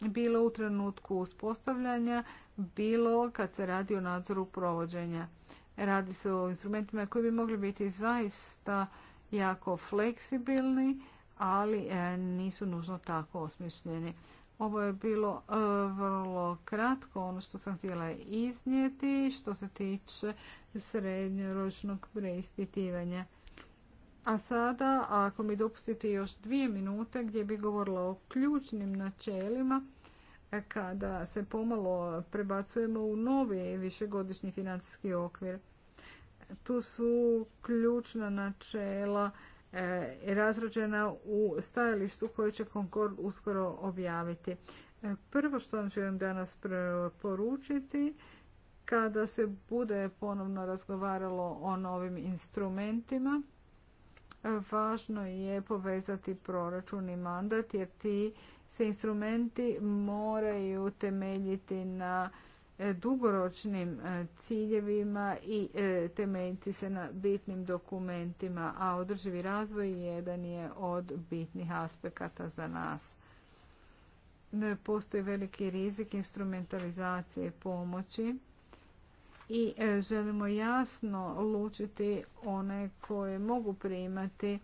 bilo u trenutku uspostavljanja, bilo kad se radi o nadzoru provođenja. Radi se o instrumentima koji bi mogli biti zaista jako fleksibilni, ali e, nisu nužno tako osmišljeni. Ovo je bilo e, vrlo kratko, ono što sam htjela iznijeti, što se tiče srednjoročnog preispitivanja. A sada, ako mi dopustite još dvije minute gdje bi govorila o ključnim načelima, e, kada se pomalo prebacujemo u novi višegodišnji financijski okvir. Tu su ključna načela E, razrađena u stajalištu koje će Concord uskoro objaviti. E, prvo što vam želim danas poručiti, kada se bude ponovno razgovaralo o novim instrumentima, e, važno je povezati proračun i mandat jer ti se instrumenti moraju temeljiti na E, dugoročnim e, ciljevima i e, temeljiti se na bitnim dokumentima, a održivi razvoj jedan je od bitnih aspekata za nas. Postoji veliki rizik instrumentalizacije pomoći i želimo jasno lučiti one koje mogu primati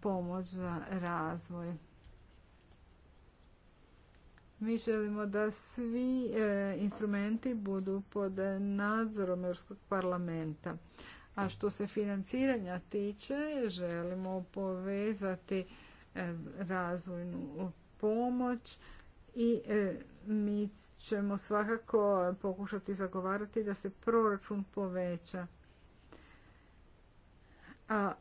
pomoć za razvoj. Mi želimo da svi e, instrumenti budu pod nadzorom Europskog parlamenta. A što se financiranja tiče, želimo povezati e, razvojnu pomoć i e, mi ćemo svakako pokušati zagovarati da se proračun poveća. A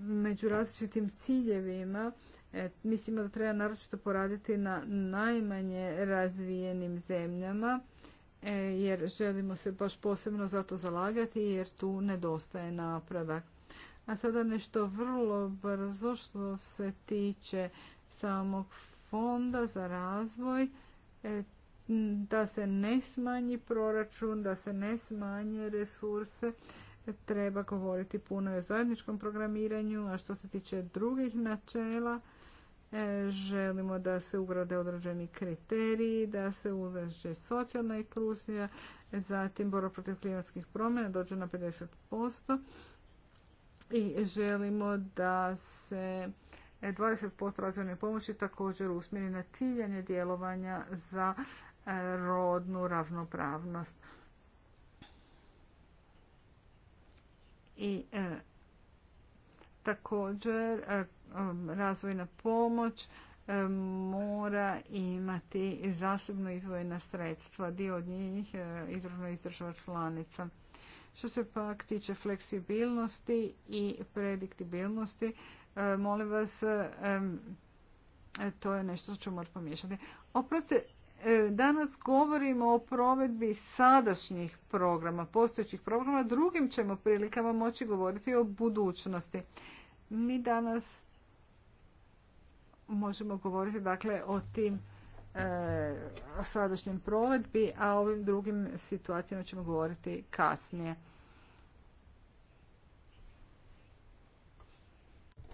među različitim ciljevima E, Mislimo da treba naročito poraditi na najmanje razvijenim zemljama e, jer želimo se baš posebno za to zalagati jer tu nedostaje napredak. A sada nešto vrlo brzo što se tiče samog fonda za razvoj, e, da se ne smanji proračun, da se ne smanje resurse, treba govoriti puno o zajedničkom programiranju, a što se tiče drugih načela, E, želimo da se ugrade određeni kriteriji, da se uveže socijalna inklusija, zatim borba protiv klimatskih promjena dođe na 50% i želimo da se 20% e, razvojne pomoći također usmjeri na ciljanje djelovanja za e, rodnu ravnopravnost. I također Um, razvojna pomoć um, mora imati zasebno izvojena sredstva, dio od njih uh, izravno iz država članica. Što se pak tiče fleksibilnosti i prediktibilnosti, uh, molim vas, um, to je nešto što ću morati pomiješati. Oprosti, uh, danas govorimo o provedbi sadašnjih programa, postojećih programa, drugim ćemo prilikama moći govoriti o budućnosti. Mi danas možemo govoriti dakle o tim e, sadašnjem provedbi, a o ovim drugim situacijama ćemo govoriti kasnije.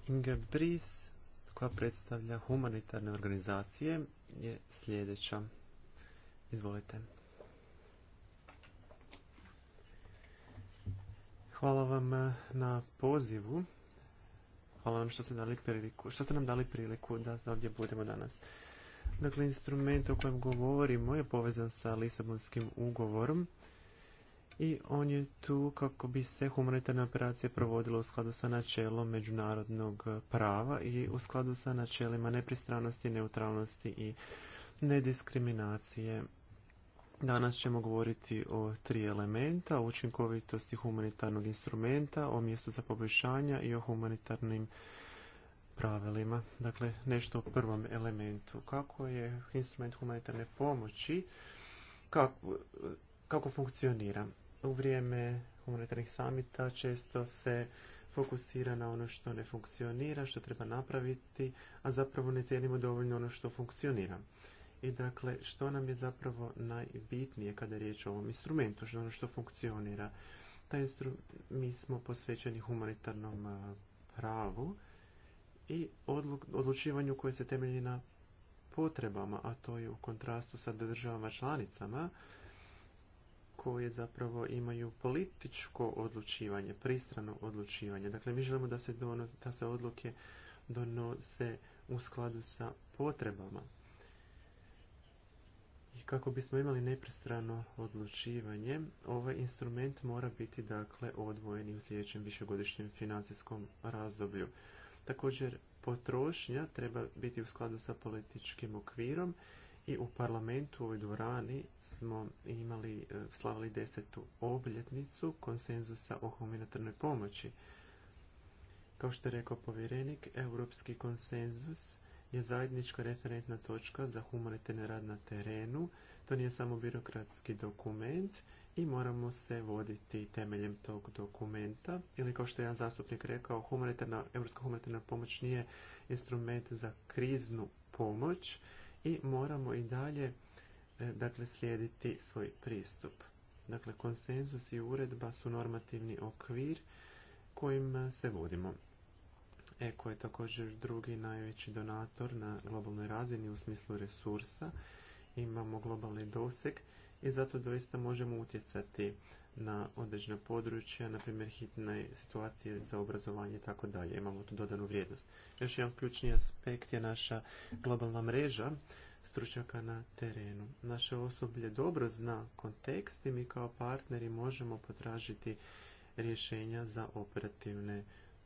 Inge Bris, koja predstavlja humanitarne organizacije, je sljedeća. Izvolite. Hvala vam na pozivu Hvala vam što ste, dali priliku, što ste nam dali priliku da ovdje budemo danas. Dakle, instrument o kojem govorimo je povezan sa Lisabonskim ugovorom i on je tu kako bi se humanitarna operacija provodila u skladu sa načelom međunarodnog prava i u skladu sa načelima nepristranosti, neutralnosti i nediskriminacije Danas ćemo govoriti o tri elementa, o učinkovitosti humanitarnog instrumenta, o mjestu za poboljšanja i o humanitarnim pravilima. Dakle, nešto o prvom elementu. Kako je instrument humanitarne pomoći, kako, kako funkcionira? U vrijeme humanitarnih samita često se fokusira na ono što ne funkcionira, što treba napraviti, a zapravo ne cijenimo dovoljno ono što funkcionira i dakle što nam je zapravo najbitnije kada je riječ o ovom instrumentu, što ono što funkcionira. Taj Mi smo posvećeni humanitarnom pravu i odlučivanju koje se temelji na potrebama, a to je u kontrastu sa državama članicama koje zapravo imaju političko odlučivanje, pristrano odlučivanje. Dakle, mi želimo da da se odluke donose u skladu sa potrebama i kako bismo imali nepristrano odlučivanje, ovaj instrument mora biti dakle odvojen i u sljedećem višegodišnjem financijskom razdoblju. Također, potrošnja treba biti u skladu sa političkim okvirom i u parlamentu u ovoj dvorani smo imali, e, slavili desetu obljetnicu konsenzusa o humanitarnoj pomoći. Kao što je rekao povjerenik, europski konsenzus je zajednička referentna točka za humanitarni rad na terenu. To nije samo birokratski dokument i moramo se voditi temeljem tog dokumenta. Ili kao što je jedan zastupnik rekao, humanitarna, evropska humanitarna pomoć nije instrument za kriznu pomoć i moramo i dalje e, dakle, slijediti svoj pristup. Dakle, konsenzus i uredba su normativni okvir kojim se vodimo. Eko je također drugi najveći donator na globalnoj razini u smislu resursa. Imamo globalni doseg i zato doista možemo utjecati na određena područja, na primjer hitne situacije za obrazovanje i tako dalje. Imamo tu dodanu vrijednost. Još jedan ključni aspekt je naša globalna mreža stručnjaka na terenu. Naše osoblje dobro zna kontekst i mi kao partneri možemo potražiti rješenja za operativne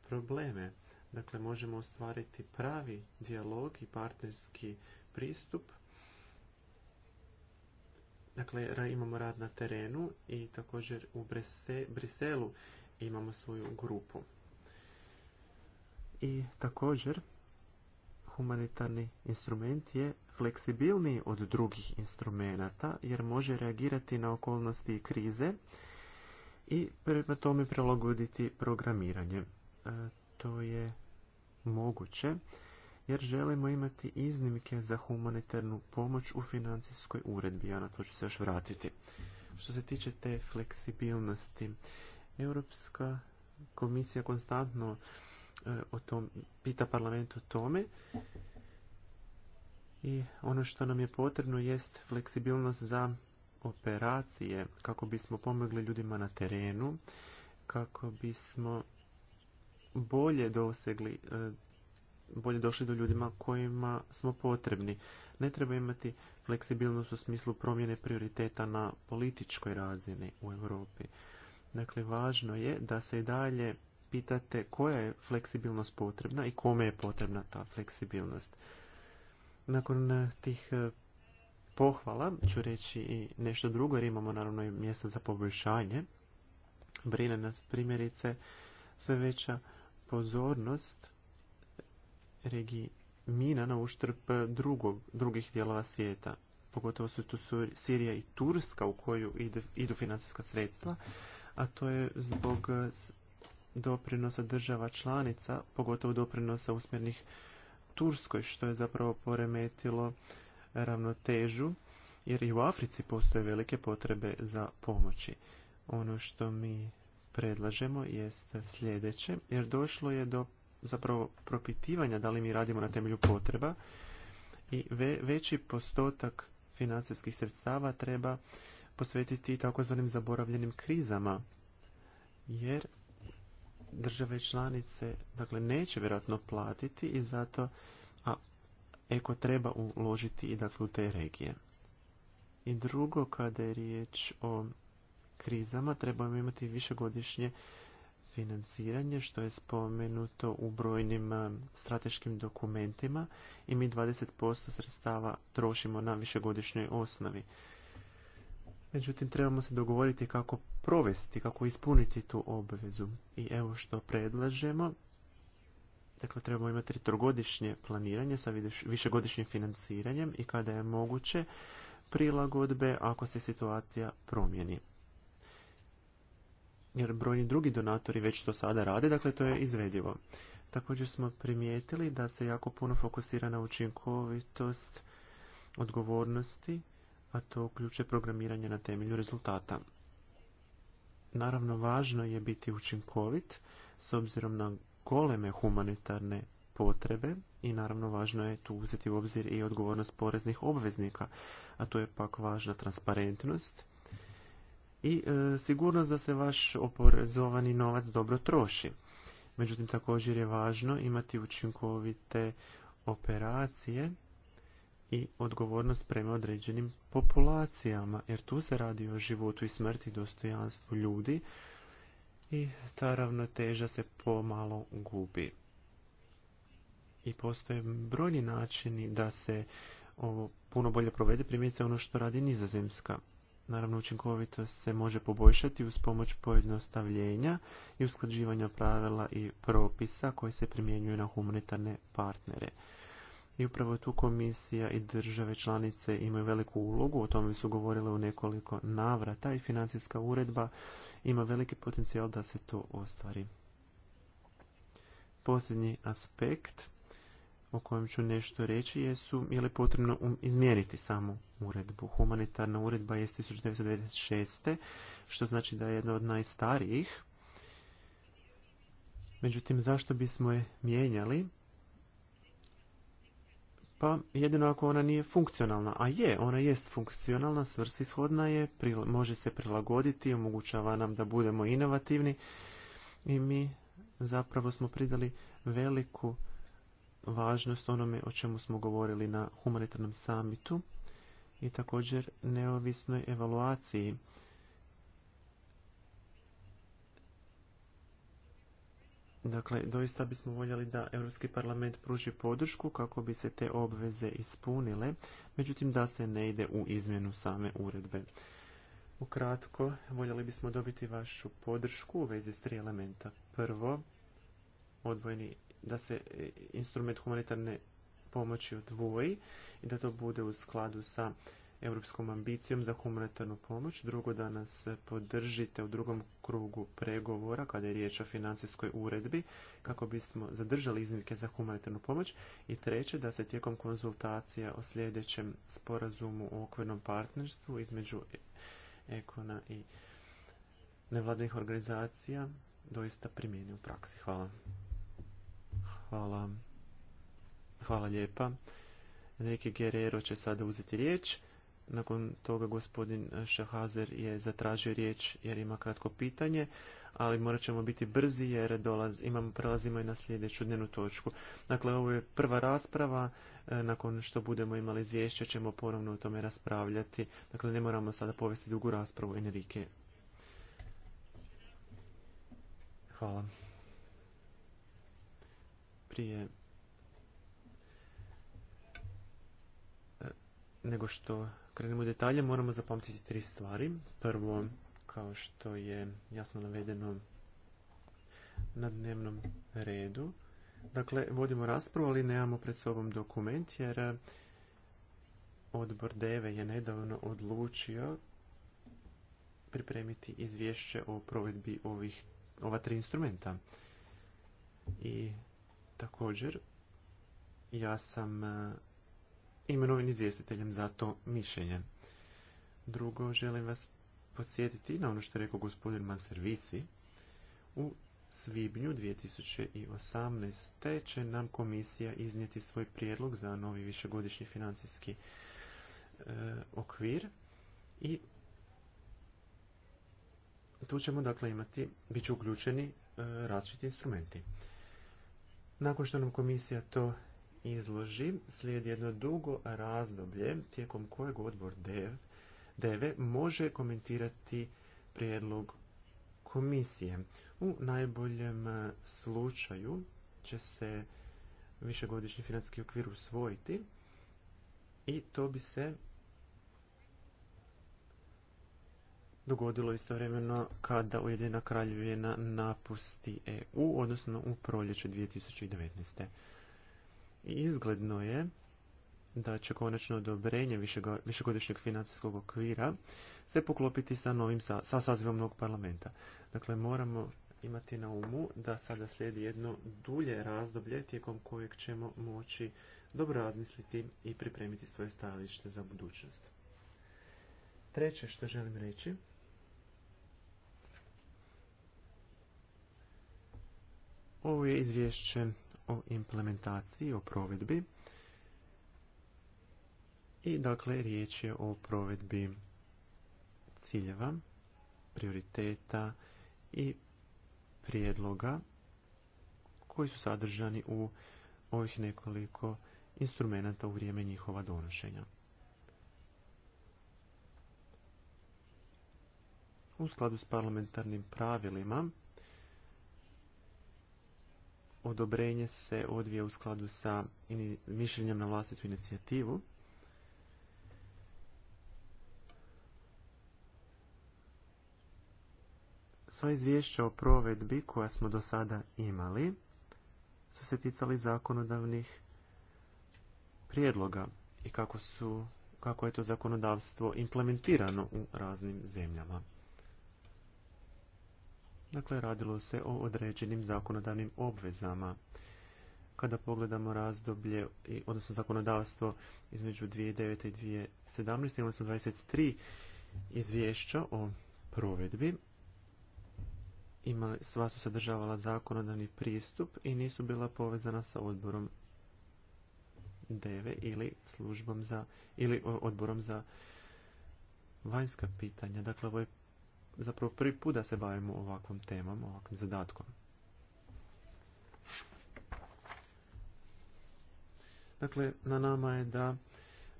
probleme. Dakle, možemo ostvariti pravi dijalog i partnerski pristup. Dakle, imamo rad na terenu i također u Briselu imamo svoju grupu. I također, humanitarni instrument je fleksibilniji od drugih instrumenata jer može reagirati na okolnosti i krize i prema tome prilagoditi programiranje. E, to je moguće jer želimo imati iznimke za humanitarnu pomoć u financijskoj uredbi, a na to ću se još vratiti. Što se tiče te fleksibilnosti, Europska komisija konstantno e, o tom, pita parlament o tome i ono što nam je potrebno jest fleksibilnost za operacije kako bismo pomogli ljudima na terenu, kako bismo bolje dosegli, e, bolje došli do ljudima kojima smo potrebni. Ne treba imati fleksibilnost u smislu promjene prioriteta na političkoj razini u Europi. Dakle, važno je da se i dalje pitate koja je fleksibilnost potrebna i kome je potrebna ta fleksibilnost. Nakon e, tih e, pohvala ću reći i nešto drugo jer imamo naravno i mjesta za poboljšanje. Brine nas primjerice sve veća pozornost regiji mina na uštrb drugih dijelova svijeta. Pogotovo su tu Sirija i Turska u koju idu financijska sredstva, a to je zbog doprinosa država članica, pogotovo doprinosa usmjernih Turskoj, što je zapravo poremetilo ravnotežu, jer i u Africi postoje velike potrebe za pomoći. Ono što mi predlažemo jest sljedeće, jer došlo je do zapravo propitivanja da li mi radimo na temelju potreba i veći postotak financijskih sredstava treba posvetiti takozvanim zaboravljenim krizama, jer države članice dakle, neće vjerojatno platiti i zato a eko treba uložiti i dakle, u te regije. I drugo, kada je riječ o krizama trebamo imati višegodišnje financiranje što je spomenuto u brojnim strateškim dokumentima i mi 20% sredstava trošimo na višegodišnjoj osnovi. Međutim, trebamo se dogovoriti kako provesti, kako ispuniti tu obvezu. I evo što predlažemo. Dakle, trebamo imati trogodišnje planiranje sa višegodišnjim financiranjem i kada je moguće prilagodbe ako se situacija promjeni jer brojni drugi donatori već to sada rade, dakle to je izvedivo. Također smo primijetili da se jako puno fokusira na učinkovitost odgovornosti, a to uključuje programiranje na temelju rezultata. Naravno, važno je biti učinkovit s obzirom na goleme humanitarne potrebe i naravno važno je tu uzeti u obzir i odgovornost poreznih obveznika, a tu je pak važna transparentnost i e, sigurnost da se vaš oporezovani novac dobro troši. Međutim, također je važno imati učinkovite operacije i odgovornost prema određenim populacijama, jer tu se radi o životu i smrti, dostojanstvu ljudi i ta ravnoteža se pomalo gubi. I postoje brojni načini da se ovo puno bolje provede, primjerice ono što radi nizozemska. Naravno, učinkovitost se može poboljšati uz pomoć pojednostavljenja i usklađivanja pravila i propisa koji se primjenjuju na humanitarne partnere. I upravo tu komisija i države članice imaju veliku ulogu, o tome su govorile u nekoliko navrata i financijska uredba ima veliki potencijal da se to ostvari. Posljednji aspekt o kojem ću nešto reći jesu je li potrebno um, izmjeriti samu uredbu. Humanitarna uredba je 1996. što znači da je jedna od najstarijih. Međutim, zašto bismo je mijenjali? Pa jedino ako ona nije funkcionalna, a je, ona jest funkcionalna, svrsishodna je, može se prilagoditi, omogućava nam da budemo inovativni i mi zapravo smo pridali veliku važnost onome o čemu smo govorili na humanitarnom samitu i također neovisnoj evaluaciji Dakle, doista bismo voljeli da Europski parlament pruži podršku kako bi se te obveze ispunile, međutim da se ne ide u izmjenu same uredbe. Ukratko, voljeli bismo dobiti vašu podršku u vezi s tri elementa. Prvo, odvojeni da se e, instrument humanitarne pomoći odvoji i da to bude u skladu sa europskom ambicijom za humanitarnu pomoć. Drugo, da nas podržite u drugom krugu pregovora kada je riječ o financijskoj uredbi kako bismo zadržali iznimke za humanitarnu pomoć. I treće, da se tijekom konzultacija o sljedećem sporazumu o okvirnom partnerstvu između ekona i nevladnih organizacija doista primijeni u praksi. Hvala. Hvala. Hvala lijepa. Enrique Guerrero će sada uzeti riječ. Nakon toga gospodin Šahazer je zatražio riječ jer ima kratko pitanje, ali morat ćemo biti brzi jer dolaz, prelazimo i na sljedeću dnevnu točku. Dakle, ovo je prva rasprava, e, nakon što budemo imali izvješće ćemo ponovno o tome raspravljati. Dakle, ne moramo sada povesti dugu raspravu Enrique. Hvala prije e, nego što krenemo u detalje, moramo zapamtiti tri stvari. Prvo, kao što je jasno navedeno na dnevnom redu. Dakle, vodimo raspravu, ali nemamo pred sobom dokument, jer odbor DEVE je nedavno odlučio pripremiti izvješće o provedbi ovih, ova tri instrumenta. I Također, ja sam e, imenovan izvjestiteljem za to mišljenje. Drugo, želim vas podsjetiti na ono što je rekao gospodin Manservici. U svibnju 2018. će nam komisija iznijeti svoj prijedlog za novi višegodišnji financijski e, okvir i tu ćemo dakle imati, bit će uključeni e, različiti instrumenti. Nakon što nam komisija to izloži, slijedi jedno dugo razdoblje tijekom kojeg odbor DEV, DEVE može komentirati prijedlog komisije. U najboljem e, slučaju će se višegodišnji financijski okvir usvojiti i to bi se dogodilo istovremeno kada Ujedina kraljevina napusti EU, odnosno u proljeće 2019. izgledno je da će konačno odobrenje višegodišnjeg financijskog okvira se poklopiti sa novim sa sazivom novog parlamenta. Dakle, moramo imati na umu da sada slijedi jedno dulje razdoblje tijekom kojeg ćemo moći dobro razmisliti i pripremiti svoje stajalište za budućnost. Treće što želim reći Ovo je izvješće o implementaciji, o provedbi. I dakle, riječ je o provedbi ciljeva, prioriteta i prijedloga koji su sadržani u ovih nekoliko instrumenta u vrijeme njihova donošenja. U skladu s parlamentarnim pravilima, odobrenje se odvije u skladu sa mišljenjem na vlastitu inicijativu. Sva izvješća o provedbi koja smo do sada imali su se ticali zakonodavnih prijedloga i kako, su, kako je to zakonodavstvo implementirano u raznim zemljama. Dakle, radilo se o određenim zakonodavnim obvezama. Kada pogledamo razdoblje, odnosno zakonodavstvo između 2009. i 2017. imali smo 23 izvješća o provedbi. Imali, sva su sadržavala zakonodavni pristup i nisu bila povezana sa odborom deve ili službom za ili odborom za vanjska pitanja. Dakle, ovo je zapravo prvi put da se bavimo ovakvom temom, ovakvim zadatkom. Dakle, na nama je da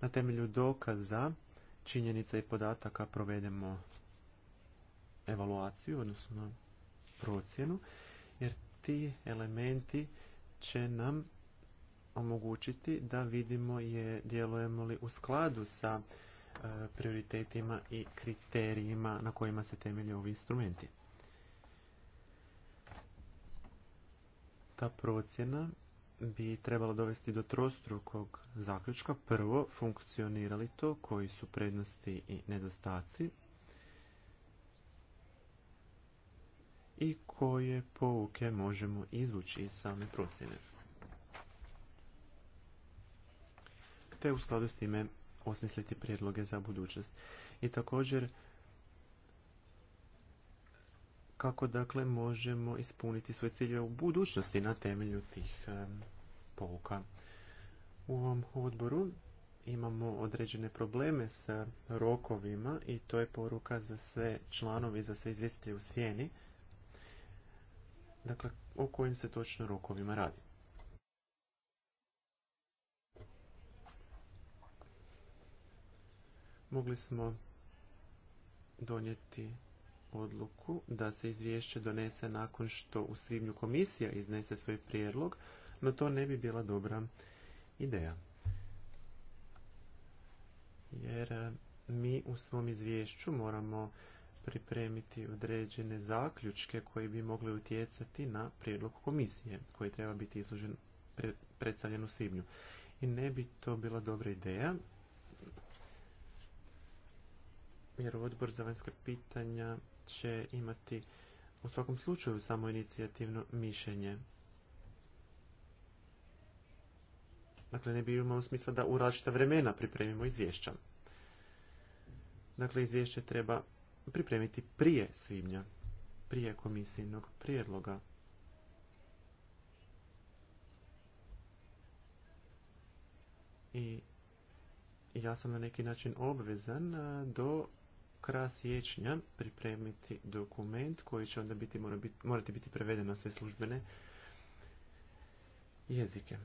na temelju dokaza, činjenica i podataka provedemo evaluaciju, odnosno procjenu, jer ti elementi će nam omogućiti da vidimo je djelujemo li u skladu sa E, prioritetima i kriterijima na kojima se temelje ovi instrumenti. Ta procjena bi trebala dovesti do trostrukog zaključka. Prvo, funkcionirali to, koji su prednosti i nedostaci i koje pouke možemo izvući iz same procjene. Te u skladu s time osmisliti prijedloge za budućnost. I također kako dakle možemo ispuniti svoje ciljeve u budućnosti na temelju tih pouka. U ovom odboru imamo određene probleme sa rokovima i to je poruka za sve članovi, za sve izvjestitelje u sjeni. Dakle, o kojim se točno rokovima radi. mogli smo donijeti odluku da se izvješće donese nakon što u svibnju komisija iznese svoj prijedlog, no to ne bi bila dobra ideja. Jer e, mi u svom izvješću moramo pripremiti određene zaključke koji bi mogli utjecati na prijedlog komisije koji treba biti izložen predstavljen u svibnju. I ne bi to bila dobra ideja jer odbor za vanjska pitanja će imati u svakom slučaju samo inicijativno mišljenje. Dakle, ne bi imao smisla da u različita vremena pripremimo izvješća. Dakle, izvješće treba pripremiti prije svibnja, prije komisijnog prijedloga. I ja sam na neki način obvezan do kraja siječnja pripremiti dokument koji će onda biti, mora biti, morati biti preveden na sve službene jezike.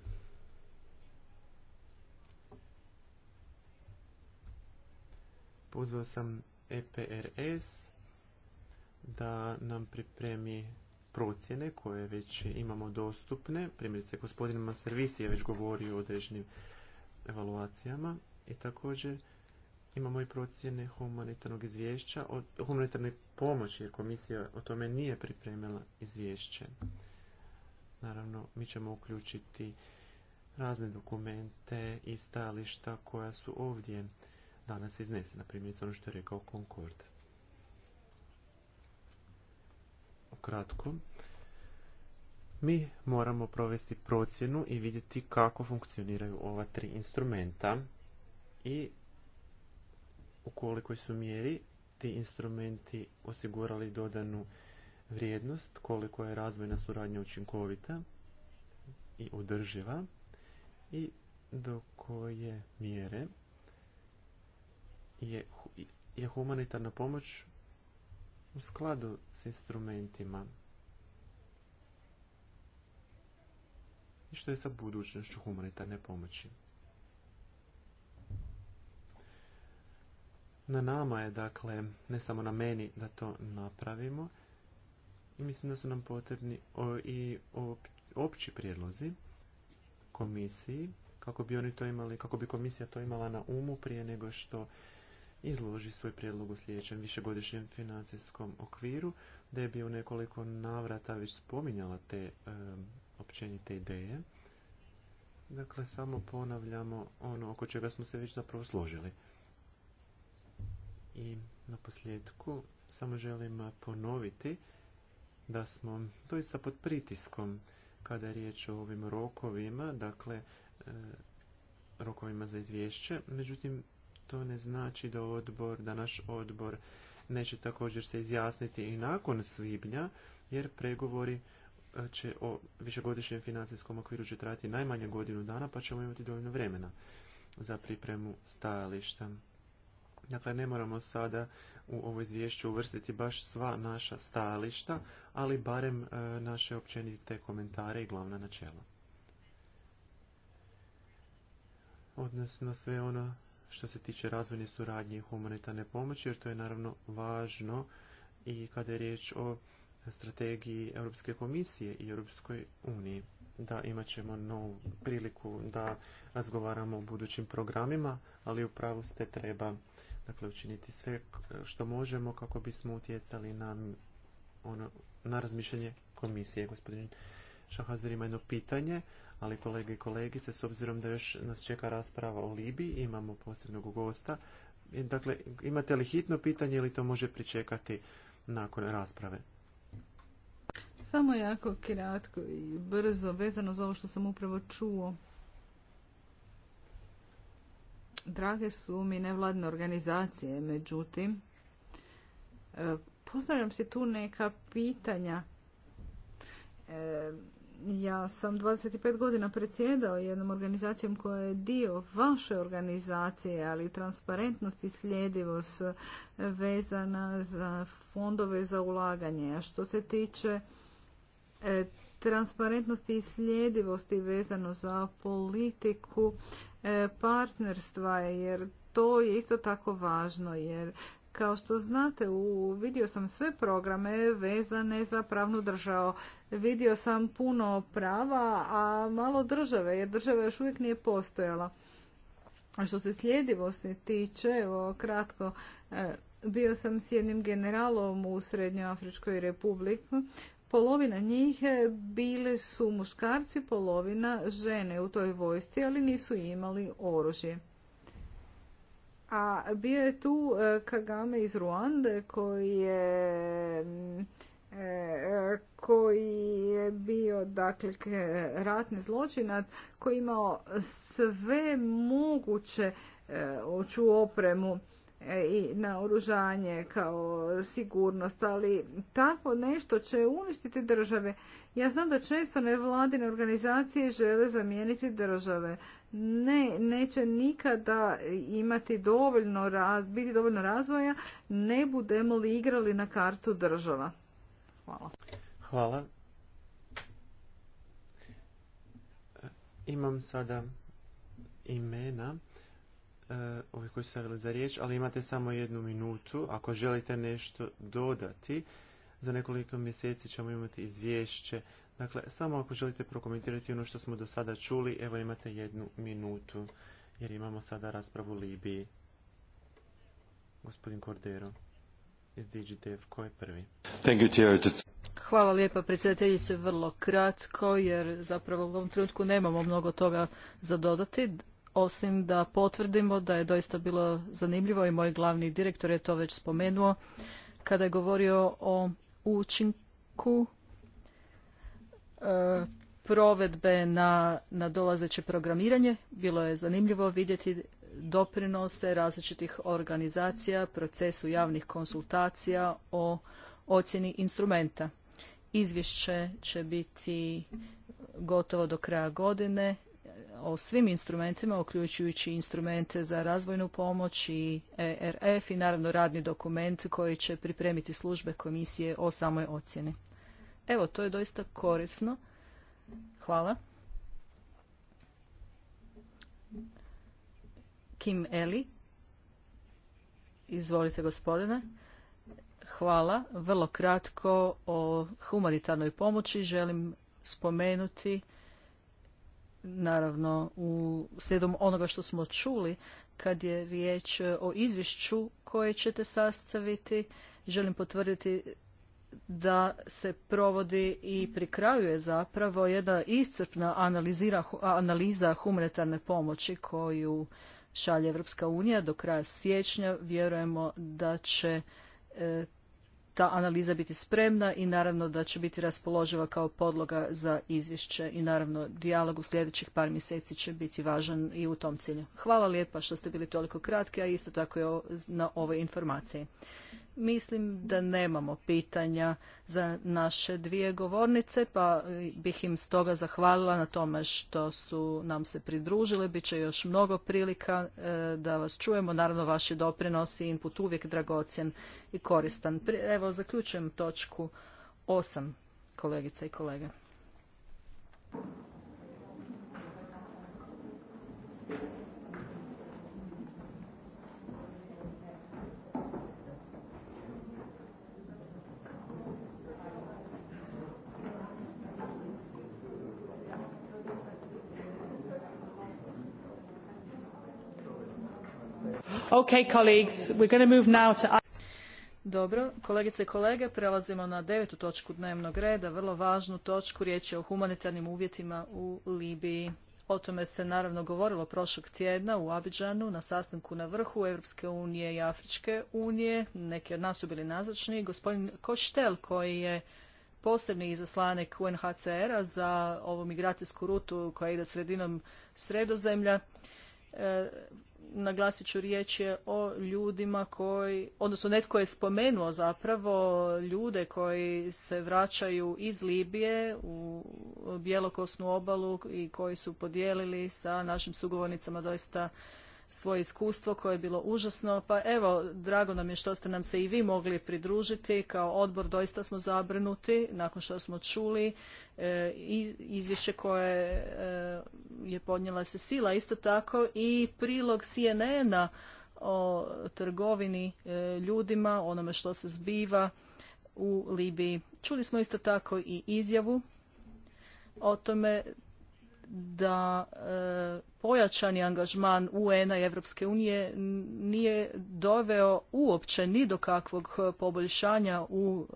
Pozvao sam EPRS da nam pripremi procjene koje već imamo dostupne. Primjerice, gospodin Maservisi je već govorio o određenim evaluacijama i također Imamo i procjene humanitarnog izvješća, od humanitarnoj pomoći jer komisija o tome nije pripremila izvješće. Naravno, mi ćemo uključiti razne dokumente i stajališta koja su ovdje danas iznesena, primjerice ono što je rekao Concord. Ukratko, mi moramo provesti procjenu i vidjeti kako funkcioniraju ova tri instrumenta i u kolikoj su mjeri ti instrumenti osigurali dodanu vrijednost, koliko je razvojna suradnja učinkovita i održiva i do koje mjere je, je humanitarna pomoć u skladu s instrumentima i što je sa budućnošću humanitarne pomoći. Na nama je, dakle, ne samo na meni da to napravimo. I mislim da su nam potrebni i opći prijedlozi komisiji kako bi oni to imali, kako bi komisija to imala na umu prije nego što izloži svoj prijedlog u sljedećem višegodišnjem financijskom okviru, da je bi u nekoliko navrata već spominjala te općenite ideje. Dakle, samo ponavljamo ono oko čega smo se već zapravo složili. I na posljedku samo želim ponoviti da smo doista pod pritiskom kada je riječ o ovim rokovima, dakle e, rokovima za izvješće. Međutim, to ne znači da odbor, da naš odbor neće također se izjasniti i nakon svibnja, jer pregovori e, će o višegodišnjem financijskom okviru će trajati najmanje godinu dana, pa ćemo imati dovoljno vremena za pripremu stajališta. Dakle, ne moramo sada u ovo izvješće uvrstiti baš sva naša stajališta, ali barem e, naše općenite komentare i glavna načela. Odnosno sve ono što se tiče razvojne suradnje i humanitarne pomoći, jer to je naravno važno i kada je riječ o strategiji Europske komisije i Europskoj uniji. Da, imat ćemo novu priliku da razgovaramo o budućim programima, ali u pravu ste treba dakle učiniti sve što možemo kako bismo utjecali na, ono, na razmišljanje komisije. Gospodin Šahazir ima jedno pitanje, ali kolege i kolegice, s obzirom da još nas čeka rasprava o Libiji, imamo posebnog gosta. Dakle, imate li hitno pitanje ili to može pričekati nakon rasprave?
Samo jako kratko i brzo, vezano za ovo što sam upravo čuo drage su mi nevladne organizacije, međutim, e, pozdravljam se tu neka pitanja. E, ja sam 25 godina predsjedao jednom organizacijom koja je dio vaše organizacije, ali transparentnost i sljedivost vezana za fondove za ulaganje. A što se tiče e, transparentnosti i sljedivosti vezano za politiku e, partnerstva jer to je isto tako važno jer kao što znate, u, vidio sam sve programe vezane za pravnu državu. Vidio sam puno prava, a malo države, jer država još uvijek nije postojala. A što se sljedivosti tiče, evo kratko, e, bio sam s jednim generalom u Afričkoj republiku Polovina njih e, bili su muškarci, polovina žene u toj vojsci, ali nisu imali oružje. A bio je tu e, Kagame iz Ruande koji je mm, e, koji je bio dakle ratni zločinac koji je imao sve moguće oču opremu E, i na oružanje kao sigurnost, ali tako nešto će uništiti države. Ja znam da često nevladine organizacije žele zamijeniti države. Ne, neće nikada imati dovoljno biti dovoljno razvoja, ne budemo li igrali na kartu država. Hvala.
Hvala. Imam sada imena E, ovi koji su javili za riječ, ali imate samo jednu minutu. Ako želite nešto dodati, za nekoliko mjeseci ćemo imati izvješće. Dakle, samo ako želite prokomentirati ono što smo do sada čuli, evo imate jednu minutu, jer imamo sada raspravu u Libiji. Gospodin Cordero iz DigiDev, ko je prvi? Thank you,
Hvala lijepa predsjedateljice, vrlo kratko jer zapravo u ovom trenutku nemamo mnogo toga za dodati osim da potvrdimo da je doista bilo zanimljivo i moj glavni direktor je to već spomenuo kada je govorio o učinku e, provedbe na, nadolazeće dolazeće programiranje. Bilo je zanimljivo vidjeti doprinose različitih organizacija, procesu javnih konsultacija o ocjeni instrumenta. Izvješće će biti gotovo do kraja godine o svim instrumentima, uključujući instrumente za razvojnu pomoć i ERF i naravno radni dokument koji će pripremiti službe komisije o samoj ocjeni. Evo, to je doista korisno. Hvala. Kim Eli. Izvolite, gospodine. Hvala. Vrlo kratko o humanitarnoj pomoći želim spomenuti naravno u slijedom onoga što smo čuli kad je riječ e, o izvješću koje ćete sastaviti želim potvrditi da se provodi i pri kraju je zapravo jedna iscrpna analiza humanitarne pomoći koju šalje Evropska unija do kraja siječnja. Vjerujemo da će e, ta analiza biti spremna i naravno da će biti raspoloživa kao podloga za izvješće i naravno dijalog u sljedećih par mjeseci će biti važan i u tom cilju. Hvala lijepa što ste bili toliko kratki, a isto tako i na ovoj informaciji. Mislim da nemamo pitanja za naše dvije govornice, pa bih im stoga zahvalila na tome što su nam se pridružile. Biće još mnogo prilika e, da vas čujemo. Naravno, vaši doprinosi i input uvijek dragocjen i koristan. Evo, zaključujem točku 8, kolegice i kolege.
Okay, colleagues,
Dobro, kolegice i kolege, prelazimo na devetu točku dnevnog reda, vrlo važnu točku, riječ je o humanitarnim uvjetima u Libiji. O tome se naravno govorilo prošlog tjedna u Abidžanu na sastanku na vrhu Europske unije i Afričke unije. Neki od nas su bili nazočni. Gospodin Koštel koji je posebni izaslanik UNHCR-a za ovu migracijsku rutu koja ide sredinom sredozemlja, e, naglasit ću riječ je o ljudima koji, odnosno netko je spomenuo zapravo ljude koji se vraćaju iz Libije u bjelokosnu obalu i koji su podijelili sa našim sugovornicama doista svoje iskustvo koje je bilo užasno. Pa evo, drago nam je što ste nam se i vi mogli pridružiti. Kao odbor doista smo zabrinuti nakon što smo čuli e, izvješće koje e, je podnijela se sila. Isto tako i prilog CNN-a o trgovini e, ljudima, onome što se zbiva u Libiji. Čuli smo isto tako i izjavu o tome da e, pojačani angažman UN-a i Europske unije nije doveo uopće ni do kakvog poboljšanja u e,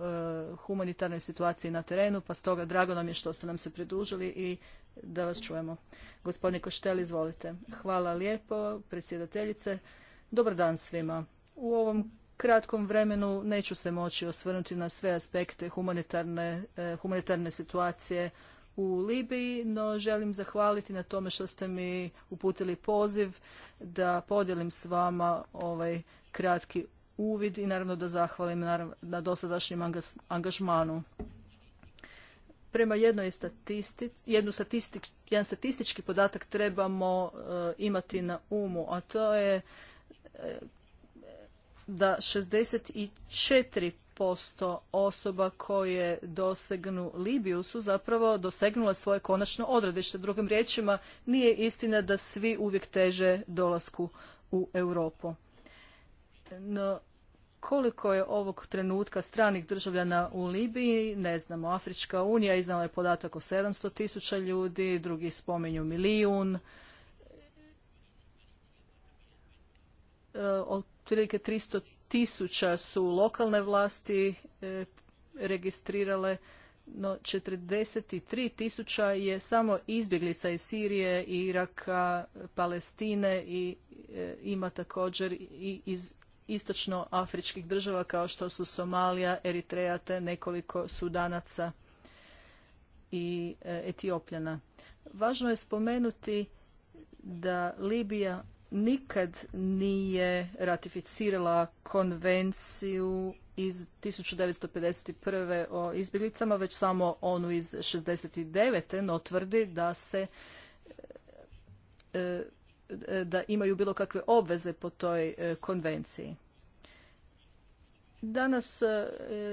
humanitarnoj situaciji na terenu, pa stoga drago nam je što ste nam se pridružili i da vas čujemo. Gospodine Koštel, izvolite. Hvala lijepo, predsjedateljice. Dobar dan svima. U ovom kratkom vremenu neću se moći osvrnuti na sve aspekte humanitarne, e, humanitarne situacije u Libiji, no želim zahvaliti na tome što ste mi uputili poziv da podijelim s vama ovaj kratki uvid i naravno da zahvalim na dosadašnjem angažmanu. Prema jednoj statistici jedan statistički podatak trebamo eh, imati na umu, a to je eh, da da 64 posto osoba koje dosegnu Libiju su zapravo dosegnule svoje konačno odredište. Drugim riječima, nije istina da svi uvijek teže dolasku u Europu. No, koliko je ovog trenutka stranih državljana u Libiji, ne znamo. Afrička unija iznala je podatak o 700 tisuća ljudi, drugi spomenju milijun. E, otprilike tisuća su lokalne vlasti e, registrirale, no 43 tisuća je samo izbjeglica iz Sirije, Iraka, Palestine i e, ima također i iz istočnoafričkih država kao što su Somalija, Eritreja te nekoliko sudanaca i e, Etiopljana. Važno je spomenuti da Libija nikad nije ratificirala konvenciju iz 1951. o izbjeglicama, već samo onu iz 69. no tvrdi da se e, e, da imaju bilo kakve obveze po toj e, konvenciji. Danas e,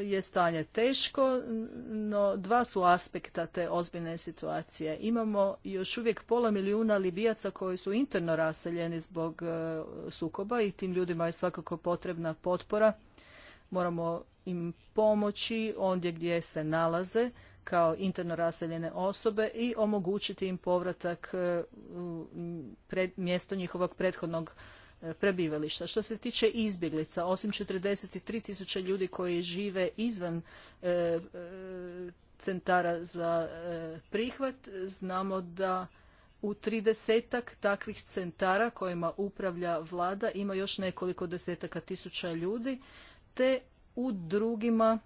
je stanje teško, no dva su aspekta te ozbiljne situacije. Imamo još uvijek pola milijuna Libijaca koji su interno raseljeni zbog e, sukoba i tim ljudima je svakako potrebna potpora. Moramo im pomoći ondje gdje se nalaze kao interno raseljene osobe i omogućiti im povratak e, mjesto njihovog prethodnog prebivališta. Što se tiče izbjeglica, osim 43 tisuće ljudi koji žive izvan e, e, centara za e, prihvat, znamo da u tridesetak takvih centara kojima upravlja vlada ima još nekoliko desetaka tisuća ljudi, te u drugima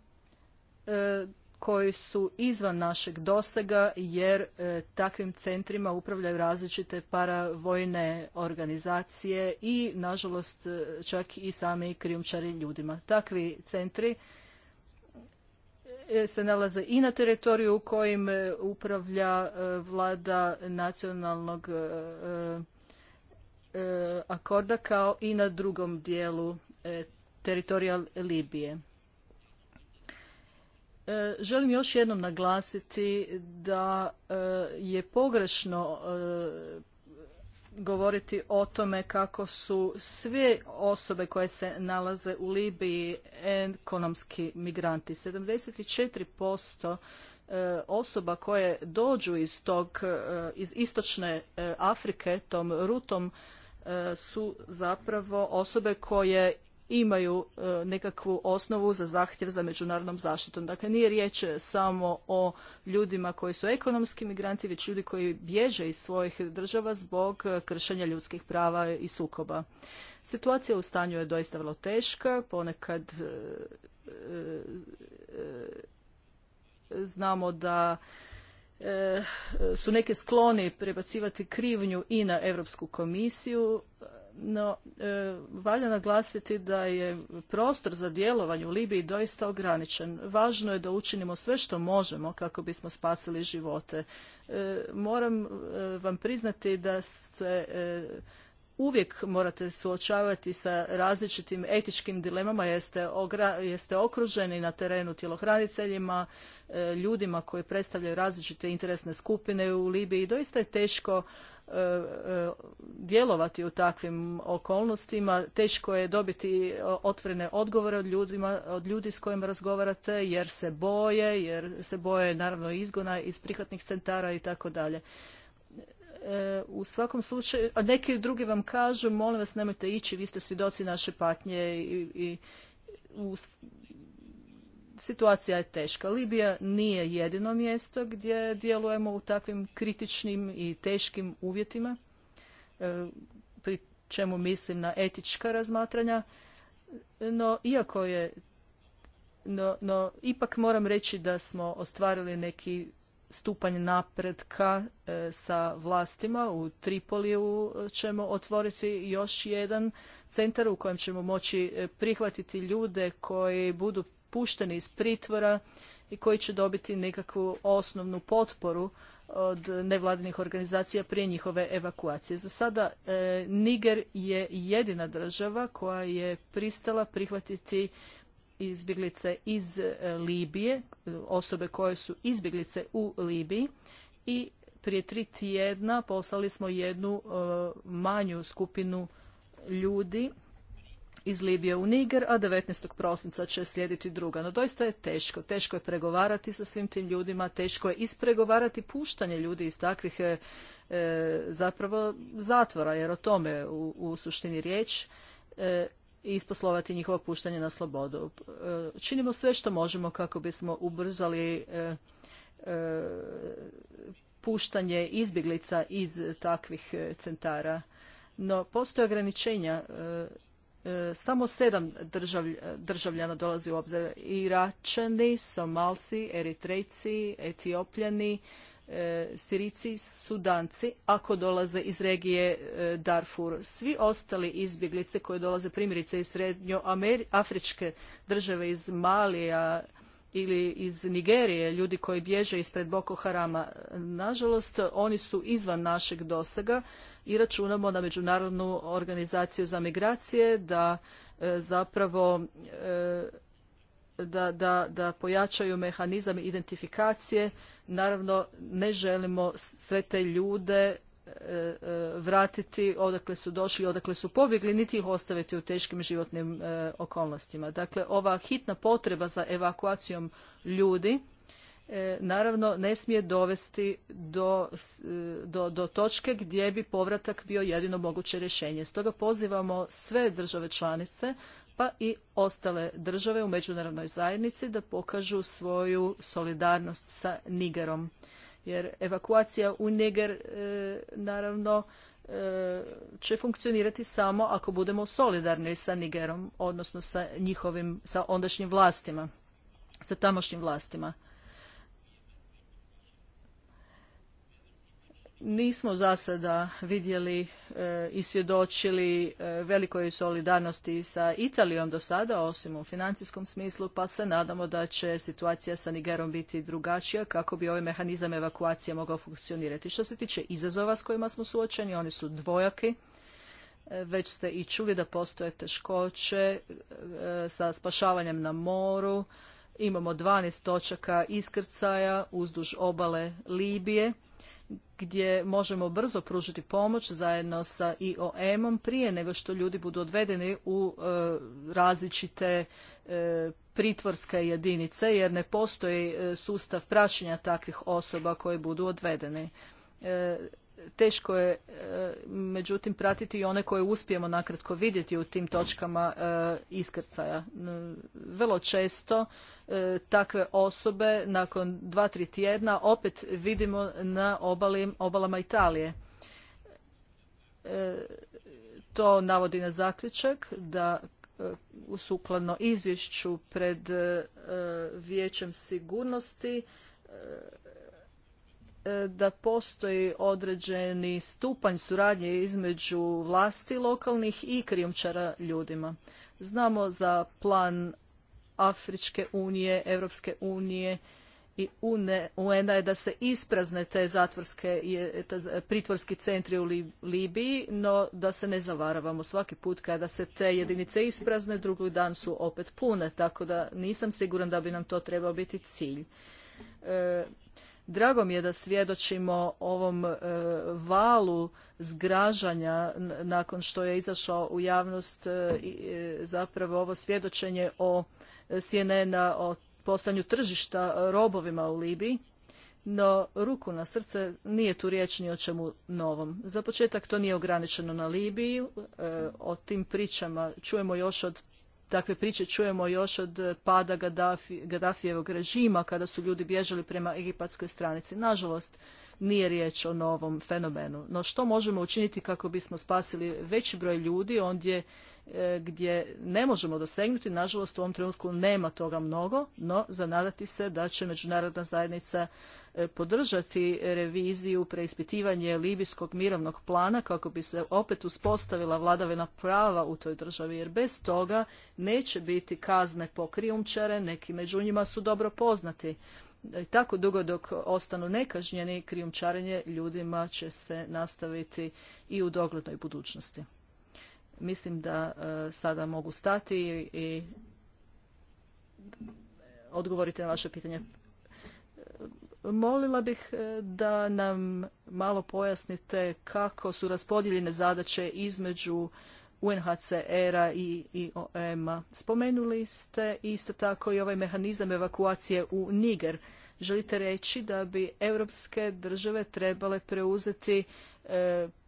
koji su izvan našeg dosega jer e, takvim centrima upravljaju različite paravojne organizacije i nažalost e, čak i sami krijumčari ljudima. Takvi centri e, se nalaze i na teritoriju u kojim upravlja vlada nacionalnog akorda kao i na drugom dijelu teritorija Libije. Želim još jednom naglasiti da e, je pogrešno e, govoriti o tome kako su sve osobe koje se nalaze u Libiji ekonomski migranti. 74% e, osoba koje dođu iz tog, iz istočne Afrike tom rutom su zapravo osobe koje imaju e, nekakvu osnovu za zahtjev za međunarodnom zaštitom. Dakle, nije riječ samo o ljudima koji su ekonomski migranti, već ljudi koji bježe iz svojih država zbog kršenja ljudskih prava i sukoba. Situacija u stanju je doista vrlo teška, ponekad e, e, znamo da su neke skloni prebacivati krivnju i na Europsku komisiju, no e, valja naglasiti da je prostor za djelovanje u Libiji doista ograničen. Važno je da učinimo sve što možemo kako bismo spasili živote. E, moram e, vam priznati da se uvijek morate suočavati sa različitim etičkim dilemama jeste, jeste okruženi na terenu tjelohraniteljima, ljudima koji predstavljaju različite interesne skupine u Libiji. Doista je teško E, e, djelovati u takvim okolnostima. Teško je dobiti e, otvorene odgovore od, od ljudi s kojima razgovarate jer se boje, jer se boje naravno izgona iz prihvatnih centara i tako dalje. U svakom slučaju, a neki drugi vam kažu, molim vas nemojte ići, vi ste svjedoci naše patnje i, i u, situacija je teška. Libija nije jedino mjesto gdje djelujemo u takvim kritičnim i teškim uvjetima, e, pri čemu mislim na etička razmatranja, no iako je no, no ipak moram reći da smo ostvarili neki stupanj napretka e, sa vlastima. U Tripoliju ćemo otvoriti još jedan centar u kojem ćemo moći e, prihvatiti ljude koji budu pušteni iz pritvora i koji će dobiti nekakvu osnovnu potporu od nevladinih organizacija prije njihove evakuacije. Za sada e, Niger je jedina država koja je pristala prihvatiti izbjeglice iz e, Libije, osobe koje su izbjeglice u Libiji i prije tri tjedna poslali smo jednu e, manju skupinu ljudi iz Libije u Niger, a 19. prosinca će slijediti druga. No doista je teško. Teško je pregovarati sa svim tim ljudima, teško je ispregovarati puštanje ljudi iz takvih e, e, zapravo zatvora, jer o tome u, u suštini riječ e, i isposlovati njihovo puštanje na slobodu. E, činimo sve što možemo kako bismo ubrzali puštanje izbjeglica iz takvih centara. No, postoje ograničenja E, samo sedam državljana dolazi u obzir. Iračani, Somalci, Eritrejci, Etiopljani, e, Sirici, Sudanci, ako dolaze iz regije e, Darfur. Svi ostali izbjeglice koje dolaze primjerice iz srednjoafričke države, iz Malija, ili iz Nigerije, ljudi koji bježe ispred Boko Harama. Nažalost, oni su izvan našeg dosega i računamo na Međunarodnu organizaciju za migracije da e, zapravo e, da, da, da pojačaju mehanizam identifikacije. Naravno, ne želimo sve te ljude vratiti odakle su došli, odakle su pobjegli, niti ih ostaviti u teškim životnim e, okolnostima. Dakle, ova hitna potreba za evakuacijom ljudi e, naravno ne smije dovesti do, e, do, do točke gdje bi povratak bio jedino moguće rješenje. Stoga pozivamo sve države članice pa i ostale države u međunarodnoj zajednici da pokažu svoju solidarnost sa Nigerom jer evakuacija u Niger e, naravno e, će funkcionirati samo ako budemo solidarni sa Nigerom, odnosno sa njihovim, sa ondašnjim vlastima, sa tamošnjim vlastima. Nismo za sada vidjeli e, i svjedočili e, velikoj solidarnosti sa Italijom do sada, osim u financijskom smislu, pa se nadamo da će situacija sa Nigerom biti drugačija kako bi ovaj mehanizam evakuacije mogao funkcionirati. Što se tiče izazova s kojima smo suočeni, oni su dvojaki. E, već ste i čuli da postoje teškoće sa spašavanjem na moru. Imamo 12 točaka iskrcaja uzduž obale Libije gdje možemo brzo pružiti pomoć zajedno sa IOM-om prije nego što ljudi budu odvedeni u e, različite e, pritvorske jedinice jer ne postoji e, sustav praćenja takvih osoba koje budu odvedeni teško je e, međutim pratiti i one koje uspijemo nakratko vidjeti u tim točkama e, iskrcaja. Vrlo često e, takve osobe nakon dva, tri tjedna opet vidimo na obalama Italije. To navodi na zaključak da sukladno izvješću pred Vijećem sigurnosti E, da postoji određeni stupanj suradnje između vlasti lokalnih i krijumčara ljudima. Znamo za plan Afričke unije, Europske unije i UN-a je da se isprazne te zatvorske, pritvorski centri u Libiji, no da se ne zavaravamo svaki put kada se te jedinice isprazne, drugi dan su opet pune, tako da nisam siguran da bi nam to trebao biti cilj. E, Drago mi je da svjedočimo ovom e, valu zgražanja nakon što je izašao u javnost e, e, zapravo ovo svjedočenje o CNN-a o postanju tržišta robovima u Libiji. No, ruku na srce, nije tu riječ ni o čemu novom. Za početak to nije ograničeno na Libiji. o tim pričama čujemo još od Takve priče čujemo još od eh, pada Gaddafi, Gaddafijevog režima kada su ljudi bježali prema egipatskoj stranici. Nažalost, nije riječ o novom fenomenu. No što možemo učiniti kako bismo spasili veći broj ljudi ondje E, gdje ne možemo dosegnuti. Nažalost, u ovom trenutku nema toga mnogo, no zanadati se da će međunarodna zajednica e, podržati reviziju, preispitivanje libijskog mirovnog plana kako bi se opet uspostavila vladavina prava u toj državi, jer bez toga neće biti kazne po krijumčare, neki među njima su dobro poznati. I e, tako dugo dok ostanu nekažnjeni, krijumčarenje ljudima će se nastaviti i u doglednoj budućnosti. Mislim da e, sada mogu stati i odgovoriti na vaše pitanje. Molila bih e, da nam malo pojasnite kako su raspodijeljene zadaće između UNHCR-a e i IOM-a. Spomenuli ste isto tako i ovaj mehanizam evakuacije u Niger. Želite reći da bi europske države trebale preuzeti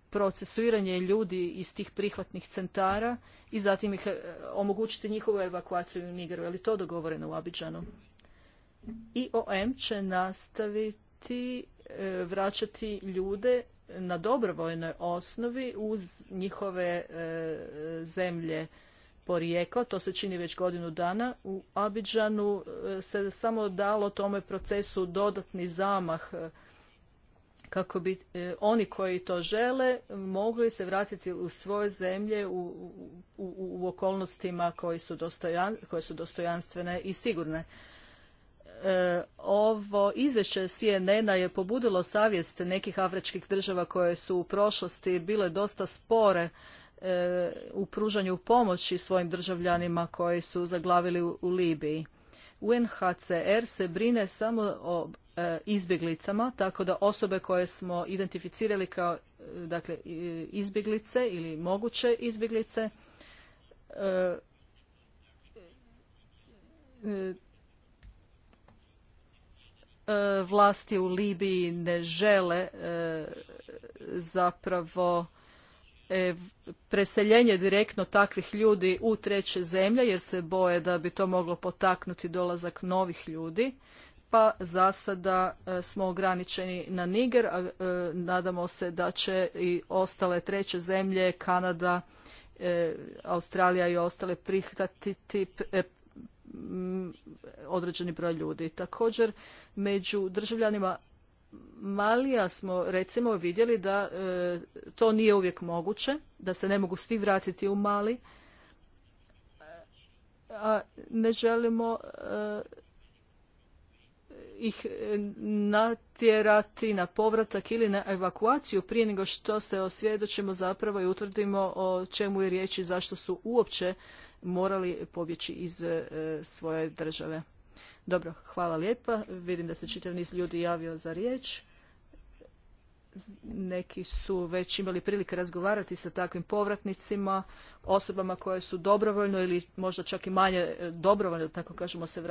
procesuiranje ljudi iz tih prihvatnih centara i zatim ih e, omogućiti njihovu evakuaciju u Nigeru. Je li to dogovoreno u Abidžanu? IOM će nastaviti e, vraćati ljude na dobrovoljnoj osnovi uz njihove e, zemlje porijekla. To se čini već godinu dana. U Abidžanu se samo dalo tome procesu dodatni zamah kako bi e, oni koji to žele mogli se vratiti u svoje zemlje u, okolnostima koje su dostojanstvene i sigurne. E, ovo izvješće CNN-a je pobudilo savjest nekih afričkih država koje su u prošlosti bile dosta spore e, u pružanju pomoći svojim državljanima koji su zaglavili u Libiji. UNHCR se brine samo o e, izbjeglicama, tako da osobe koje smo identificirali kao e, dakle, izbjeglice ili moguće izbjeglice, e, vlasti u Libiji ne žele zapravo E, preseljenje direktno takvih ljudi u treće zemlje jer se boje da bi to moglo potaknuti dolazak novih ljudi pa za sada e, smo ograničeni na Niger, a e, nadamo se da će i ostale treće zemlje, Kanada, Australija i ostale prihvatiti određeni broj ljudi. Također među državljanima Malija smo recimo vidjeli da e, to nije uvijek moguće, da se ne mogu svi vratiti u Mali. E, a ne želimo e, ih natjerati na povratak ili na evakuaciju prije nego što se osvjedočimo zapravo i utvrdimo o čemu je riječ i zašto su uopće morali pobjeći iz svoje države. Dobro, hvala lijepa. Vidim da se čitav niz ljudi javio za riječ. Neki su već imali prilike razgovarati sa takvim povratnicima, osobama koje su dobrovoljno ili možda čak i manje e, dobrovoljno, tako kažemo, se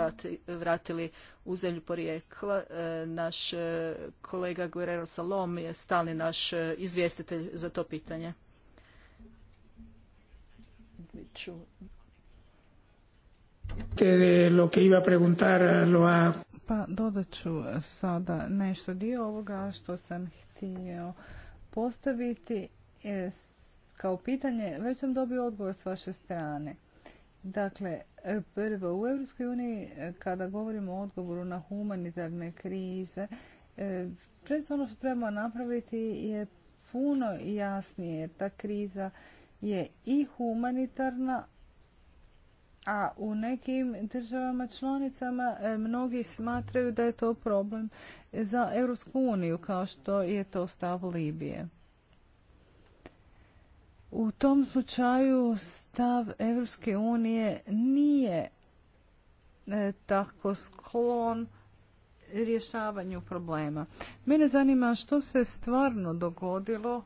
vratili u zemlju porijekla. E, naš e, kolega Guerrero Salom je stalni naš izvjestitelj za to pitanje.
Pa dodat ću sada nešto dio ovoga što sam htio postaviti kao pitanje, već sam dobio odgovor s vaše strane. Dakle, prvo, u EU kada govorimo o odgovoru na humanitarne krize, e, često ono što trebamo napraviti je puno jasnije. Ta kriza je i humanitarna, a u nekim državama članicama e, mnogi smatraju da je to problem za Europsku uniju, kao što je to stav Libije. U tom slučaju stav Europske unije nije e, tako sklon rješavanju problema. Mene zanima što se stvarno dogodilo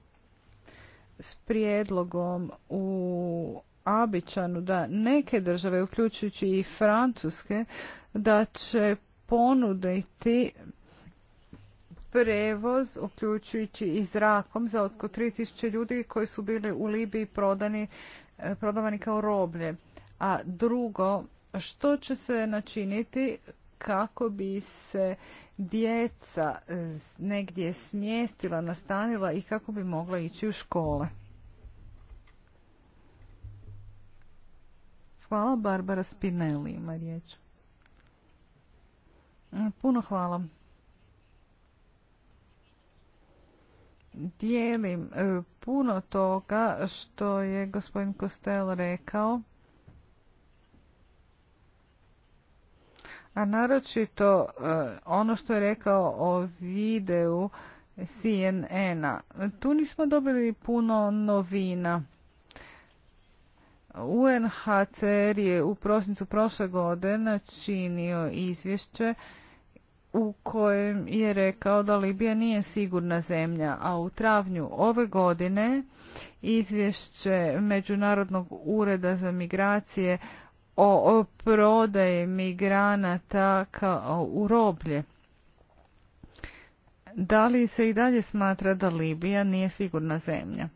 s prijedlogom u Abičanu da neke države, uključujući i Francuske, da će ponuditi prevoz, uključujući i zrakom, za oko 3000 ljudi koji su bili u Libiji prodani, eh, prodavani kao roblje. A drugo, što će se načiniti kako bi se djeca eh, negdje smjestila, nastanila i kako bi mogla ići u škole? Hvala, Barbara Spinelli ima riječ. E, puno hvala. Dijelim e, puno toga što je gospodin Kostel rekao. A naročito e, ono što je rekao o videu CNN-a. Tu nismo dobili puno novina. UNHCR je u prosincu prošle godine činio izvješće u kojem je rekao da Libija nije sigurna zemlja, a u travnju ove godine izvješće Međunarodnog ureda za migracije o prodaje migranata kao u roblje. Da li se i dalje smatra da Libija nije sigurna zemlja?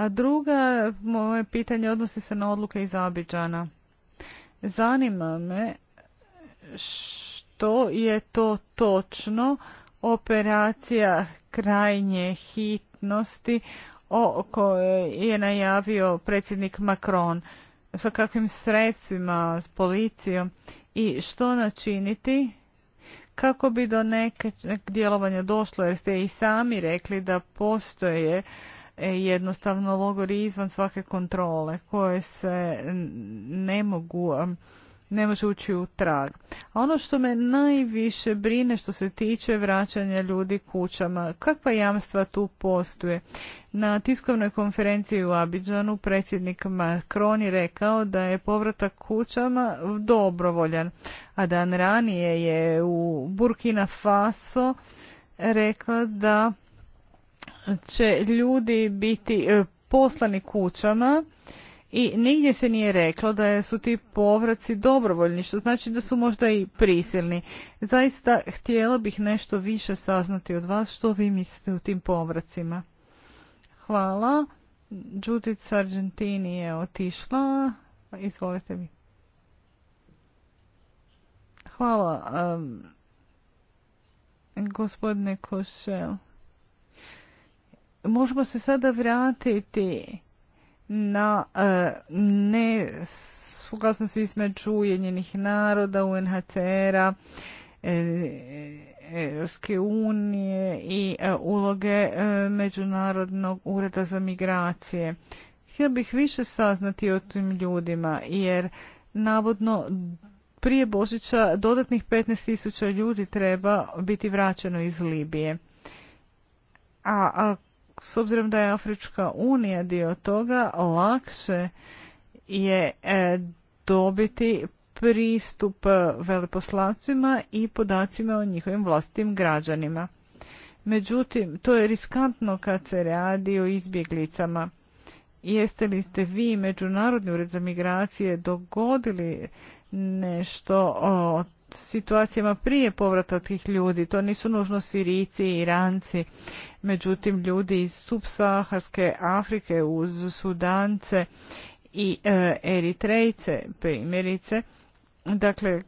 A druga moje pitanje odnosi se na odluke iz Abidžana. Zanima me što je to točno operacija krajnje hitnosti o kojoj je najavio predsjednik Macron sa kakvim sredstvima, s policijom i što načiniti kako bi do nekog djelovanja došlo jer ste i sami rekli da postoje E, jednostavno logori izvan svake kontrole koje se ne mogu ne može ući u trag. A ono što me najviše brine što se tiče vraćanja ljudi kućama, kakva jamstva tu postoje? Na tiskovnoj konferenciji u Abidžanu predsjednik Macron je rekao da je povratak kućama dobrovoljan, a dan ranije je u Burkina Faso rekao da će ljudi biti e, poslani kućama i nigdje se nije reklo da su ti povraci dobrovoljni, što znači da su možda i prisilni. Zaista htjela bih nešto više saznati od vas što vi mislite o tim povracima. Hvala. Judith Sargentini je otišla. Izvolite mi. Hvala. Um, gospodine Košel možemo se sada vratiti na e, između Ujedinjenih naroda, UNHCR-a, e, Europske unije i e, uloge e, Međunarodnog ureda za migracije. Htio bih više saznati o tim ljudima jer navodno prije Božića dodatnih 15.000 ljudi treba biti vraćeno iz Libije. a s obzirom da je Afrička unija dio toga, lakše je e, dobiti pristup e, veleposlacima i podacima o njihovim vlastitim građanima. Međutim, to je riskantno kad se radi o izbjeglicama. Jeste li ste vi, Međunarodni ured za migracije, dogodili nešto o situacijama prije povrata tih ljudi. To nisu nužno Sirici i Iranci. Međutim, ljudi iz subsaharske Afrike uz Sudance i e, Eritrejce primjerice, dakle,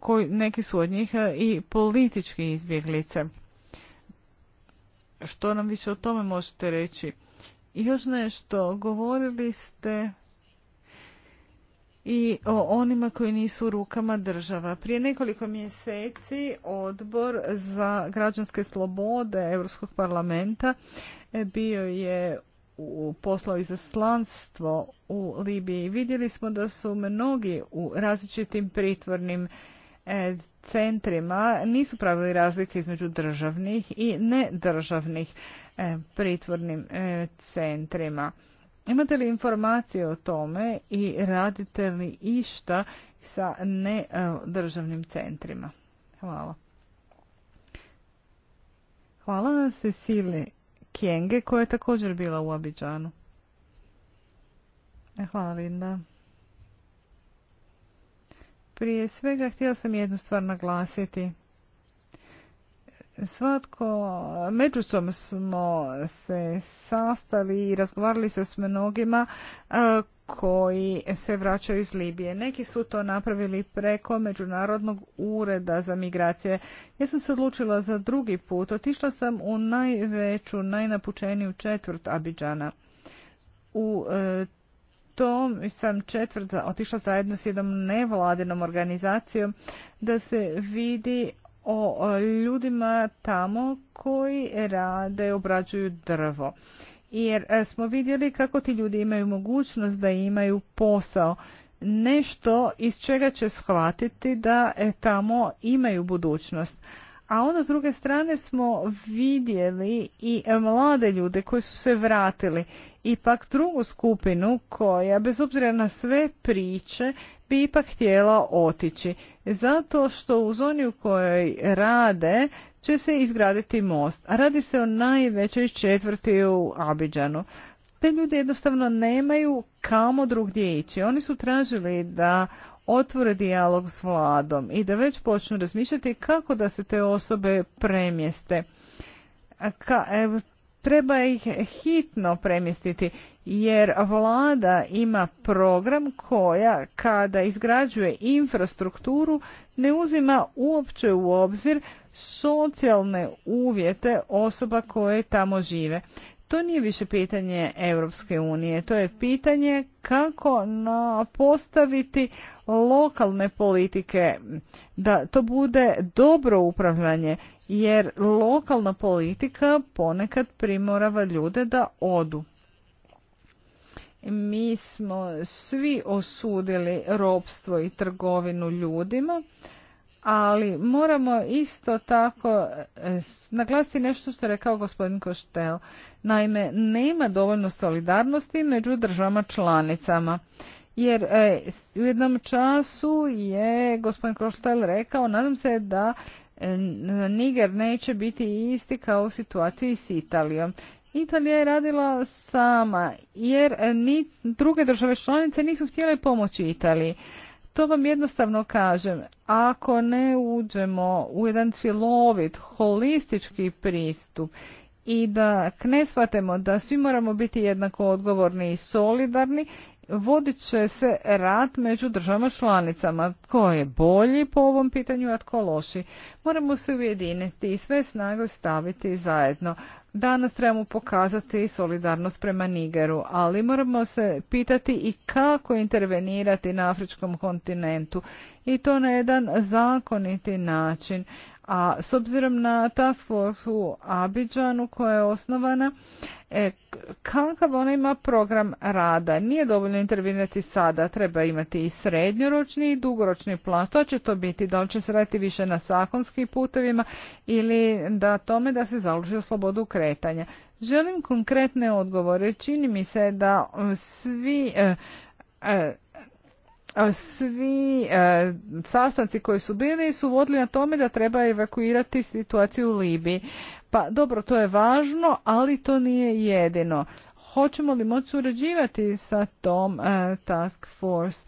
ko, neki su od njih e, i politički izbjeglice. Što nam više o tome možete reći? Još nešto, govorili ste i o onima koji nisu u rukama država. Prije nekoliko mjeseci odbor za građanske slobode Europskog parlamenta bio je u poslao izaslanstvo u Libiji. Vidjeli smo da su mnogi u različitim pritvornim e, centrima nisu pravili razlike između državnih i nedržavnih e, pritvornim e, centrima. Imate li informacije o tome i radite li išta sa nedržavnim e, centrima? Hvala. Hvala Cecile Kjenge koja je također bila u Abidžanu. E, hvala Linda. Prije svega htjela sam jednu stvar naglasiti. Svatko, međusom smo se sastali i razgovarali se s mnogima e, koji se vraćaju iz Libije. Neki su to napravili preko Međunarodnog ureda za migracije. Ja sam se odlučila za drugi put. Otišla sam u najveću, najnapučeniju četvrt Abidžana. U e, tom sam četvrt otišla zajedno s jednom nevladinom organizacijom da se vidi o ljudima tamo koji rade, obrađuju drvo. Jer e, smo vidjeli kako ti ljudi imaju mogućnost da imaju posao, nešto iz čega će shvatiti da e, tamo imaju budućnost. A onda s druge strane smo vidjeli i e, mlade ljude koji su se vratili, ipak drugu skupinu koja bez obzira na sve priče ipak htjela otići zato što u zoni u kojoj rade će se izgraditi most. A radi se o najvećoj četvrti u Abidžanu. Te ljudi jednostavno nemaju kamo drugdje ići. Oni su tražili da otvore dijalog s vladom i da već počnu razmišljati kako da se te osobe premjeste. Ka, treba ih hitno premjestiti jer vlada ima program koja kada izgrađuje infrastrukturu ne uzima uopće u obzir socijalne uvjete osoba koje tamo žive. To nije više pitanje Europske unije, to je pitanje kako postaviti lokalne politike da to bude dobro upravljanje jer lokalna politika ponekad primorava ljude da odu. Mi smo svi osudili ropstvo i trgovinu ljudima, ali moramo isto tako e, naglasiti nešto što je rekao gospodin Koštel. Naime, nema dovoljno solidarnosti među državama članicama. Jer e, u jednom času je gospodin Koštel rekao, nadam se da e, Niger neće biti isti kao u situaciji s Italijom. Italija je radila sama jer e, ni druge države članice nisu htjele pomoći Italiji. To vam jednostavno kažem, ako ne uđemo u jedan cjelovit, holistički pristup i da ne shvatimo da svi moramo biti jednako odgovorni i solidarni, vodit će se rat među državama članicama. Tko je bolji po ovom pitanju, a tko loši. Moramo se ujediniti i sve snage staviti zajedno. Danas trebamo pokazati solidarnost prema Nigeru, ali moramo se pitati i kako intervenirati na afričkom kontinentu i to na jedan zakoniti način. A s obzirom na task force u Abidžanu koja je osnovana, e, kakav ona ima program rada? Nije dovoljno intervenirati sada, treba imati i srednjoročni i dugoročni plan. To će to biti? Da li će se raditi više na sakonskim putovima ili da tome da se založi o slobodu kretanja? Želim konkretne odgovore. Čini mi se da svi e, e svi e, sastanci koji su bili su vodili na tome da treba evakuirati situaciju u Libiji. Pa dobro, to je važno, ali to nije jedino. Hoćemo li moći surađivati sa tom e, task force?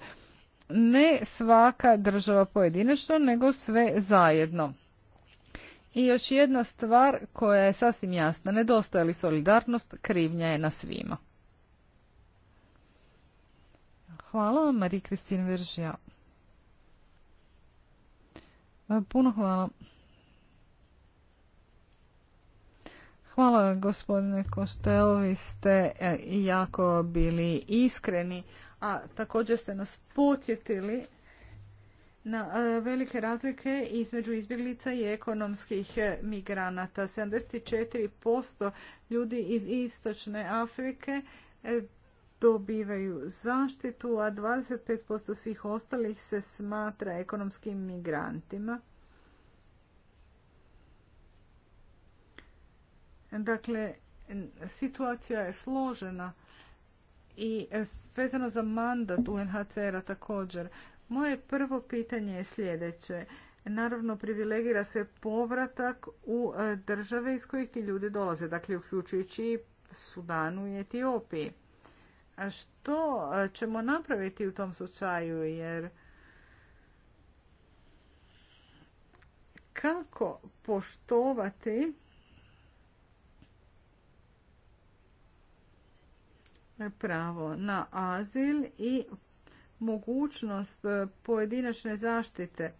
Ne svaka država pojedinačno, nego sve zajedno. I još jedna stvar koja je sasvim jasna, nedostaje li solidarnost, krivnja je na svima. Hvala vam, marie Veržija. E, puno hvala. Hvala gospodine Kostel, vi ste e, jako bili iskreni, a također ste nas podsjetili na e, velike razlike između izbjeglica i ekonomskih migranata. 74% ljudi iz istočne Afrike dobivaju zaštitu, a 25% svih ostalih se smatra ekonomskim migrantima. Dakle, situacija je složena i vezano za mandat UNHCR-a također. Moje prvo pitanje je sljedeće. Naravno, privilegira se povratak u e, države iz kojih ti ljudi dolaze, dakle, uključujući Sudanu i Etiopiji što e, ćemo napraviti u tom slučaju jer kako poštovati pravo na azil i mogućnost e, pojedinačne zaštite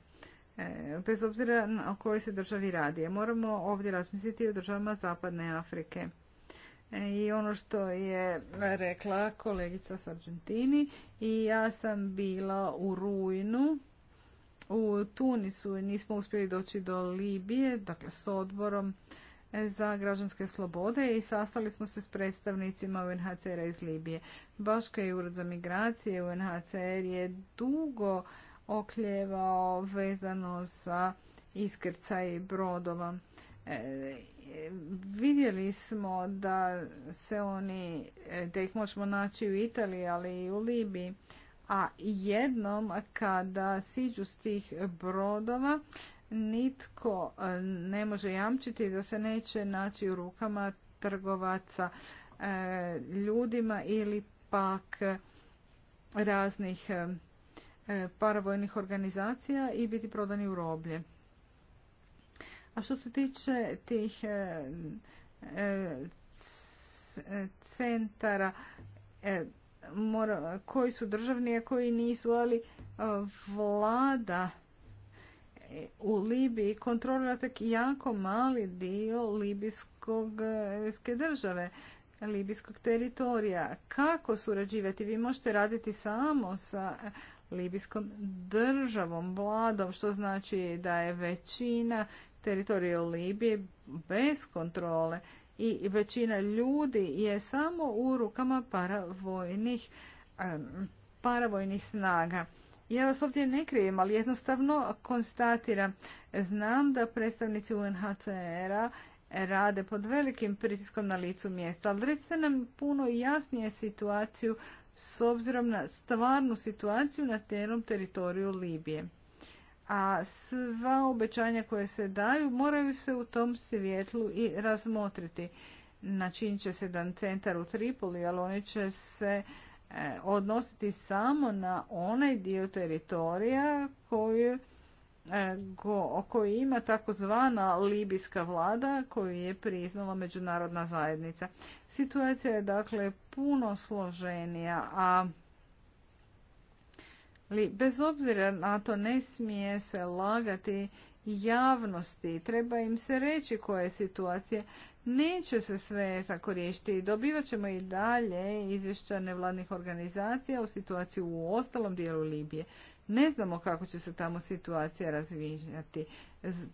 e, bez obzira o kojoj se državi radi. Moramo ovdje razmisliti o državama Zapadne Afrike i ono što je rekla kolegica argentini i ja sam bila u rujnu u Tunisu nismo uspjeli doći do Libije, dakle s odborom za građanske slobode i sastali smo se s predstavnicima UNHCR-a iz Libije. Baška je Ured za migracije UNHCR je dugo okljevao vezano sa iskrcaj brodova. Vidjeli smo da se oni, da ih možemo naći u Italiji, ali i u Libiji. A jednom kada siđu s tih brodova, nitko e, ne može jamčiti da se neće naći u rukama trgovaca e, ljudima ili pak raznih e, paravojnih organizacija i biti prodani u roblje. A što se tiče tih e, e, centara e, koji su državni, a koji nisu, ali vlada u Libiji kontrolira tak jako mali dio libijskog države, libijskog teritorija. Kako surađivati? Vi možete raditi samo sa libijskom državom, vladom, što znači da je većina teritoriju Libije bez kontrole i većina ljudi je samo u rukama paravojnih, paravojnih snaga. Ja vas ovdje ne krijem, ali jednostavno konstatiram. Znam da predstavnici UNHCR-a rade pod velikim pritiskom na licu mjesta, ali recite nam puno jasnije situaciju s obzirom na stvarnu situaciju na teritoriju Libije a sva obećanja koje se daju moraju se u tom svjetlu i razmotriti. Način će se dan centar u Tripoli, ali oni će se e, odnositi samo na onaj dio teritorija koji, e, go, ima takozvana libijska vlada koju je priznala međunarodna zajednica. Situacija je dakle puno složenija, a ali bez obzira na to ne smije se lagati javnosti, treba im se reći koja je situacija. Neće se sve tako riješiti. Dobivat ćemo i dalje izvješća nevladnih organizacija o situaciji u ostalom dijelu Libije. Ne znamo kako će se tamo situacija razvijati.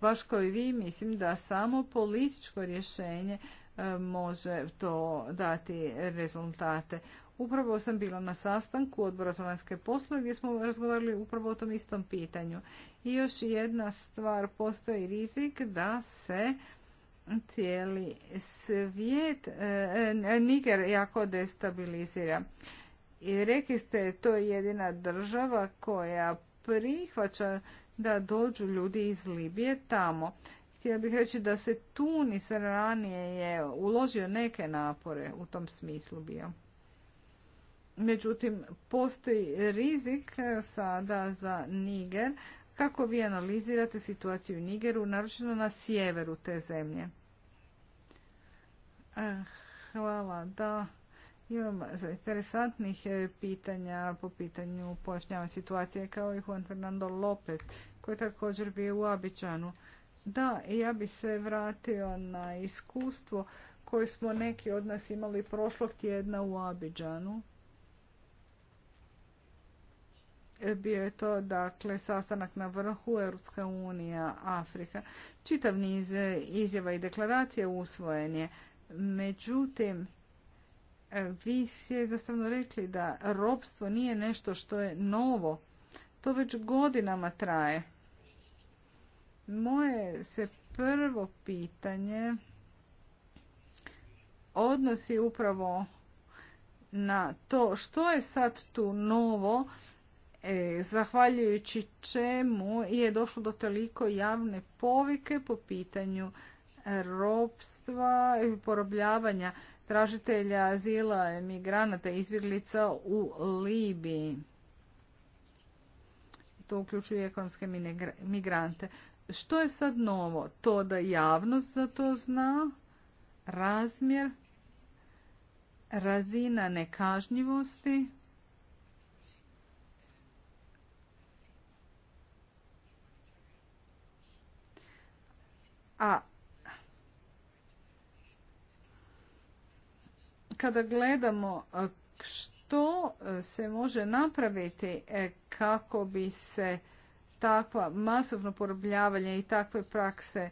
Baš kao i vi, mislim da samo političko rješenje e, može to dati rezultate. Upravo sam bila na sastanku odbora za vanjske poslove gdje smo razgovarali upravo o tom istom pitanju. I još jedna stvar, postoji rizik da se cijeli svijet, e, e, Niger jako destabilizira. I rekli ste, to je jedina država koja prihvaća da dođu ljudi iz Libije tamo. Htjela bih reći da se Tunis ranije je uložio neke napore u tom smislu bio. Međutim, postoji rizik e, sada za Niger. Kako vi analizirate situaciju u Nigeru, naročito na sjeveru te zemlje? Eh, hvala, da. Imam interesantnih e, pitanja po pitanju pojašnjava situacije kao i Juan Fernando Lopez koji također bio u abidžanu Da, ja bi se vratio na iskustvo koje smo neki od nas imali prošlog tjedna u Abidžanu. bio je to dakle sastanak na vrhu Europska unija Afrika. Čitav niz e, izjava i deklaracije usvojen je. Međutim, e, vi ste jednostavno rekli da robstvo nije nešto što je novo. To već godinama traje. Moje se prvo pitanje odnosi upravo na to što je sad tu novo E, zahvaljujući čemu je došlo do toliko javne povike po pitanju ropstva i porobljavanja tražitelja azila, emigranata, izbjeglica u Libiji. To uključuje ekonomske migrante. Što je sad novo? To da javnost za to zna, razmjer, razina nekažnjivosti, A kada gledamo e, što e, se može napraviti e, kako bi se takva masovno porobljavanje i takve prakse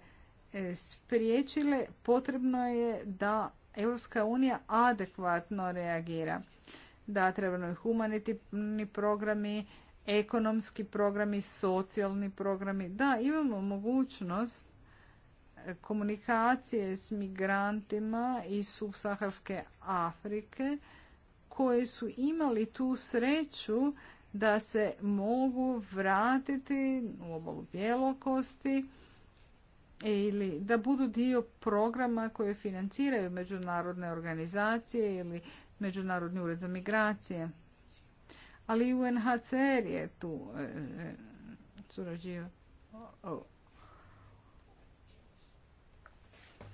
spriječile, potrebno je da Europska unija adekvatno reagira. Da, trebano humanitarni programi, ekonomski programi, socijalni programi. Da, imamo mogućnost komunikacije s migrantima iz subsaharske Afrike koji su imali tu sreću da se mogu vratiti u obalu bjelokosti ili da budu dio programa koje financiraju međunarodne organizacije ili Međunarodni ured za migracije. Ali i UNHCR je tu e, e, surađivao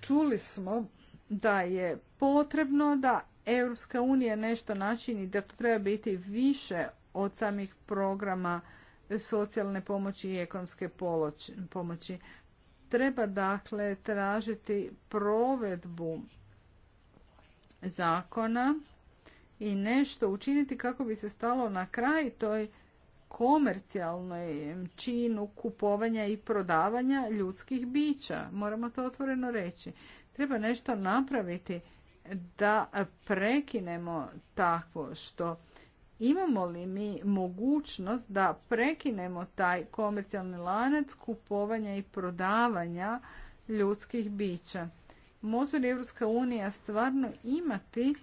čuli smo da je potrebno da Europska unija nešto načini da to treba biti više od samih programa socijalne pomoći i ekonomske pomoći. Treba dakle tražiti provedbu zakona i nešto učiniti kako bi se stalo na kraj toj komercijalnoj činu kupovanja i prodavanja ljudskih bića. Moramo to otvoreno reći. Treba nešto napraviti da prekinemo tako što imamo li mi mogućnost da prekinemo taj komercijalni lanac kupovanja i prodavanja ljudskih bića. Može li Europska unija stvarno imati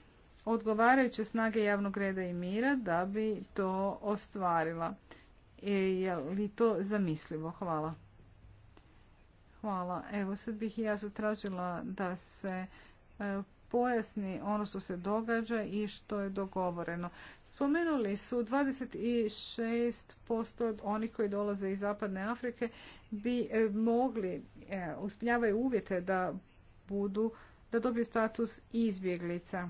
odgovarajuće snage javnog reda i mira da bi to ostvarila. E, je li to zamislivo? Hvala. Hvala. Evo sad bih ja zatražila da se e, pojasni ono što se događa i što je dogovoreno. Spomenuli su 26% od onih koji dolaze iz Zapadne Afrike bi e, mogli, uspunjavaju uvjete da budu, da dobiju status izbjeglica.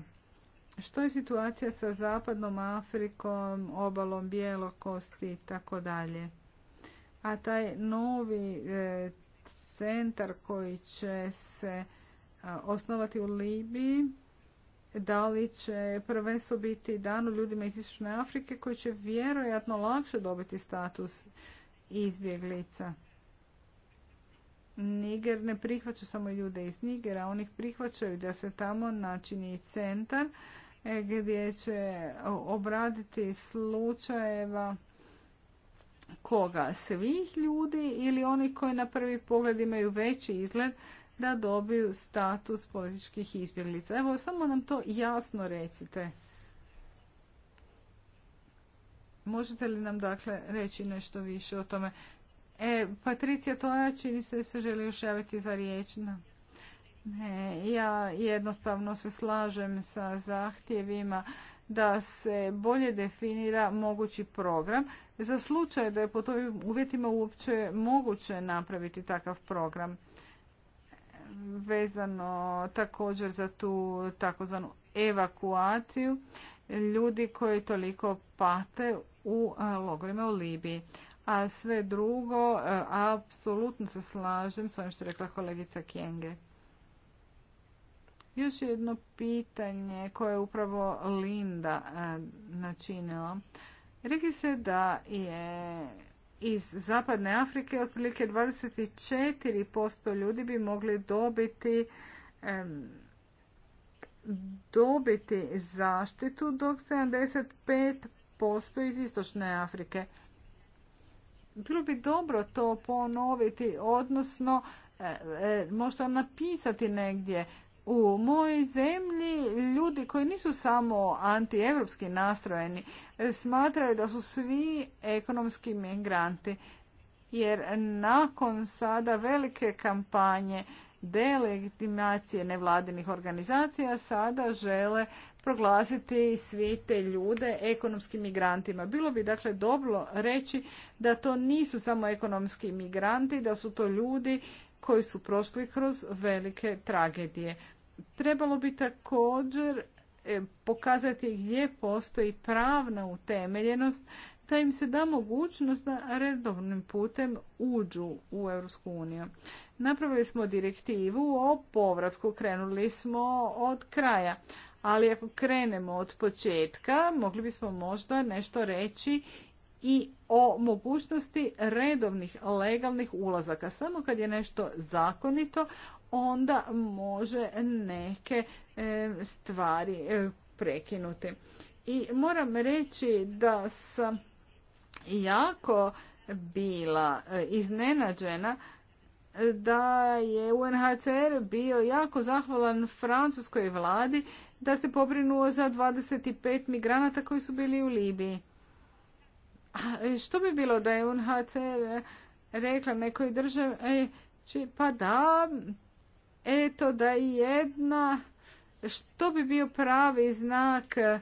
Što je situacija sa Zapadnom Afrikom, obalom Bjelokosti i tako dalje? A taj novi e, centar koji će se e, osnovati u Libiji, da li će prvenstvo biti dano ljudima iz Istočne Afrike koji će vjerojatno lakše dobiti status izbjeglica? Niger ne prihvaća samo ljude iz Nigera, oni ih prihvaćaju da se tamo načini centar E, gdje će obraditi slučajeva koga? Svih ljudi ili oni koji na prvi pogled imaju veći izgled da dobiju status političkih izbjeglica. Evo, samo nam to jasno recite. Možete li nam dakle reći nešto više o tome? E, Patricija Toja čini se da se želi još javiti za riječ. Na. Ja jednostavno se slažem sa zahtjevima da se bolje definira mogući program za slučaj da je po tovim uvjetima uopće moguće napraviti takav program vezano također za tu takozvanu evakuaciju ljudi koji toliko pate u e, logorima u Libiji. A sve drugo, e, apsolutno se slažem s ovim što je rekla kolegica Kjenge. Još jedno pitanje koje je upravo Linda e, načinila. Rekli se da je iz Zapadne Afrike otprilike 24% ljudi bi mogli dobiti dobiti zaštitu dok 75% iz Istočne Afrike. Bilo bi dobro to ponoviti, odnosno e, e, možda napisati negdje u mojoj zemlji ljudi koji nisu samo antievropski nastrojeni e, smatraju da su svi ekonomski migranti jer nakon sada velike kampanje delegitimacije nevladinih organizacija sada žele proglasiti svi te ljude ekonomskim migrantima. Bilo bi dakle dobro reći da to nisu samo ekonomski migranti, da su to ljudi koji su prošli kroz velike tragedije. Trebalo bi također e, pokazati gdje postoji pravna utemeljenost da im se da mogućnost da redovnim putem uđu u Europsku uniju. Napravili smo direktivu o povratku, krenuli smo od kraja. Ali ako krenemo od početka, mogli bismo možda nešto reći i o mogućnosti redovnih legalnih ulazaka. Samo kad je nešto zakonito, onda može neke e, stvari e, prekinuti. I moram reći da sam jako bila e, iznenađena da je UNHCR bio jako zahvalan francuskoj vladi da se pobrinuo za 25 migranata koji su bili u Libiji. što bi bilo da je UNHCR rekla nekoj državi, pa da, eto da je jedna, što bi bio pravi znak eh,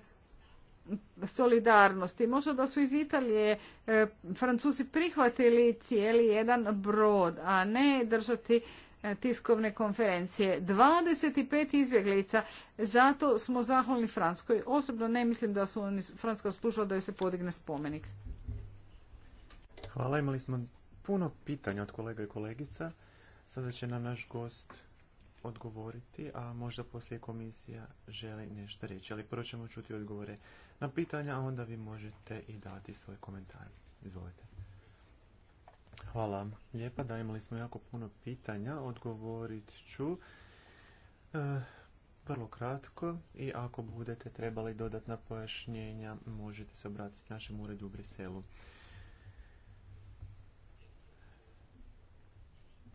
solidarnosti. Možda da su iz Italije e, Francuzi prihvatili cijeli jedan brod, a ne držati eh, tiskovne konferencije. 25 izbjeglica, zato smo zahvalni Franskoj. Osobno ne mislim da su oni, Franska služila da joj se podigne spomenik.
Hvala, imali smo puno pitanja od kolega i kolegica. Sada će nam naš gost odgovoriti, a možda poslije komisija želi nešto reći. Ali prvo ćemo čuti odgovore na pitanja, a onda vi možete i dati svoj komentar. Izvolite. Hvala lijepa, da imali smo jako puno pitanja, odgovorit ću e, vrlo kratko i ako budete trebali dodatna pojašnjenja možete se obratiti našem uredu u Briselu.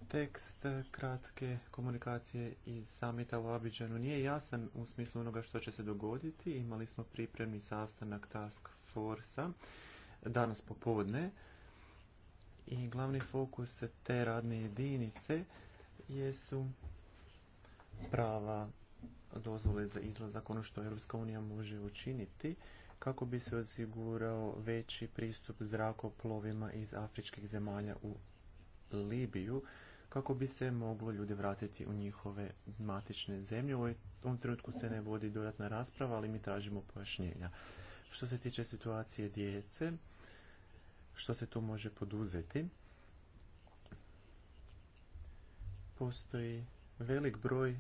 Tekst kratke komunikacije iz samita u Abidžanu nije jasan u smislu onoga što će se dogoditi. Imali smo pripremni sastanak Task Force-a danas popodne i glavni fokus te radne jedinice jesu prava dozvole za izlazak, ono što Europska unija može učiniti kako bi se osigurao veći pristup zrakoplovima iz afričkih zemalja u Libiju kako bi se moglo ljude vratiti u njihove matične zemlje. U ovom trenutku se ne vodi dodatna rasprava, ali mi tražimo pojašnjenja. Što se tiče situacije djece, što se tu može poduzeti? Postoji velik broj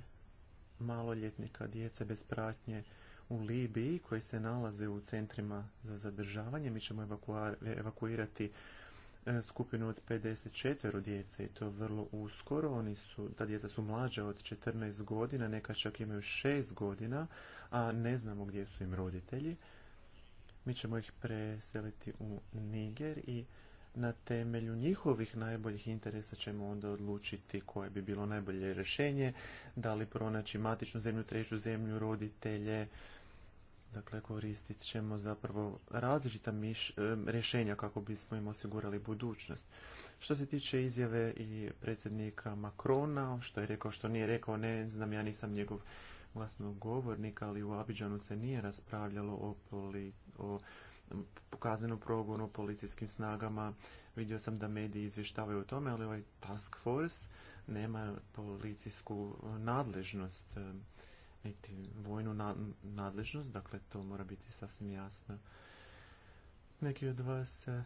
maloljetnika djece bez pratnje u Libiji koji se nalaze u centrima za zadržavanje. Mi ćemo evakuirati E, skupinu od 54 djece i to vrlo uskoro. Oni su, ta djeca su mlađa od 14 godina, neka čak imaju 6 godina, a ne znamo gdje su im roditelji. Mi ćemo ih preseliti u Niger i na temelju njihovih najboljih interesa ćemo onda odlučiti koje bi bilo najbolje rješenje, da li pronaći matičnu zemlju, treću zemlju, roditelje, Dakle, koristit ćemo zapravo različita miš, e, rješenja kako bismo im osigurali budućnost. Što se tiče izjave i predsjednika Macrona, što je rekao, što nije rekao, ne znam, ja nisam njegov glasnogovornik, ali u Abidžanu se nije raspravljalo o, poli, o pokazanom progonu, o policijskim snagama. Vidio sam da mediji izvještavaju o tome, ali ovaj task force nema policijsku nadležnost. E, niti vojnu nadležnost, dakle to mora biti sasvim jasno. Neki od vas e,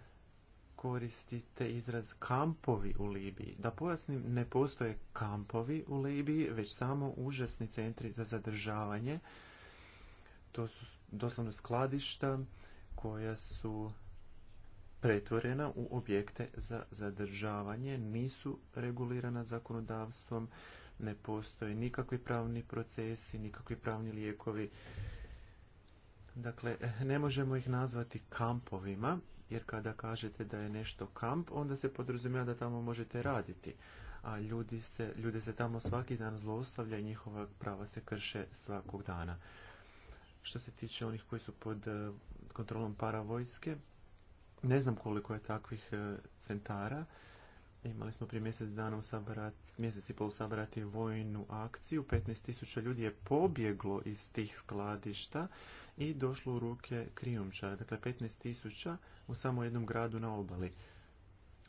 koristite izraz kampovi u Libiji. Da pojasnim, ne postoje kampovi u Libiji, već samo užasni centri za zadržavanje. To su doslovno skladišta koja su pretvorena u objekte za zadržavanje, nisu regulirana zakonodavstvom, ne postoje nikakvi pravni procesi, nikakvi pravni lijekovi. Dakle, ne možemo ih nazvati kampovima, jer kada kažete da je nešto kamp, onda se podrazumijeva da tamo možete raditi. A ljudi se, ljude se tamo svaki dan zlostavlja i njihova prava se krše svakog dana. Što se tiče onih koji su pod eh, kontrolom paravojske, ne znam koliko je takvih eh, centara. Imali smo prije mjesec dana u Sabrati, mjesec i pol u Sabrati vojnu akciju. 15.000 ljudi je pobjeglo iz tih skladišta i došlo u ruke krijumčara. Dakle, 15.000 u samo jednom gradu na obali.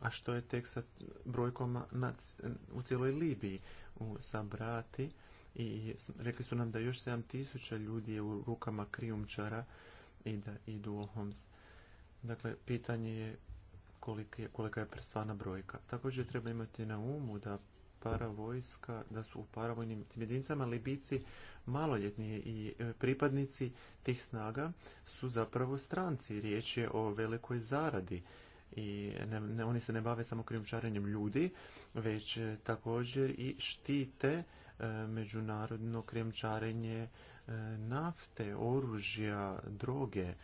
A što je tek sa brojkoma u cijeloj Libiji u Sabrati? I rekli su nam da još 7.000 ljudi je u rukama krijumčara i da idu u Dakle, pitanje je kolika je, kolika je stvarna brojka. Također treba imati na umu da paravojska, da su u paravojnim tim jedinicama Libici maloljetni i e, pripadnici tih snaga su zapravo stranci. Riječ je o velikoj zaradi i ne, oni se ne bave samo krijumčarenjem ljudi, već e, također i štite e, međunarodno krijumčarenje nafte, oružja, droge.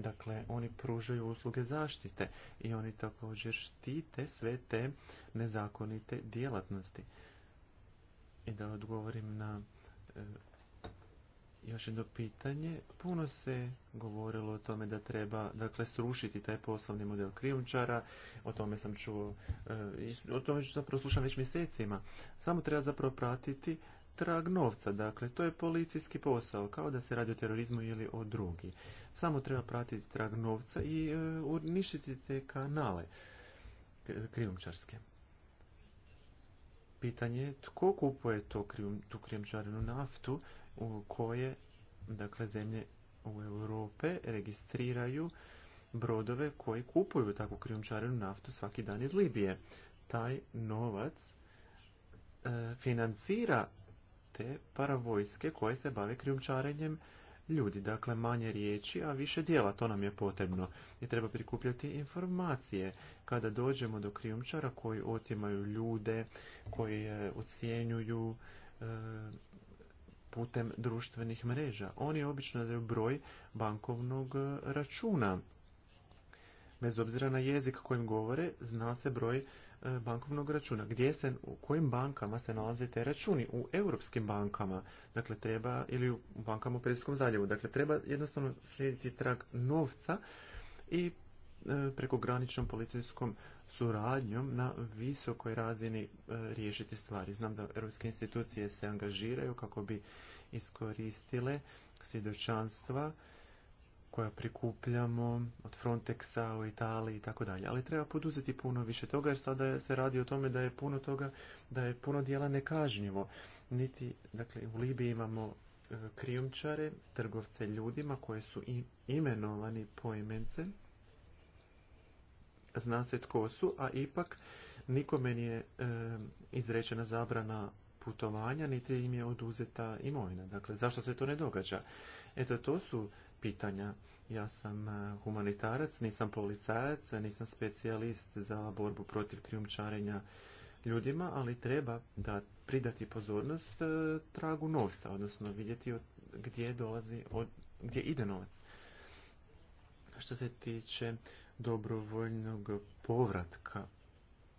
Dakle, oni pružaju usluge zaštite i oni također štite sve te nezakonite djelatnosti. I da odgovorim na e, još jedno pitanje. Puno se govorilo o tome da treba dakle, srušiti taj poslovni model krijumčara. O tome sam čuo, e, o tome ću zapravo slušam već mjesecima. Samo treba zapravo pratiti trag novca, dakle to je policijski posao, kao da se radi o terorizmu ili o drugi. Samo treba pratiti trag novca i e, uništiti te kanale krijumčarske. Pitanje je tko kupuje tu krijumčarenu naftu u koje dakle, zemlje u Europe registriraju brodove koji kupuju takvu krijumčarenu naftu svaki dan iz Libije. Taj novac e, financira te paravojske koje se bave krijumčarenjem ljudi. Dakle, manje riječi, a više dijela, to nam je potrebno. I treba prikupljati informacije. Kada dođemo do krijumčara koji otimaju ljude, koji e, ocjenjuju e, putem društvenih mreža. Oni obično daju broj bankovnog e, računa. Bez obzira na jezik kojim govore, zna se broj E, bankovnog računa. Gdje se, u kojim bankama se nalaze te računi? U europskim bankama, dakle treba, ili u bankama u Perijskom zaljevu. Dakle, treba jednostavno slijediti trag novca i e, graničnom policijskom suradnjom na visokoj razini e, riješiti stvari. Znam da europske institucije se angažiraju kako bi iskoristile svjedočanstva koja prikupljamo od Frontexa u Italiji i tako dalje. Ali treba poduzeti puno više toga jer sada se radi o tome da je puno toga, da je puno dijela nekažnjivo. Niti, dakle, u Libiji imamo e, krijumčare, trgovce ljudima koji su imenovani po imence. Zna se tko su, a ipak nikome nije e, izrečena zabrana putovanja, niti im je oduzeta imovina. Dakle, zašto se to ne događa? Eto, to su pitanja. Ja sam e, humanitarac, nisam policajac, nisam specijalist za borbu protiv krijumčarenja ljudima, ali treba da pridati pozornost e, tragu novca, odnosno vidjeti gdje dolazi, gdje ide novac. Što se tiče dobrovoljnog povratka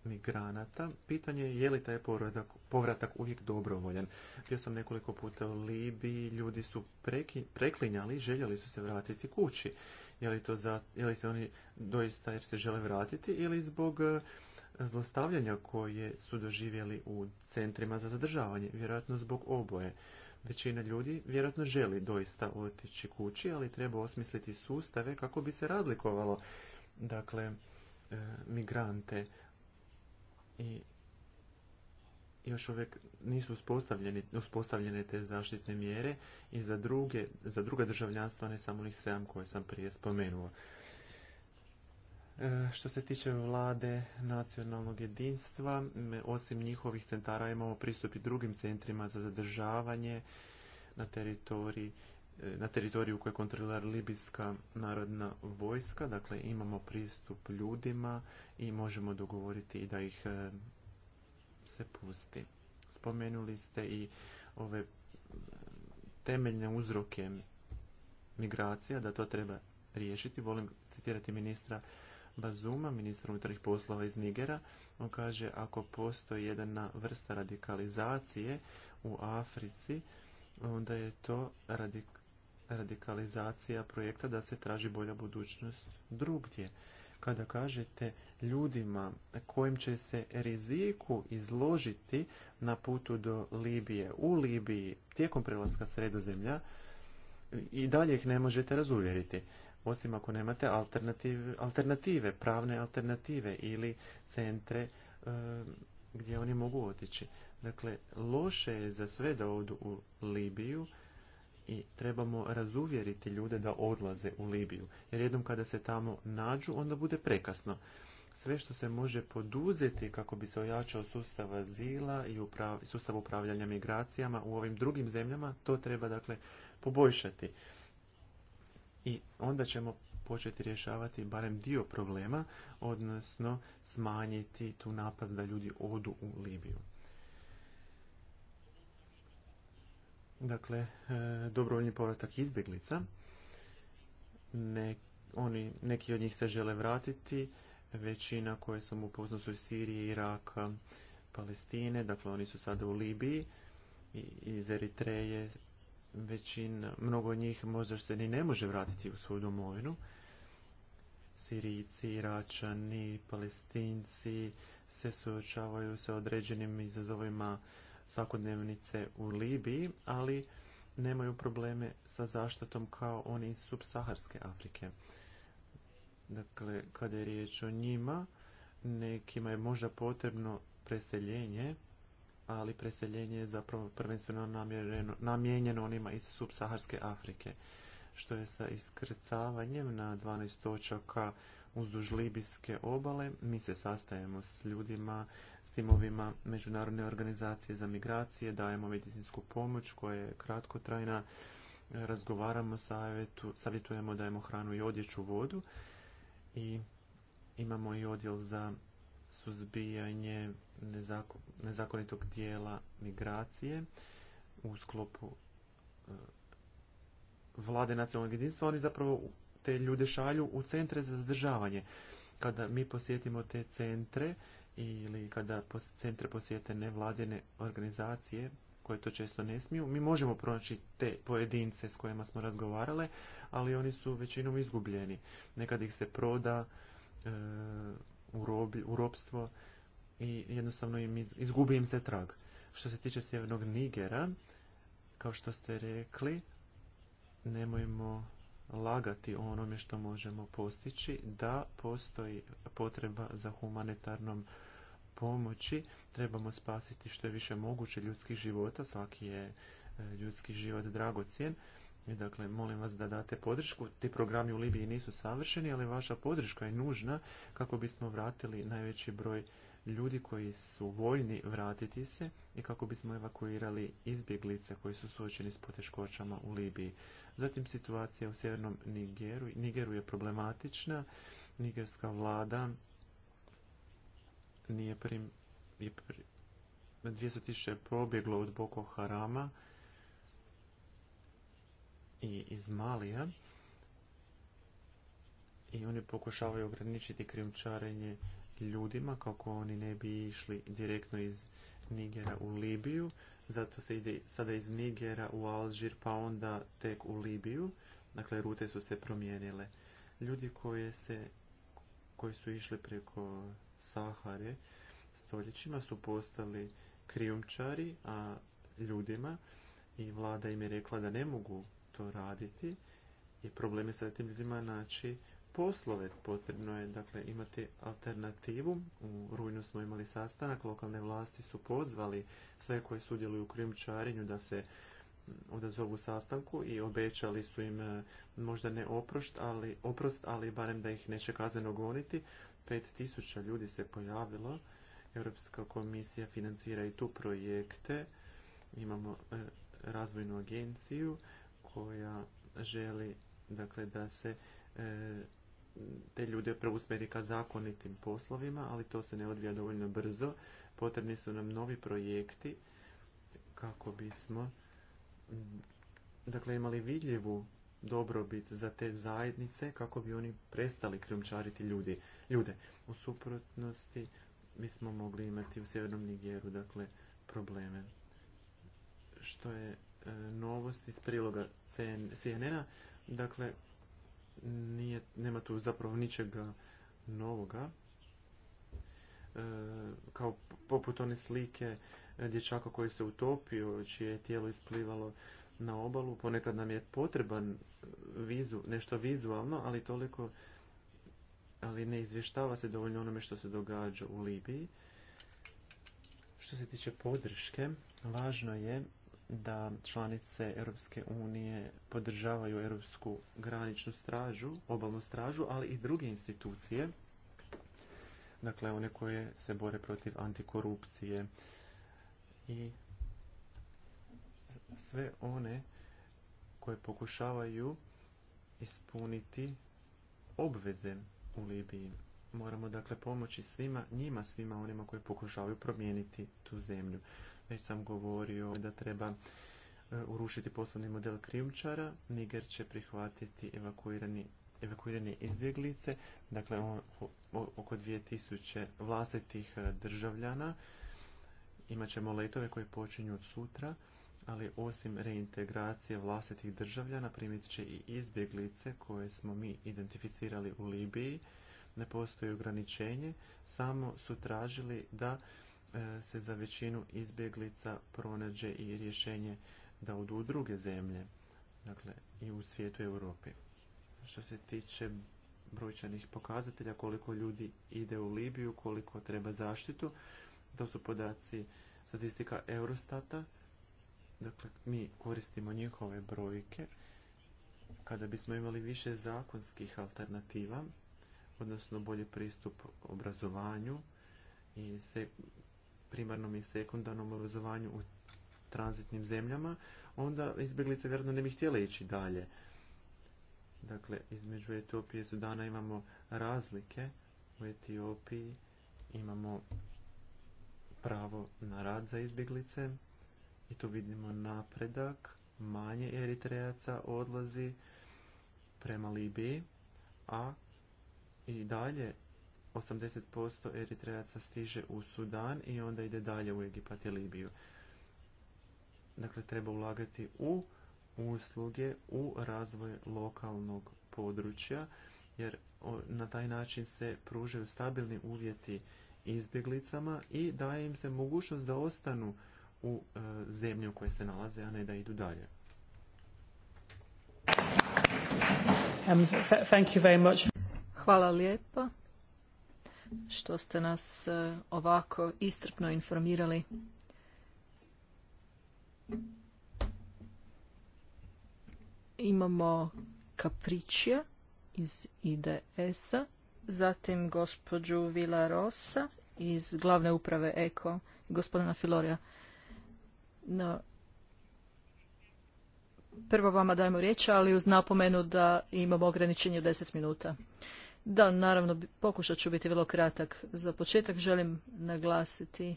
migranata. Pitanje je je li taj povratak, uvijek dobrovoljan. Bio sam nekoliko puta u Libiji, ljudi su preklinjali, željeli su se vratiti kući. Je li, to za, je li se oni doista jer se žele vratiti ili zbog eh, zlostavljanja koje su doživjeli u centrima za zadržavanje, vjerojatno zbog oboje. Većina ljudi vjerojatno želi doista otići kući, ali treba osmisliti sustave kako bi se razlikovalo dakle, eh, migrante i još uvijek nisu uspostavljene te zaštitne mjere i za, druge, druga državljanstva, ne samo onih sedam koje sam prije spomenuo. E, što se tiče vlade nacionalnog jedinstva, osim njihovih centara imamo pristup i drugim centrima za zadržavanje na teritoriji na teritoriju koje kontrolira libijska narodna vojska, dakle imamo pristup ljudima i možemo dogovoriti i da ih e, se pusti. Spomenuli ste i ove e, temeljne uzroke migracija, da to treba riješiti. Volim citirati ministra Bazuma, ministra unutarnjih poslova iz Nigera. On kaže, ako postoji jedna vrsta radikalizacije u Africi, onda je to radik radikalizacija projekta da se traži bolja budućnost drugdje. Kada kažete ljudima kojim će se riziku izložiti na putu do Libije, u Libiji, tijekom prelaska sredozemlja, i dalje ih ne možete razuvjeriti, osim ako nemate alternative, pravne alternative ili centre e, gdje oni mogu otići. Dakle, loše je za sve da odu u Libiju, i trebamo razuvjeriti ljude da odlaze u Libiju. Jer jednom kada se tamo nađu, onda bude prekasno. Sve što se može poduzeti kako bi se ojačao sustav azila i sustav upravljanja migracijama u ovim drugim zemljama, to treba dakle poboljšati. I onda ćemo početi rješavati barem dio problema, odnosno smanjiti tu napast da ljudi odu u Libiju. dakle, e, dobrovoljni povratak izbjeglica. Ne, oni, neki od njih se žele vratiti, većina koje sam upoznao su iz Sirije, Iraka, Palestine, dakle oni su sada u Libiji i iz Eritreje, većina, mnogo njih možda se ni ne može vratiti u svoju domovinu. Sirijci, Iračani, Palestinci se suočavaju sa određenim izazovima svakodnevnice u Libiji, ali nemaju probleme sa zaštitom kao oni iz subsaharske Afrike. Dakle, kada je riječ o njima, nekima je možda potrebno preseljenje, ali preseljenje je zapravo prvenstveno namijenjeno onima iz subsaharske Afrike, što je sa iskrcavanjem na 12 točaka uzduž Libijske obale. Mi se sastajemo s ljudima, s timovima Međunarodne organizacije za migracije, dajemo medicinsku pomoć koja je kratkotrajna, razgovaramo, savjetu, savjetujemo, dajemo hranu i odjeću, vodu i imamo i odjel za suzbijanje nezakonitog dijela migracije u sklopu e, vlade nacionalnog jedinstva, oni zapravo te ljude šalju u centre za zadržavanje. Kada mi posjetimo te centre ili kada centre posjete nevladine organizacije, koje to često ne smiju, mi možemo pronaći te pojedince s kojima smo razgovarale, ali oni su većinom izgubljeni. Nekad ih se proda e, u, u robstvo i jednostavno im iz, izgubi im se trag. Što se tiče sjevernog Nigera, kao što ste rekli, nemojmo lagati o onome što možemo postići, da postoji potreba za humanitarnom pomoći. Trebamo spasiti što je više moguće ljudskih života, svaki je e, ljudski život dragocjen. I dakle, molim vas da date podršku. Ti programi u Libiji nisu savršeni, ali vaša podrška je nužna kako bismo vratili najveći broj ljudi koji su voljni vratiti se i kako bismo evakuirali izbjeglice koji su suočeni s poteškoćama u Libiji. Zatim situacija u sjevernom Nigeru. Nigeru je problematična. Nigerska vlada nije prim, je pri, od Boko Harama i iz Malija i oni pokušavaju ograničiti krijumčarenje ljudima kako oni ne bi išli direktno iz Nigera u Libiju. Zato se ide sada iz Nigera u Alžir pa onda tek u Libiju. Dakle, rute su se promijenile. Ljudi koje se, koji su išli preko Sahare stoljećima su postali krijumčari, a ljudima i vlada im je rekla da ne mogu to raditi i problem je sa tim ljudima naći poslove. Potrebno je dakle, imati alternativu. U rujnu smo imali sastanak, lokalne vlasti su pozvali sve koji sudjeluju u krijumčarenju da se odazovu sastanku i obećali su im e, možda ne oprošt, ali, oprost, ali barem da ih neće kazneno goniti. 5000 ljudi se pojavilo. Europska komisija financira i tu projekte. Imamo e, razvojnu agenciju koja želi dakle, da se e, te ljude preusmjeri ka zakonitim poslovima, ali to se ne odvija dovoljno brzo. Potrebni su nam novi projekti kako bismo mm, dakle, imali vidljivu dobrobit za te zajednice kako bi oni prestali krijumčariti ljudi, ljude. U suprotnosti mi smo mogli imati u Sjevernom Nigeru dakle, probleme. Što je e, novost iz priloga CNN-a, dakle, nije, nema tu zapravo ničega novoga. E, kao poput one slike dječaka koji se utopio, čije je tijelo isplivalo na obalu. Ponekad nam je potreban nešto vizualno, ali toliko ali ne izvještava se dovoljno onome što se događa u Libiji. Što se tiče podrške, važno je da članice Europske unije podržavaju Europsku graničnu stražu, obalnu stražu, ali i druge institucije, dakle one koje se bore protiv antikorupcije i sve one koje pokušavaju ispuniti obveze u Libiji. Moramo dakle pomoći svima njima, svima onima koji pokušavaju promijeniti tu zemlju. Već sam govorio da treba e, urušiti poslovni model krijumčara. Niger će prihvatiti evakuirani evakuirane izbjeglice, dakle oko 2000 vlastitih e, državljana. Imaćemo letove koji počinju od sutra, ali osim reintegracije vlastitih državljana primit će i izbjeglice koje smo mi identificirali u Libiji. Ne postoji ograničenje, samo su tražili da E, se za većinu izbjeglica pronađe i rješenje da odu u druge zemlje, dakle i u svijetu Europi. Što se tiče brojčanih pokazatelja, koliko ljudi ide u Libiju, koliko treba zaštitu, to su podaci statistika Eurostata, dakle mi koristimo njihove brojke. Kada bismo imali više zakonskih alternativa, odnosno bolji pristup obrazovanju i primarnom i sekundarnom obrazovanju u tranzitnim zemljama, onda izbjeglice vjerojatno ne bi htjele ići dalje. Dakle, između Etiopije i Sudana imamo razlike. U Etiopiji imamo pravo na rad za izbjeglice i tu vidimo napredak. Manje Eritrejaca odlazi prema Libiji, a i dalje 80% Eritrejaca stiže u Sudan i onda ide dalje u Egipat i Libiju. Dakle, treba ulagati u usluge, u razvoj lokalnog područja, jer na taj način se pružaju stabilni uvjeti izbjeglicama i daje im se mogućnost da ostanu u e, zemlji u kojoj se nalaze, a ne da idu dalje.
Um,
Hvala lijepa što ste nas e, ovako istrpno informirali. Imamo Kapričija iz IDS-a, zatim gospođu Vila Rosa iz glavne uprave Eko gospodina Filorija. No, prvo vama dajemo riječ, ali uz napomenu da imamo ograničenje od 10 minuta. Da, naravno, pokušat ću biti vrlo kratak. Za početak želim naglasiti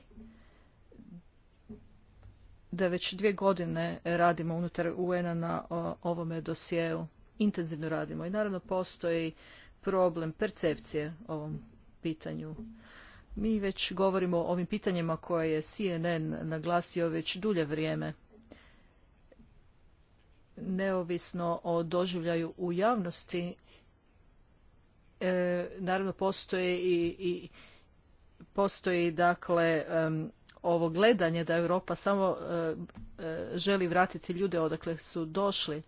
da već dvije godine radimo unutar UN-a na ovome dosjeu. Intenzivno radimo i naravno postoji problem percepcije ovom pitanju. Mi već govorimo o ovim pitanjima koje je CNN naglasio već dulje vrijeme. Neovisno o doživljaju u javnosti, E, naravno postoji i, postoji dakle ovo gledanje da Europa samo e, e, želi vratiti ljude odakle su došli.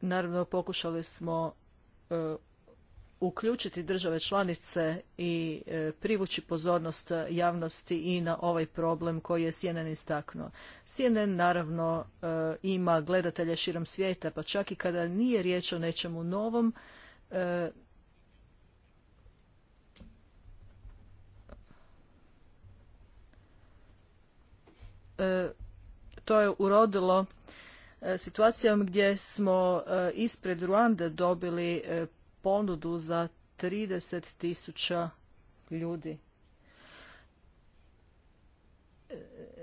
Naravno pokušali smo uključiti države članice i e, privući pozornost javnosti i na ovaj problem koji je CNN istaknuo. CNN naravno e, ima gledatelje širom svijeta, pa čak i kada nije riječ o nečemu novom, e, to je urodilo situacijom gdje smo ispred Ruande dobili ponudu za 30 tisuća ljudi.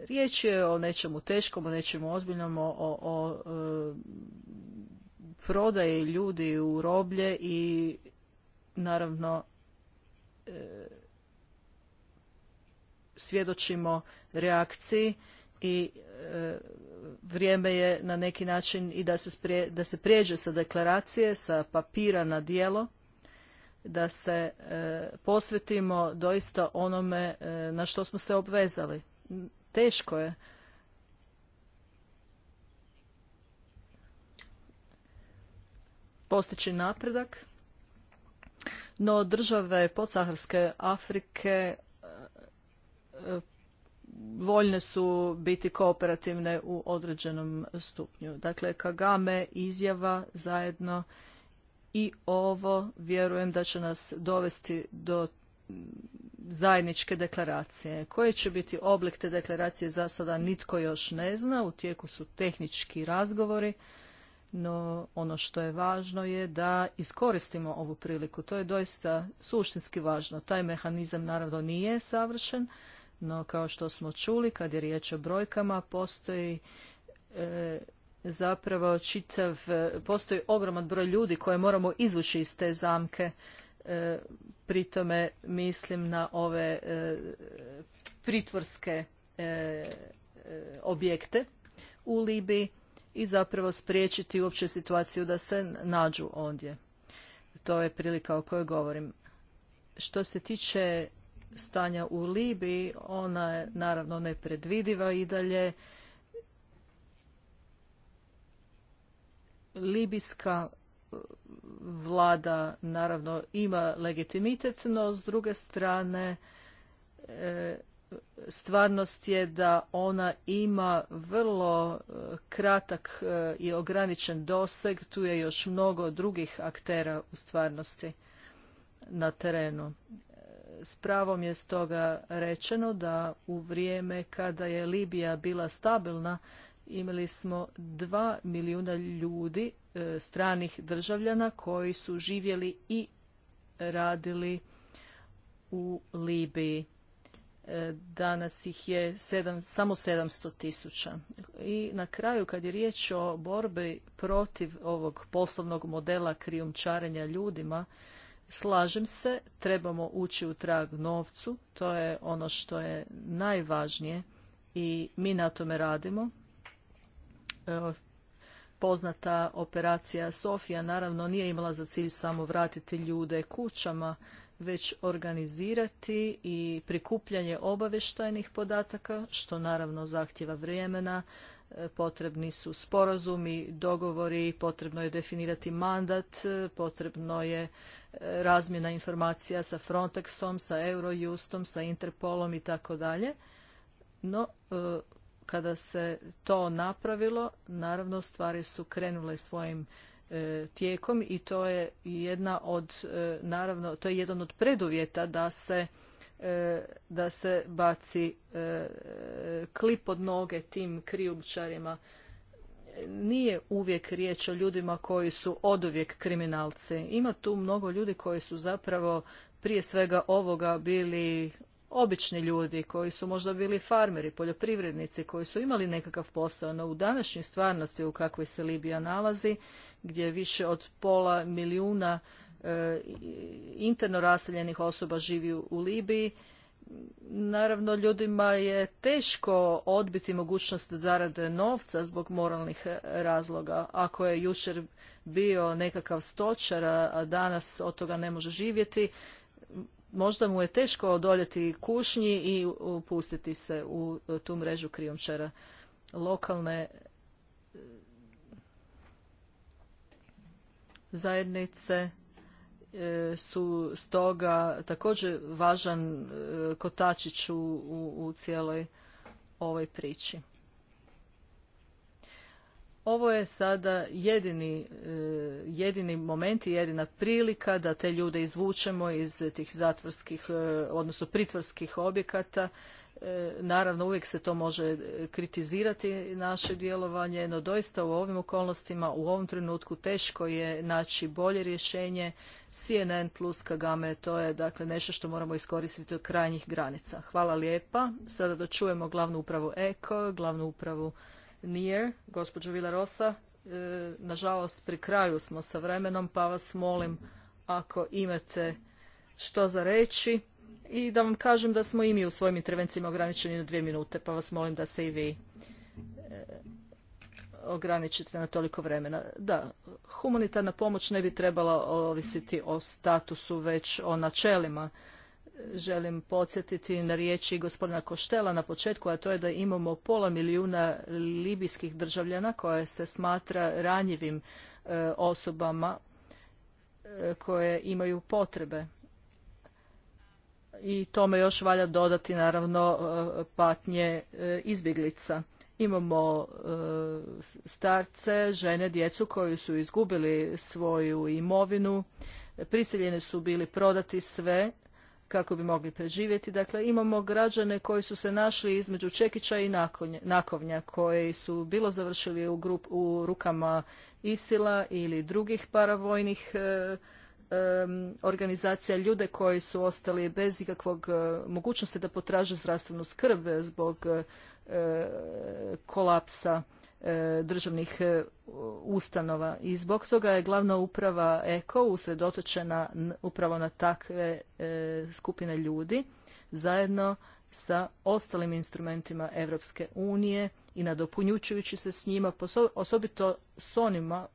Riječ je o nečemu teškom, o nečemu ozbiljnom, o, o, e, prodaji ljudi u roblje i naravno e, svjedočimo reakciji i e, vrijeme je na neki način i da se, se prijeđe sa deklaracije, sa papira na dijelo, da se e, posvetimo doista onome e, na što smo se obvezali. Teško je. postići napredak, no države podsaharske Afrike e, voljne su biti kooperativne u određenom stupnju. Dakle, Kagame izjava zajedno i ovo vjerujem da će nas dovesti do zajedničke deklaracije. Koji će biti oblik te deklaracije za sada nitko još ne zna, u tijeku su tehnički razgovori, no ono što je važno je da iskoristimo ovu priliku. To je doista suštinski važno. Taj mehanizam naravno nije savršen, no, kao što smo čuli, kad je riječ o brojkama, postoji e, zapravo čitav, e, postoji ogroman broj ljudi koje moramo izvući iz te zamke. E, pri tome mislim na ove e, pritvorske objekte u Libiji i zapravo spriječiti uopće situaciju da se nađu ondje. To je prilika o kojoj govorim. Što se tiče stanja u Libiji. Ona je naravno nepredvidiva i dalje. Libijska e, vlada naravno ima legitimitet, no s druge strane e, stvarnost je da ona ima vrlo e, kratak i ograničen doseg, tu je još mnogo drugih aktera u stvarnosti na terenu. S pravom je stoga rečeno da u vrijeme kada je Libija bila stabilna imali smo dva milijuna ljudi, e, stranih državljana koji su živjeli i radili u Libiji. E, danas ih je samo 700 tisuća. I na kraju, kad je riječ o borbi protiv ovog poslovnog modela krijumčarenja ljudima, Slažem se, trebamo ući u trag novcu, to je ono što je najvažnije i mi na tome radimo. E, poznata operacija Sofija naravno nije imala za cilj samo vratiti ljude kućama, već organizirati i prikupljanje obavještajnih podataka, što naravno zahtjeva vremena, potrebni su sporazumi, dogovori, potrebno je definirati mandat, potrebno je e, razmjena informacija sa Frontexom, sa Eurojustom, sa Interpolom i tako dalje. No, e, kada se to napravilo, naravno stvari su krenule svojim e, tijekom i to je jedna od, naravno, to je jedan od preduvjeta da se E, da se baci e, klip od noge tim krijumčarima. Nije uvijek riječ o ljudima koji su oduvijek kriminalci. Ima tu mnogo ljudi koji su zapravo prije svega ovoga bili obični ljudi koji su možda bili farmeri, poljoprivrednici koji su imali nekakav posao, no u današnjoj stvarnosti u kakvoj se Libija nalazi, gdje više od pola milijuna E, interno raseljenih osoba živi u Libiji. Naravno, ljudima je teško odbiti mogućnost zarade novca zbog moralnih razloga. Ako je jučer bio nekakav stočar, a danas od toga ne može živjeti, možda mu je teško odoljeti kušnji i upustiti se u e, tu mrežu krijumčara. Lokalne e, zajednice su stoga također važan e, kotačić u, u, u cijeloj ovoj priči. Ovo je sada jedini, e, jedini moment i jedina prilika da te ljude izvučemo iz tih zatvorskih, e, odnosno pritvorskih objekata E, naravno, uvijek se to može kritizirati naše djelovanje, no doista u ovim okolnostima, u ovom trenutku teško je naći bolje rješenje. CNN plus Kagame, to je dakle nešto što moramo iskoristiti od krajnjih granica. Hvala lijepa. Sada dočujemo glavnu upravu EKO, glavnu upravu NIR, gospođu Vilarosa. E, nažalost, pri kraju smo sa vremenom, pa vas molim ako imate što za reći i da vam kažem da smo i mi u svojim intervencijama ograničeni na dvije minute, pa vas molim da se i vi e, ograničite na toliko vremena. Da, humanitarna pomoć ne bi trebala ovisiti o statusu, već o načelima. Želim podsjetiti na riječi gospodina Koštela na početku, a to je da imamo pola milijuna libijskih državljana koje se smatra ranjivim e, osobama e, koje imaju potrebe i tome još valja dodati naravno e, patnje e, izbjeglica. Imamo e, starce, žene, djecu koji su izgubili svoju imovinu, prisiljeni su bili prodati sve kako bi mogli preživjeti. Dakle, imamo građane koji su se našli između Čekića i Nakovnja, koji su bilo završili u, grup, u rukama Isila ili drugih paravojnih organizacija ljude koji su ostali bez ikakvog e, mogućnosti da potraže zdravstvenu skrb zbog e, kolapsa e, državnih ustanova i zbog toga je glavna uprava EKO usredotočena upravo na takve skupine ljudi zajedno sa ostalim instrumentima Europske unije i nadopunjujući se s njima, osobito s onima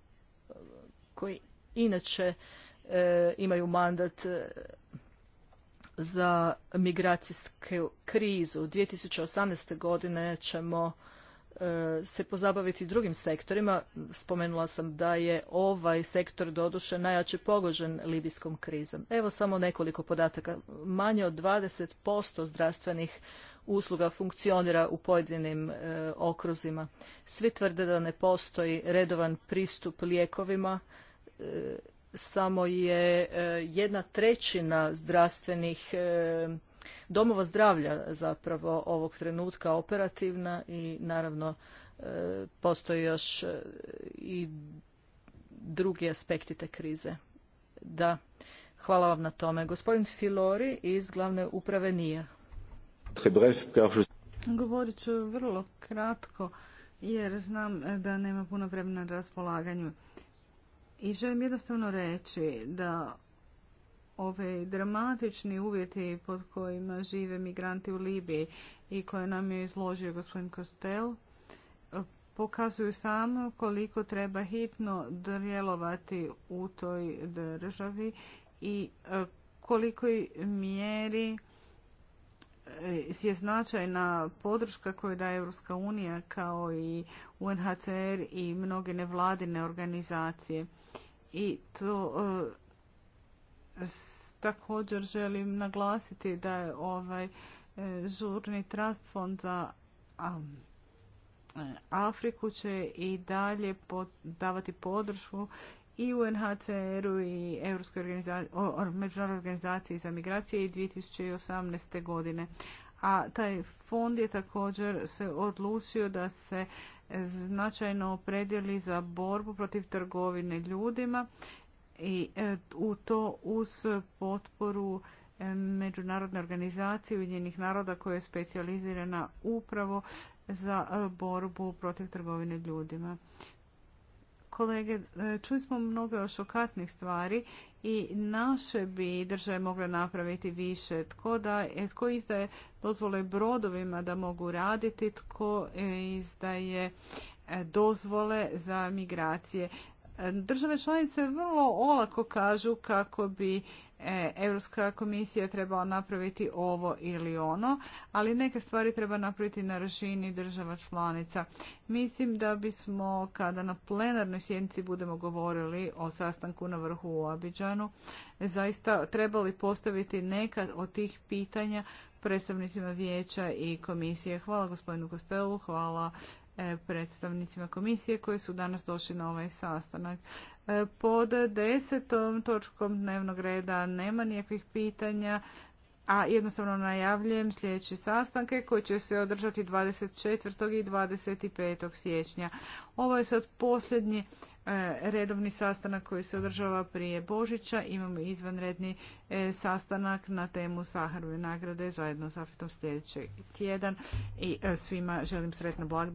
koji inače E, imaju mandat e, za migracijsku krizu. 2018. godine ćemo e, se pozabaviti drugim sektorima. Spomenula sam da je ovaj sektor doduše najjače pogođen libijskom krizom. Evo samo nekoliko podataka. Manje od 20% zdravstvenih usluga funkcionira u pojedinim e, okruzima. Svi tvrde da ne postoji redovan pristup lijekovima samo je e, jedna trećina zdravstvenih e, domova zdravlja zapravo ovog trenutka operativna i naravno e, postoji još i drugi aspekti te krize. Da, hvala vam na tome. Gospodin Filori iz glavne uprave nije.
Govorit ću vrlo kratko jer znam da nema puno vremena na raspolaganju. I želim jednostavno reći da ove dramatični uvjeti pod kojima žive migranti u Libiji i koje nam je izložio gospodin Kostel pokazuju samo koliko treba hitno djelovati u toj državi i e, koliko mjeri je značajna podrška koju daje Europska unija kao i UNHCR i mnoge nevladine organizacije. I to e, također želim naglasiti da je ovaj e, žurni trust fond za e, Afriku će i dalje davati podršku i UNHCR-u i Europskoj međunarodnoj organizaciji za migracije i 2018. godine. A taj fond je također se odlučio da se značajno opredjeli za borbu protiv trgovine ljudima i e, u to uz potporu e, međunarodne organizacije Ujedinjenih naroda koja je specijalizirana upravo za e, borbu protiv trgovine ljudima kolege, e, čuli smo mnoge šokatnih stvari i naše bi države mogle napraviti više. Tko, da, e, tko izdaje dozvole brodovima da mogu raditi, tko e, izdaje dozvole za migracije. Države članice vrlo olako kažu kako bi e, Europska komisija trebala napraviti ovo ili ono, ali neke stvari treba napraviti na razini država članica. Mislim da bismo kada na plenarnoj sjednici budemo govorili o sastanku na vrhu u Abidžanu, zaista trebali postaviti neka od tih pitanja predstavnicima vijeća i komisije. Hvala gospodinu Kostelu, hvala E, predstavnicima komisije koji su danas došli na ovaj sastanak. E, pod desetom točkom dnevnog reda nema nikakvih pitanja, a jednostavno najavljujem sljedeće sastanke koji će se održati 24. i 25. siječnja. Ovo je sad posljednji e, redovni sastanak koji se održava prije Božića. Imamo izvanredni sastanak na temu Saharove nagrade zajedno s Afritom sljedećeg tjedan i svima želim sretno blago.